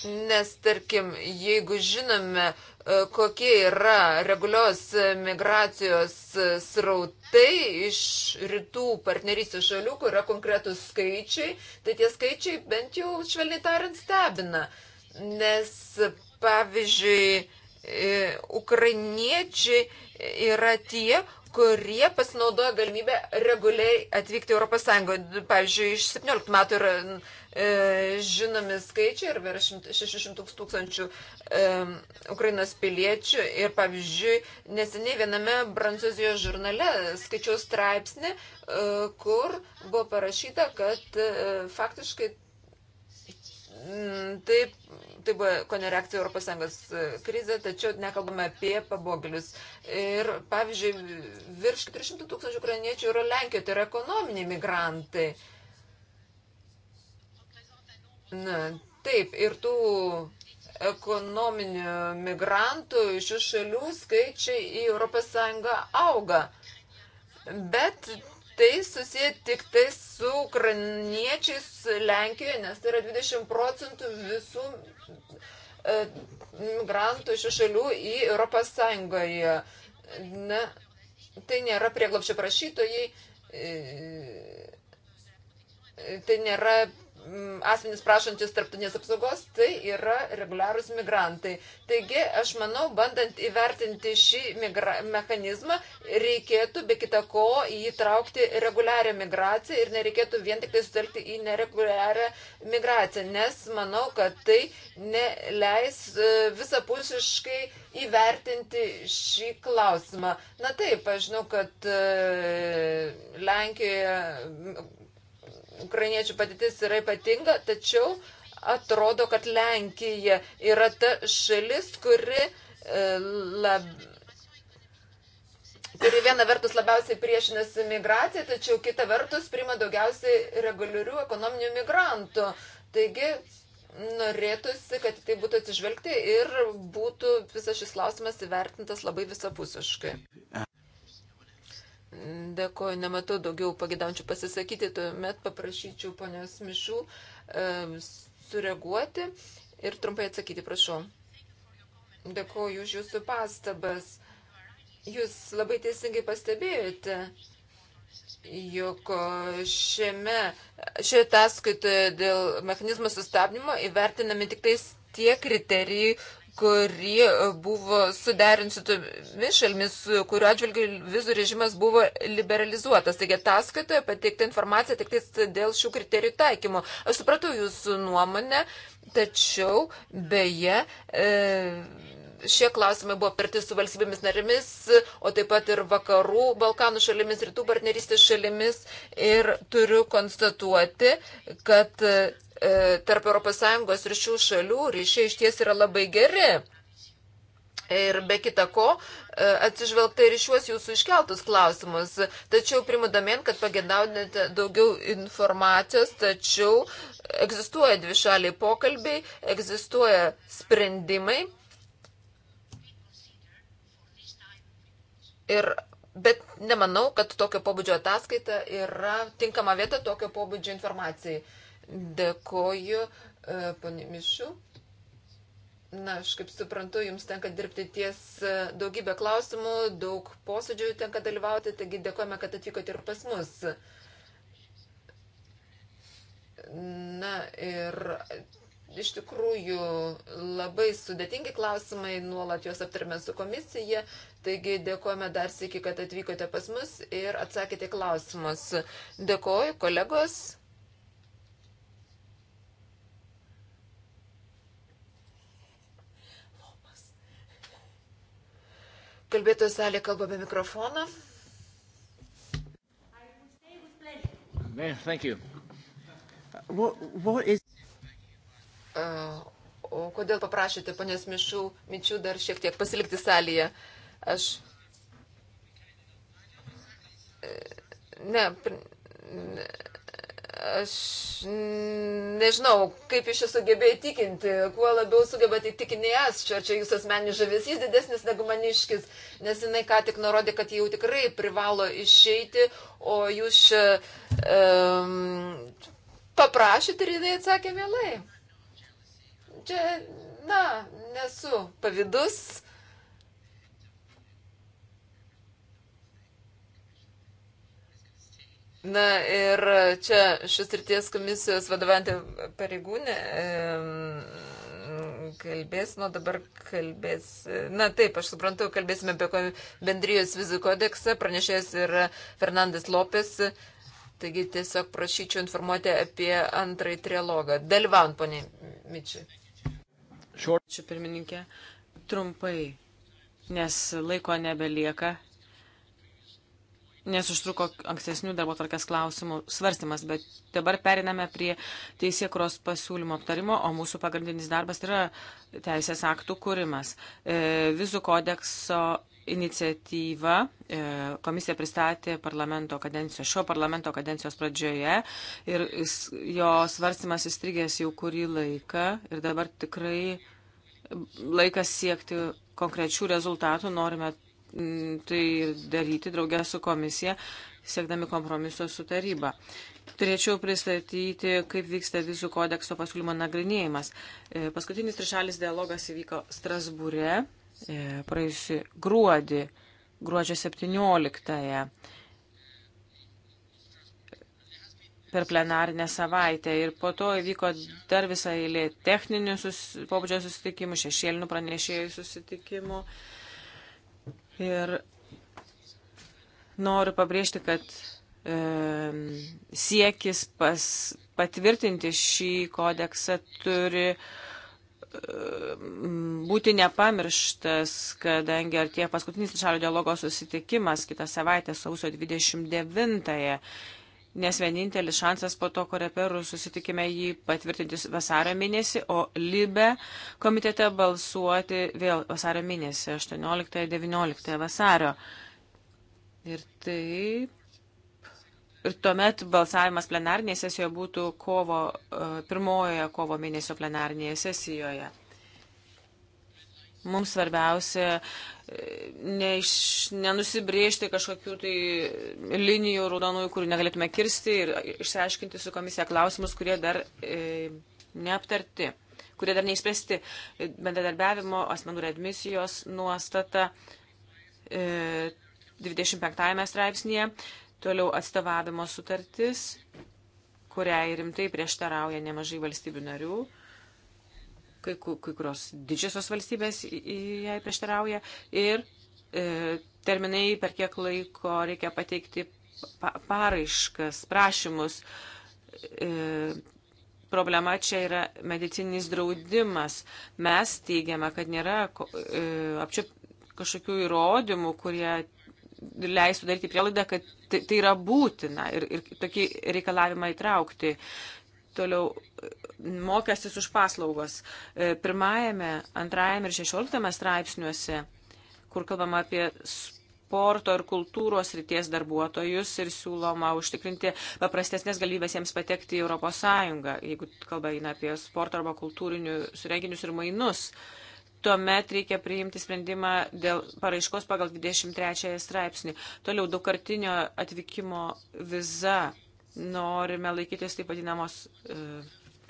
Nes, tarkim, jeigu žinome, E, kokie yra regulios migracijos srautai iš rytų partnerystės šalių, kur yra konkretus skaičiai, tai tie skaičiai bent jau švelniai tariant stebina. Nes, pavyzdžiui, e, ukrainiečiai yra tie, kurie pasinaudoja galimybę reguliai atvykti Europos Sąjungoje. Pavyzdžiui, iš 17 metų yra e, žinomi skaičiai ir yra 600 tūkstančių e, Ukrainos piliečių. Ir pavyzdžiui, neseniai viename Prancūzijos žurnale skaičiau straipsnį, e, kur buvo parašyta, kad e, faktiškai taip tai buvo ko nereakcija Europos Sąjungos e, krizė, tačiau nekalbame apie pabogėlius. Ir, pavyzdžiui, virš 300 tūkstančių ukrainiečių yra Lenkijoje, tai yra ekonominiai migrantai. Na, taip, ir tų ekonominių migrantų iš šių šalių skaičiai į Europos Sąjungą auga. Bet tai susiję tik tai su ukrainiečiais Lenkijoje, nes tai yra 20 procentų visų e, migrantų iš šalių į Europos Sąjungoje. Na, tai nėra prieglapščio prašytojai, e, tai nėra Mm, asmenys prašantis tarptautinės apsaugos, tai yra reguliarūs migrantai. Taigi, aš manau, bandant įvertinti šį migra... mechanizmą, reikėtų be kita ko įtraukti reguliarią migraciją ir nereikėtų vien tik tai sutelkti į nereguliarią migraciją, nes manau, kad tai neleis e, visapusiškai įvertinti šį klausimą. Na taip, aš žinau, kad e, Lenkijoje ukrainiečių padėtis yra ypatinga, tačiau atrodo, kad Lenkija yra ta šalis, kuri, e, lab, kuri viena vertus labiausiai priešinasi migracijai, tačiau kita vertus priima daugiausiai reguliarių ekonominių migrantų. Taigi norėtųsi, kad tai būtų atsižvelgti ir būtų visas šis klausimas įvertintas labai visapusiškai. Dėkoju, nematau daugiau pagėdančių pasisakyti, tuomet paprašyčiau ponios Mišų e, sureaguoti ir trumpai atsakyti, prašau. Dėkoju už jūsų pastabas. Jūs labai teisingai pastebėjote, jog šiame, šioje ataskaitoje dėl mechanizmo sustabdymo įvertinami tik tais tie kriterijai, kuri e, buvo suderinti su tomis šalimis, kuriuo atžvilgiu vizų režimas buvo liberalizuotas. Taigi ataskaitoje pateikta informacija tik dėl šių kriterijų taikymo. Aš supratau jūsų nuomonę, tačiau beje. E, Šie klausimai buvo perti su valstybėmis narėmis, o taip pat ir vakarų Balkanų šalimis, rytų partnerystės šalimis. Ir turiu konstatuoti, kad E, tarp ES ir šių šalių ryšiai iš ties yra labai geri. Ir be kita ko, e, atsižvelgta ir šiuos jūsų iškeltus klausimus. Tačiau primudomien, kad pagėdaudinate daugiau informacijos, tačiau egzistuoja dvišaliai pokalbiai, egzistuoja sprendimai. Ir, bet nemanau, kad tokio pobūdžio ataskaita yra tinkama vieta tokio pobūdžio informacijai. Dėkoju, e, ponė Mišu. Na, aš kaip suprantu, jums tenka dirbti ties e, daugybę klausimų, daug posėdžių tenka dalyvauti, taigi dėkojame, kad atvykote ir pas mus. Na ir iš tikrųjų labai sudėtingi klausimai, nuolat juos aptarėme su komisija, taigi dėkojame dar sėki, kad atvykote pas mus ir atsakėte klausimus. Dėkoju, kolegos. Kalbėtojų salė kalba be mikrofono. What, what is... uh, o kodėl paprašėte ponės Mišų, Mičių dar šiek tiek pasilikti salėje? Aš. E, ne, ne Aš nežinau, kaip iš jūsų gebėjo įtikinti, kuo labiau sugebate įtikinėjęs, čia, čia jūsų asmeninis žavesys didesnis negu maniškis, nes jinai ką tik nurodė, kad jau tikrai privalo išeiti, o jūs čia um, paprašėte ir jinai atsakė vėlai. Čia, na, nesu pavydus, Na ir čia šis ryties komisijos vadovantė pareigūnė kalbės, nu dabar kalbės, na taip, aš suprantu, kalbėsime apie bendrijos vizų kodeksą, pranešėjas yra Fernandas Lopes, taigi tiesiog prašyčiau informuoti apie antrąjį trilogą. Dalyvaujant, ponė Mičiai. Ačiū pirmininkė, trumpai, nes laiko nebelieka nes užtruko ankstesnių darbo tvarkės klausimų svarstymas, bet dabar periname prie teisėkuros pasiūlymo aptarimo, o mūsų pagrindinis darbas yra teisės aktų kūrimas. E, vizų kodekso iniciatyvą e, komisija pristatė parlamento kadencijos, šio parlamento kadencijos pradžioje ir jo svarstymas įstrigęs jau kurį laiką ir dabar tikrai laikas siekti konkrečių rezultatų, norime Mm, tai ir daryti draugę su komisija, siekdami kompromiso su taryba. Turėčiau pristatyti, kaip vyksta visų kodekso pasiūlymo nagrinėjimas. E, paskutinis trišalis dialogas įvyko Strasbūre e, praėjusi gruodį, gruodžio 17-ąją per plenarinę savaitę. Ir po to įvyko dar visą eilė techninių sus, pobūdžio susitikimų, šešėlinių pranešėjų susitikimų. E, Ir noriu pabrėžti, kad e, siekis pas, patvirtinti šį kodeksą turi e, būti nepamirštas, kadangi artėja paskutinis šalio dialogo susitikimas kitą savaitę sausio 29-ąją nes vienintelis šansas po to koreperų susitikime jį patvirtinti vasario mėnesį, o Libe komitete balsuoti vėl vasario mėnesį, 18-19 vasario. Ir taip. Ir tuomet balsavimas plenarnėje sesijoje būtų kovo, e, pirmojoje kovo mėnesio plenarnėje sesijoje. Mums svarbiausia e, neiš, nenusibriežti kažkokių tai linijų raudonųjų, kurių negalėtume kirsti ir išsiaiškinti su komisija klausimus, kurie dar e, neaptarti, kurie dar neišspręsti. E, bendradarbiavimo asmenų readmisijos nuostata e, 25 straipsnėje, toliau atstovavimo sutartis, kuriai rimtai prieštarauja nemažai valstybių narių kai, kai kurios didžiosios valstybės jai prieštarauja ir e, terminai, per kiek laiko reikia pateikti pa paraiškas, prašymus. E, problema čia yra medicininis draudimas. Mes teigiame, kad nėra e, apčiop kažkokių įrodymų, kurie leistų daryti prielaidą, kad tai, tai yra būtina ir, ir tokį reikalavimą įtraukti. Toliau mokestis už paslaugos. E, pirmajame, antrajame ir šešioliktame straipsniuose, kur kalbama apie sporto ir kultūros ryties darbuotojus ir siūloma užtikrinti paprastesnės galimybės jiems patekti į ES, jeigu kalba eina apie sporto arba kultūrinius renginius ir mainus. Tuomet reikia priimti sprendimą dėl paraiškos pagal 23 straipsnį. Toliau daugkartinio atvykimo viza norime laikytis taip vadinamos e,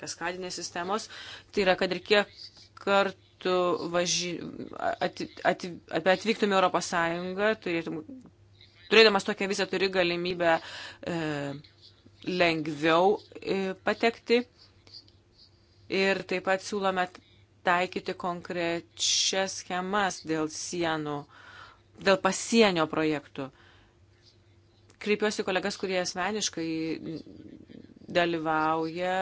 kaskadinės sistemos. Tai yra, kad ir kiek kartų važi... at, at, at, atvyktume Europos Sąjungą, turėtum, turėdamas tokią visą turi galimybę e, lengviau e, patekti. Ir taip pat siūlome taikyti konkrečias schemas dėl sienų, dėl pasienio projektų. E, kreipiuosi kolegas, kurie asmeniškai dalyvauja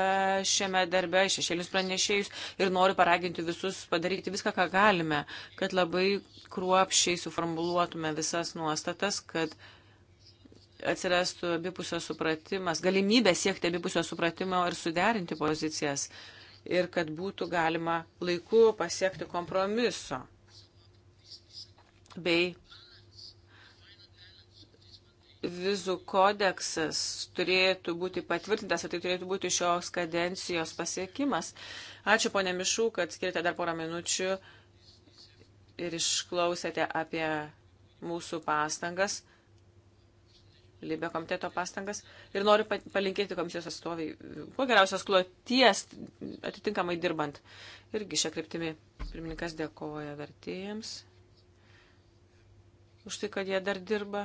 šiame darbe, šešėlius pranešėjus ir noriu paraginti visus padaryti viską, ką galime, kad labai kruopšiai suformuluotume visas nuostatas, kad atsirastų abipusio supratimas, galimybė siekti abipusio supratimo ir suderinti pozicijas ir kad būtų galima laiku pasiekti kompromiso bei vizų kodeksas turėtų būti patvirtintas ir tai turėtų būti šios kadencijos pasiekimas. Ačiū ponė Mišų, kad skirite dar porą minučių ir išklausėte apie mūsų pastangas, Libė komiteto pastangas. Ir noriu palinkėti komisijos atstoviai kuo geriausios kloties atitinkamai dirbant. Irgi šią kryptimį pirmininkas dėkoja vertėjams už tai, kad jie dar dirba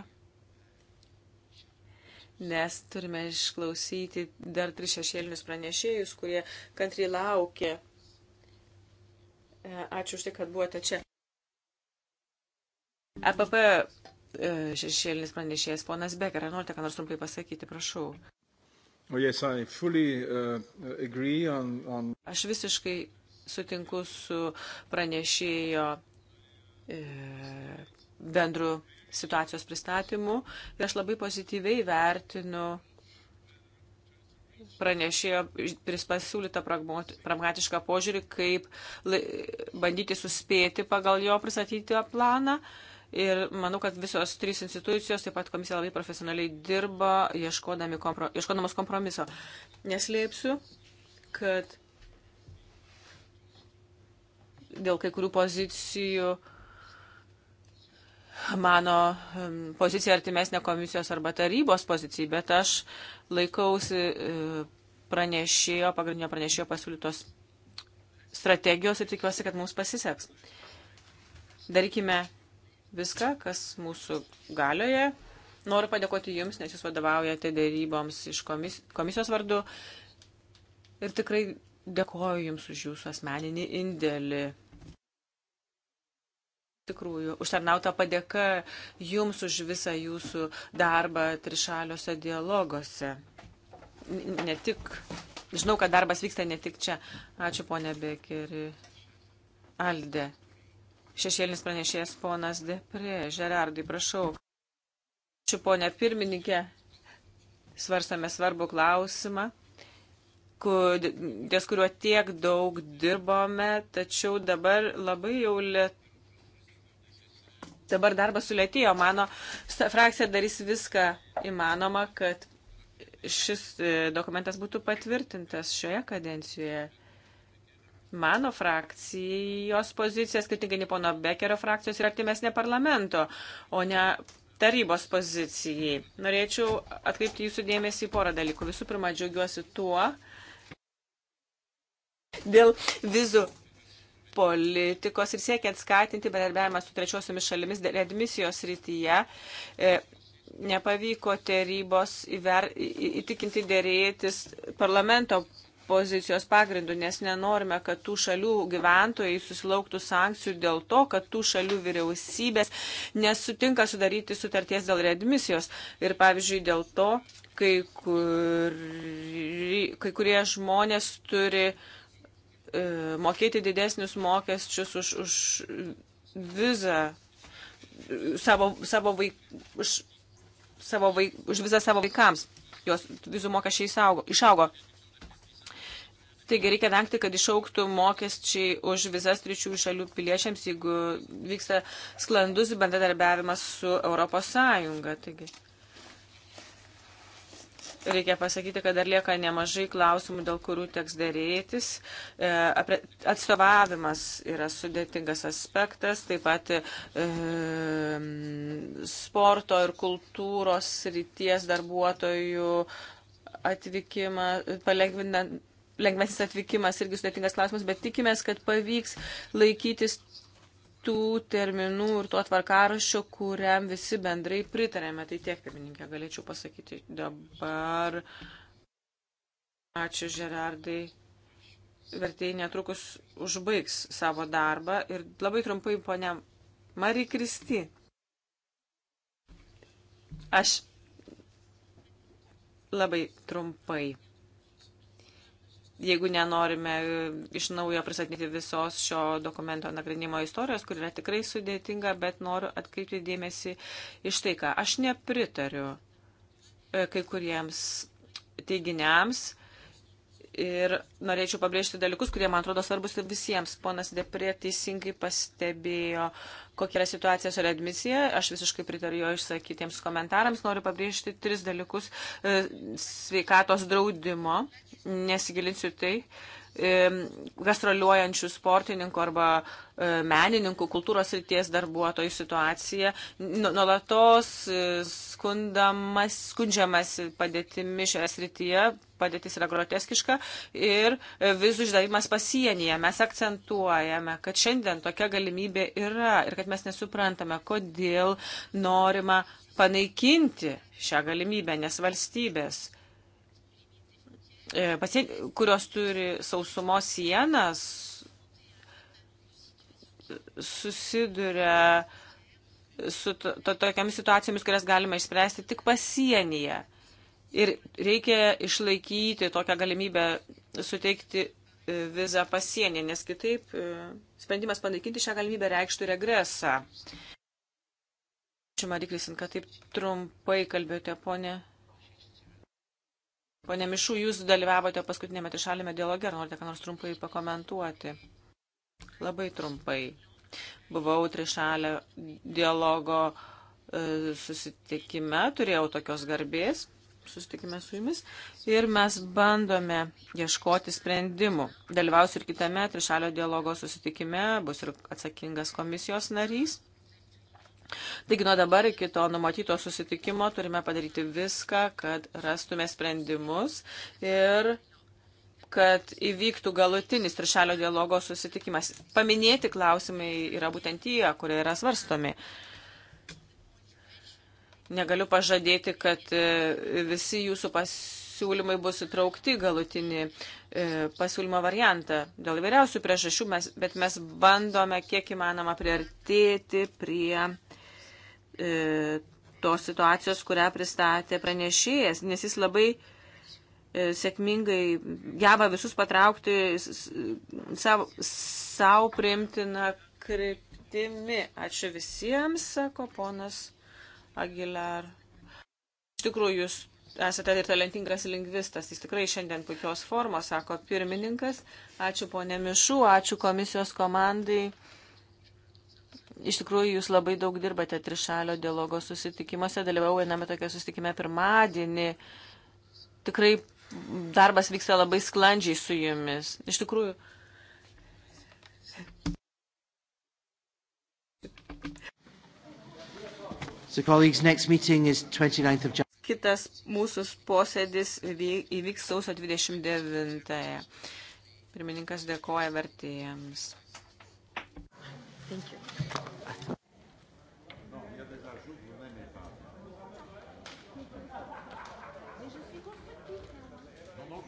nes turime išklausyti dar tris šešėlinius pranešėjus, kurie kantriai laukia. E, ačiū už tai, kad buvote čia. APP e e, šešėlinis pranešėjas ponas Becker, ar norite ką nors trumpai pasakyti, prašau. Oh, yes, fully, uh, on, on... Aš visiškai sutinku su pranešėjo e, bendru situacijos pristatymu ir aš labai pozityviai vertinu pranešėjo pasiūlytą pragmatišką požiūrį, kaip bandyti suspėti pagal jo pristatytą planą. Ir manau, kad visos trys institucijos, taip pat komisija labai profesionaliai dirba, kompro, ieškodamos kompromiso. Neslėpsiu, kad dėl kai kurių pozicijų uh, mano pozicija artimesnė komisijos arba tarybos pozicijai, bet aš laikausi e, pranešėjo, pagrindinio pranešėjo pasiūlytos strategijos ir tikiuosi, kad mums pasiseks. Darykime viską, kas mūsų galioje. Noriu padėkoti Jums, nes Jūs vadovaujate dėryboms iš komis, komisijos vardu ir tikrai dėkoju Jums už Jūsų asmeninį indėlį tikrųjų užtarnauta padėka jums už visą jūsų darbą trišaliuose dialoguose. Ne tik, žinau, kad darbas vyksta ne tik čia. Ačiū ponė Bekeri. Alde. Šešėlinis pranešėjas ponas Depre. Žerardai, prašau. Ačiū ponė pirmininkė. Svarstame svarbų klausimą ties kuriuo tiek daug dirbome, tačiau dabar labai jau liet dabar darbas sulėtėjo. Mano frakcija darys viską įmanoma, kad šis e, dokumentas būtų patvirtintas šioje kadencijoje. Mano frakcijos pozicija, skirtingai nei pono Bekerio frakcijos, yra artimesnė parlamento, o ne tarybos pozicijai. Norėčiau atkreipti jūsų dėmesį į porą dalykų. Visų pirma, džiaugiuosi tuo dėl vizų politikos ir siekiant skatinti bendarbiavimą su trečiosiomis šalimis redmisijos rytyje. E, nepavyko tarybos įver, įtikinti dėrėtis parlamento pozicijos pagrindu, nes nenorime, kad tų šalių gyventojai susilauktų sankcijų dėl to, kad tų šalių vyriausybės nesutinka sudaryti sutarties dėl readmisijos. Ir pavyzdžiui, dėl to, kai, kur, kai kurie žmonės turi uh, E, mokėti didesnius mokesčius už, už vizą savo, savo, vaik, už, savo vaik, už vizą savo vaikams. Jos vizų mokesčiai išaugo. išaugo. Taigi reikia vengti, kad išauktų mokesčiai už visas tričių šalių piliečiams, jeigu vyksta sklandus bendradarbiavimas su Europos Sąjunga. Taigi reikia pasakyti, kad dar lieka nemažai klausimų, dėl kurių teks dėrėtis. E, atstovavimas yra sudėtingas aspektas, taip pat e, sporto ir kultūros ryties darbuotojų atvykimą, palengvinant. Lengvasis atvykimas irgi sudėtingas klausimas, bet tikimės, kad pavyks laikytis tų terminų ir tuo tvarkarašiu, kuriam visi bendrai pritarėme. Tai tiek, pirmininkė, galėčiau pasakyti dabar. Ačiū, Žerardai. Vertėjai netrukus užbaigs savo darbą ir labai trumpai, ponia Marija Kristi. Aš labai trumpai jeigu nenorime e, iš naujo pristatyti visos šio dokumento nagrinimo istorijos, kur yra tikrai sudėtinga, bet noriu atkreipti dėmesį iš tai, ką aš nepritariu e, kai kuriems teiginiams, ir norėčiau pabrėžti dalykus, kurie man atrodo svarbus visiems. Ponas Deprė teisingai pastebėjo, kokia yra situacija su readmisija. Aš visiškai pritariu jo išsakytiems komentarams. Noriu pabrėžti tris dalykus e, sveikatos draudimo. Nesigilinsiu tai gastroliuojančių sportininkų arba e, menininkų, kultūros ryties darbuotojų situacija. Nolatos nu, e, skundžiamas padėtimi šioje srityje, padėtis yra groteskiška ir e, vizų išdavimas pasienyje. Mes akcentuojame, kad šiandien tokia galimybė yra ir kad mes nesuprantame, kodėl norima panaikinti šią galimybę, nes valstybės E, pasiek, kurios turi sausumos sienas, susiduria su to, to, tokiamis situacijomis, kurias galima išspręsti tik pasienyje. Ir reikia išlaikyti tokią galimybę suteikti e, vizą pasienyje, nes kitaip e, sprendimas panaikinti šią galimybę reikštų regresą. Ačiū, Mariklisin, kad taip trumpai kalbėjote, ponė Pone Mišų, jūs dalyvavote paskutinėme trišalime dialoge, ar norite ką nors trumpai pakomentuoti? Labai trumpai. Buvau trišalio dialogo e, susitikime, turėjau tokios garbės, susitikime su jumis ir mes bandome ieškoti sprendimų. Dalyvausiu ir kitame trišalio dialogo susitikime, bus ir atsakingas komisijos narys. Taigi nuo dabar iki to numatyto susitikimo turime padaryti viską, kad rastume sprendimus ir kad įvyktų galutinis trišalio dialogo susitikimas. Paminėti klausimai yra būtent tie, kurie yra svarstomi. Negaliu pažadėti, kad e, visi jūsų pasiūlymai bus įtraukti galutinį e, pasiūlymo variantą. Dėl įvairiausių priežasčių, mes, bet mes bandome kiek įmanoma priartėti prie e, tos situacijos, kurią pristatė pranešėjas, nes jis labai e, sėkmingai geba visus patraukti savo, savo priimtiną kryptimi. Ačiū visiems, sako ponas Aguilar. Iš tikrųjų, jūs esate ir talentingas lingvistas, jis tikrai šiandien puikios formos, sako pirmininkas. Ačiū ponė Mišu, ačiū komisijos komandai. Iš tikrųjų, jūs labai daug dirbate trišalio dialogo susitikimuose, dalyvaujame tokia susitikime pirmadienį. Tikrai darbas vyksta labai sklandžiai su jumis. Iš tikrųjų. So colleagues, next meeting is 29th of January. Kitas mūsų posėdis įvyks sausio 29-ąją. Pirmininkas dėkoja vertėjams. Thank you.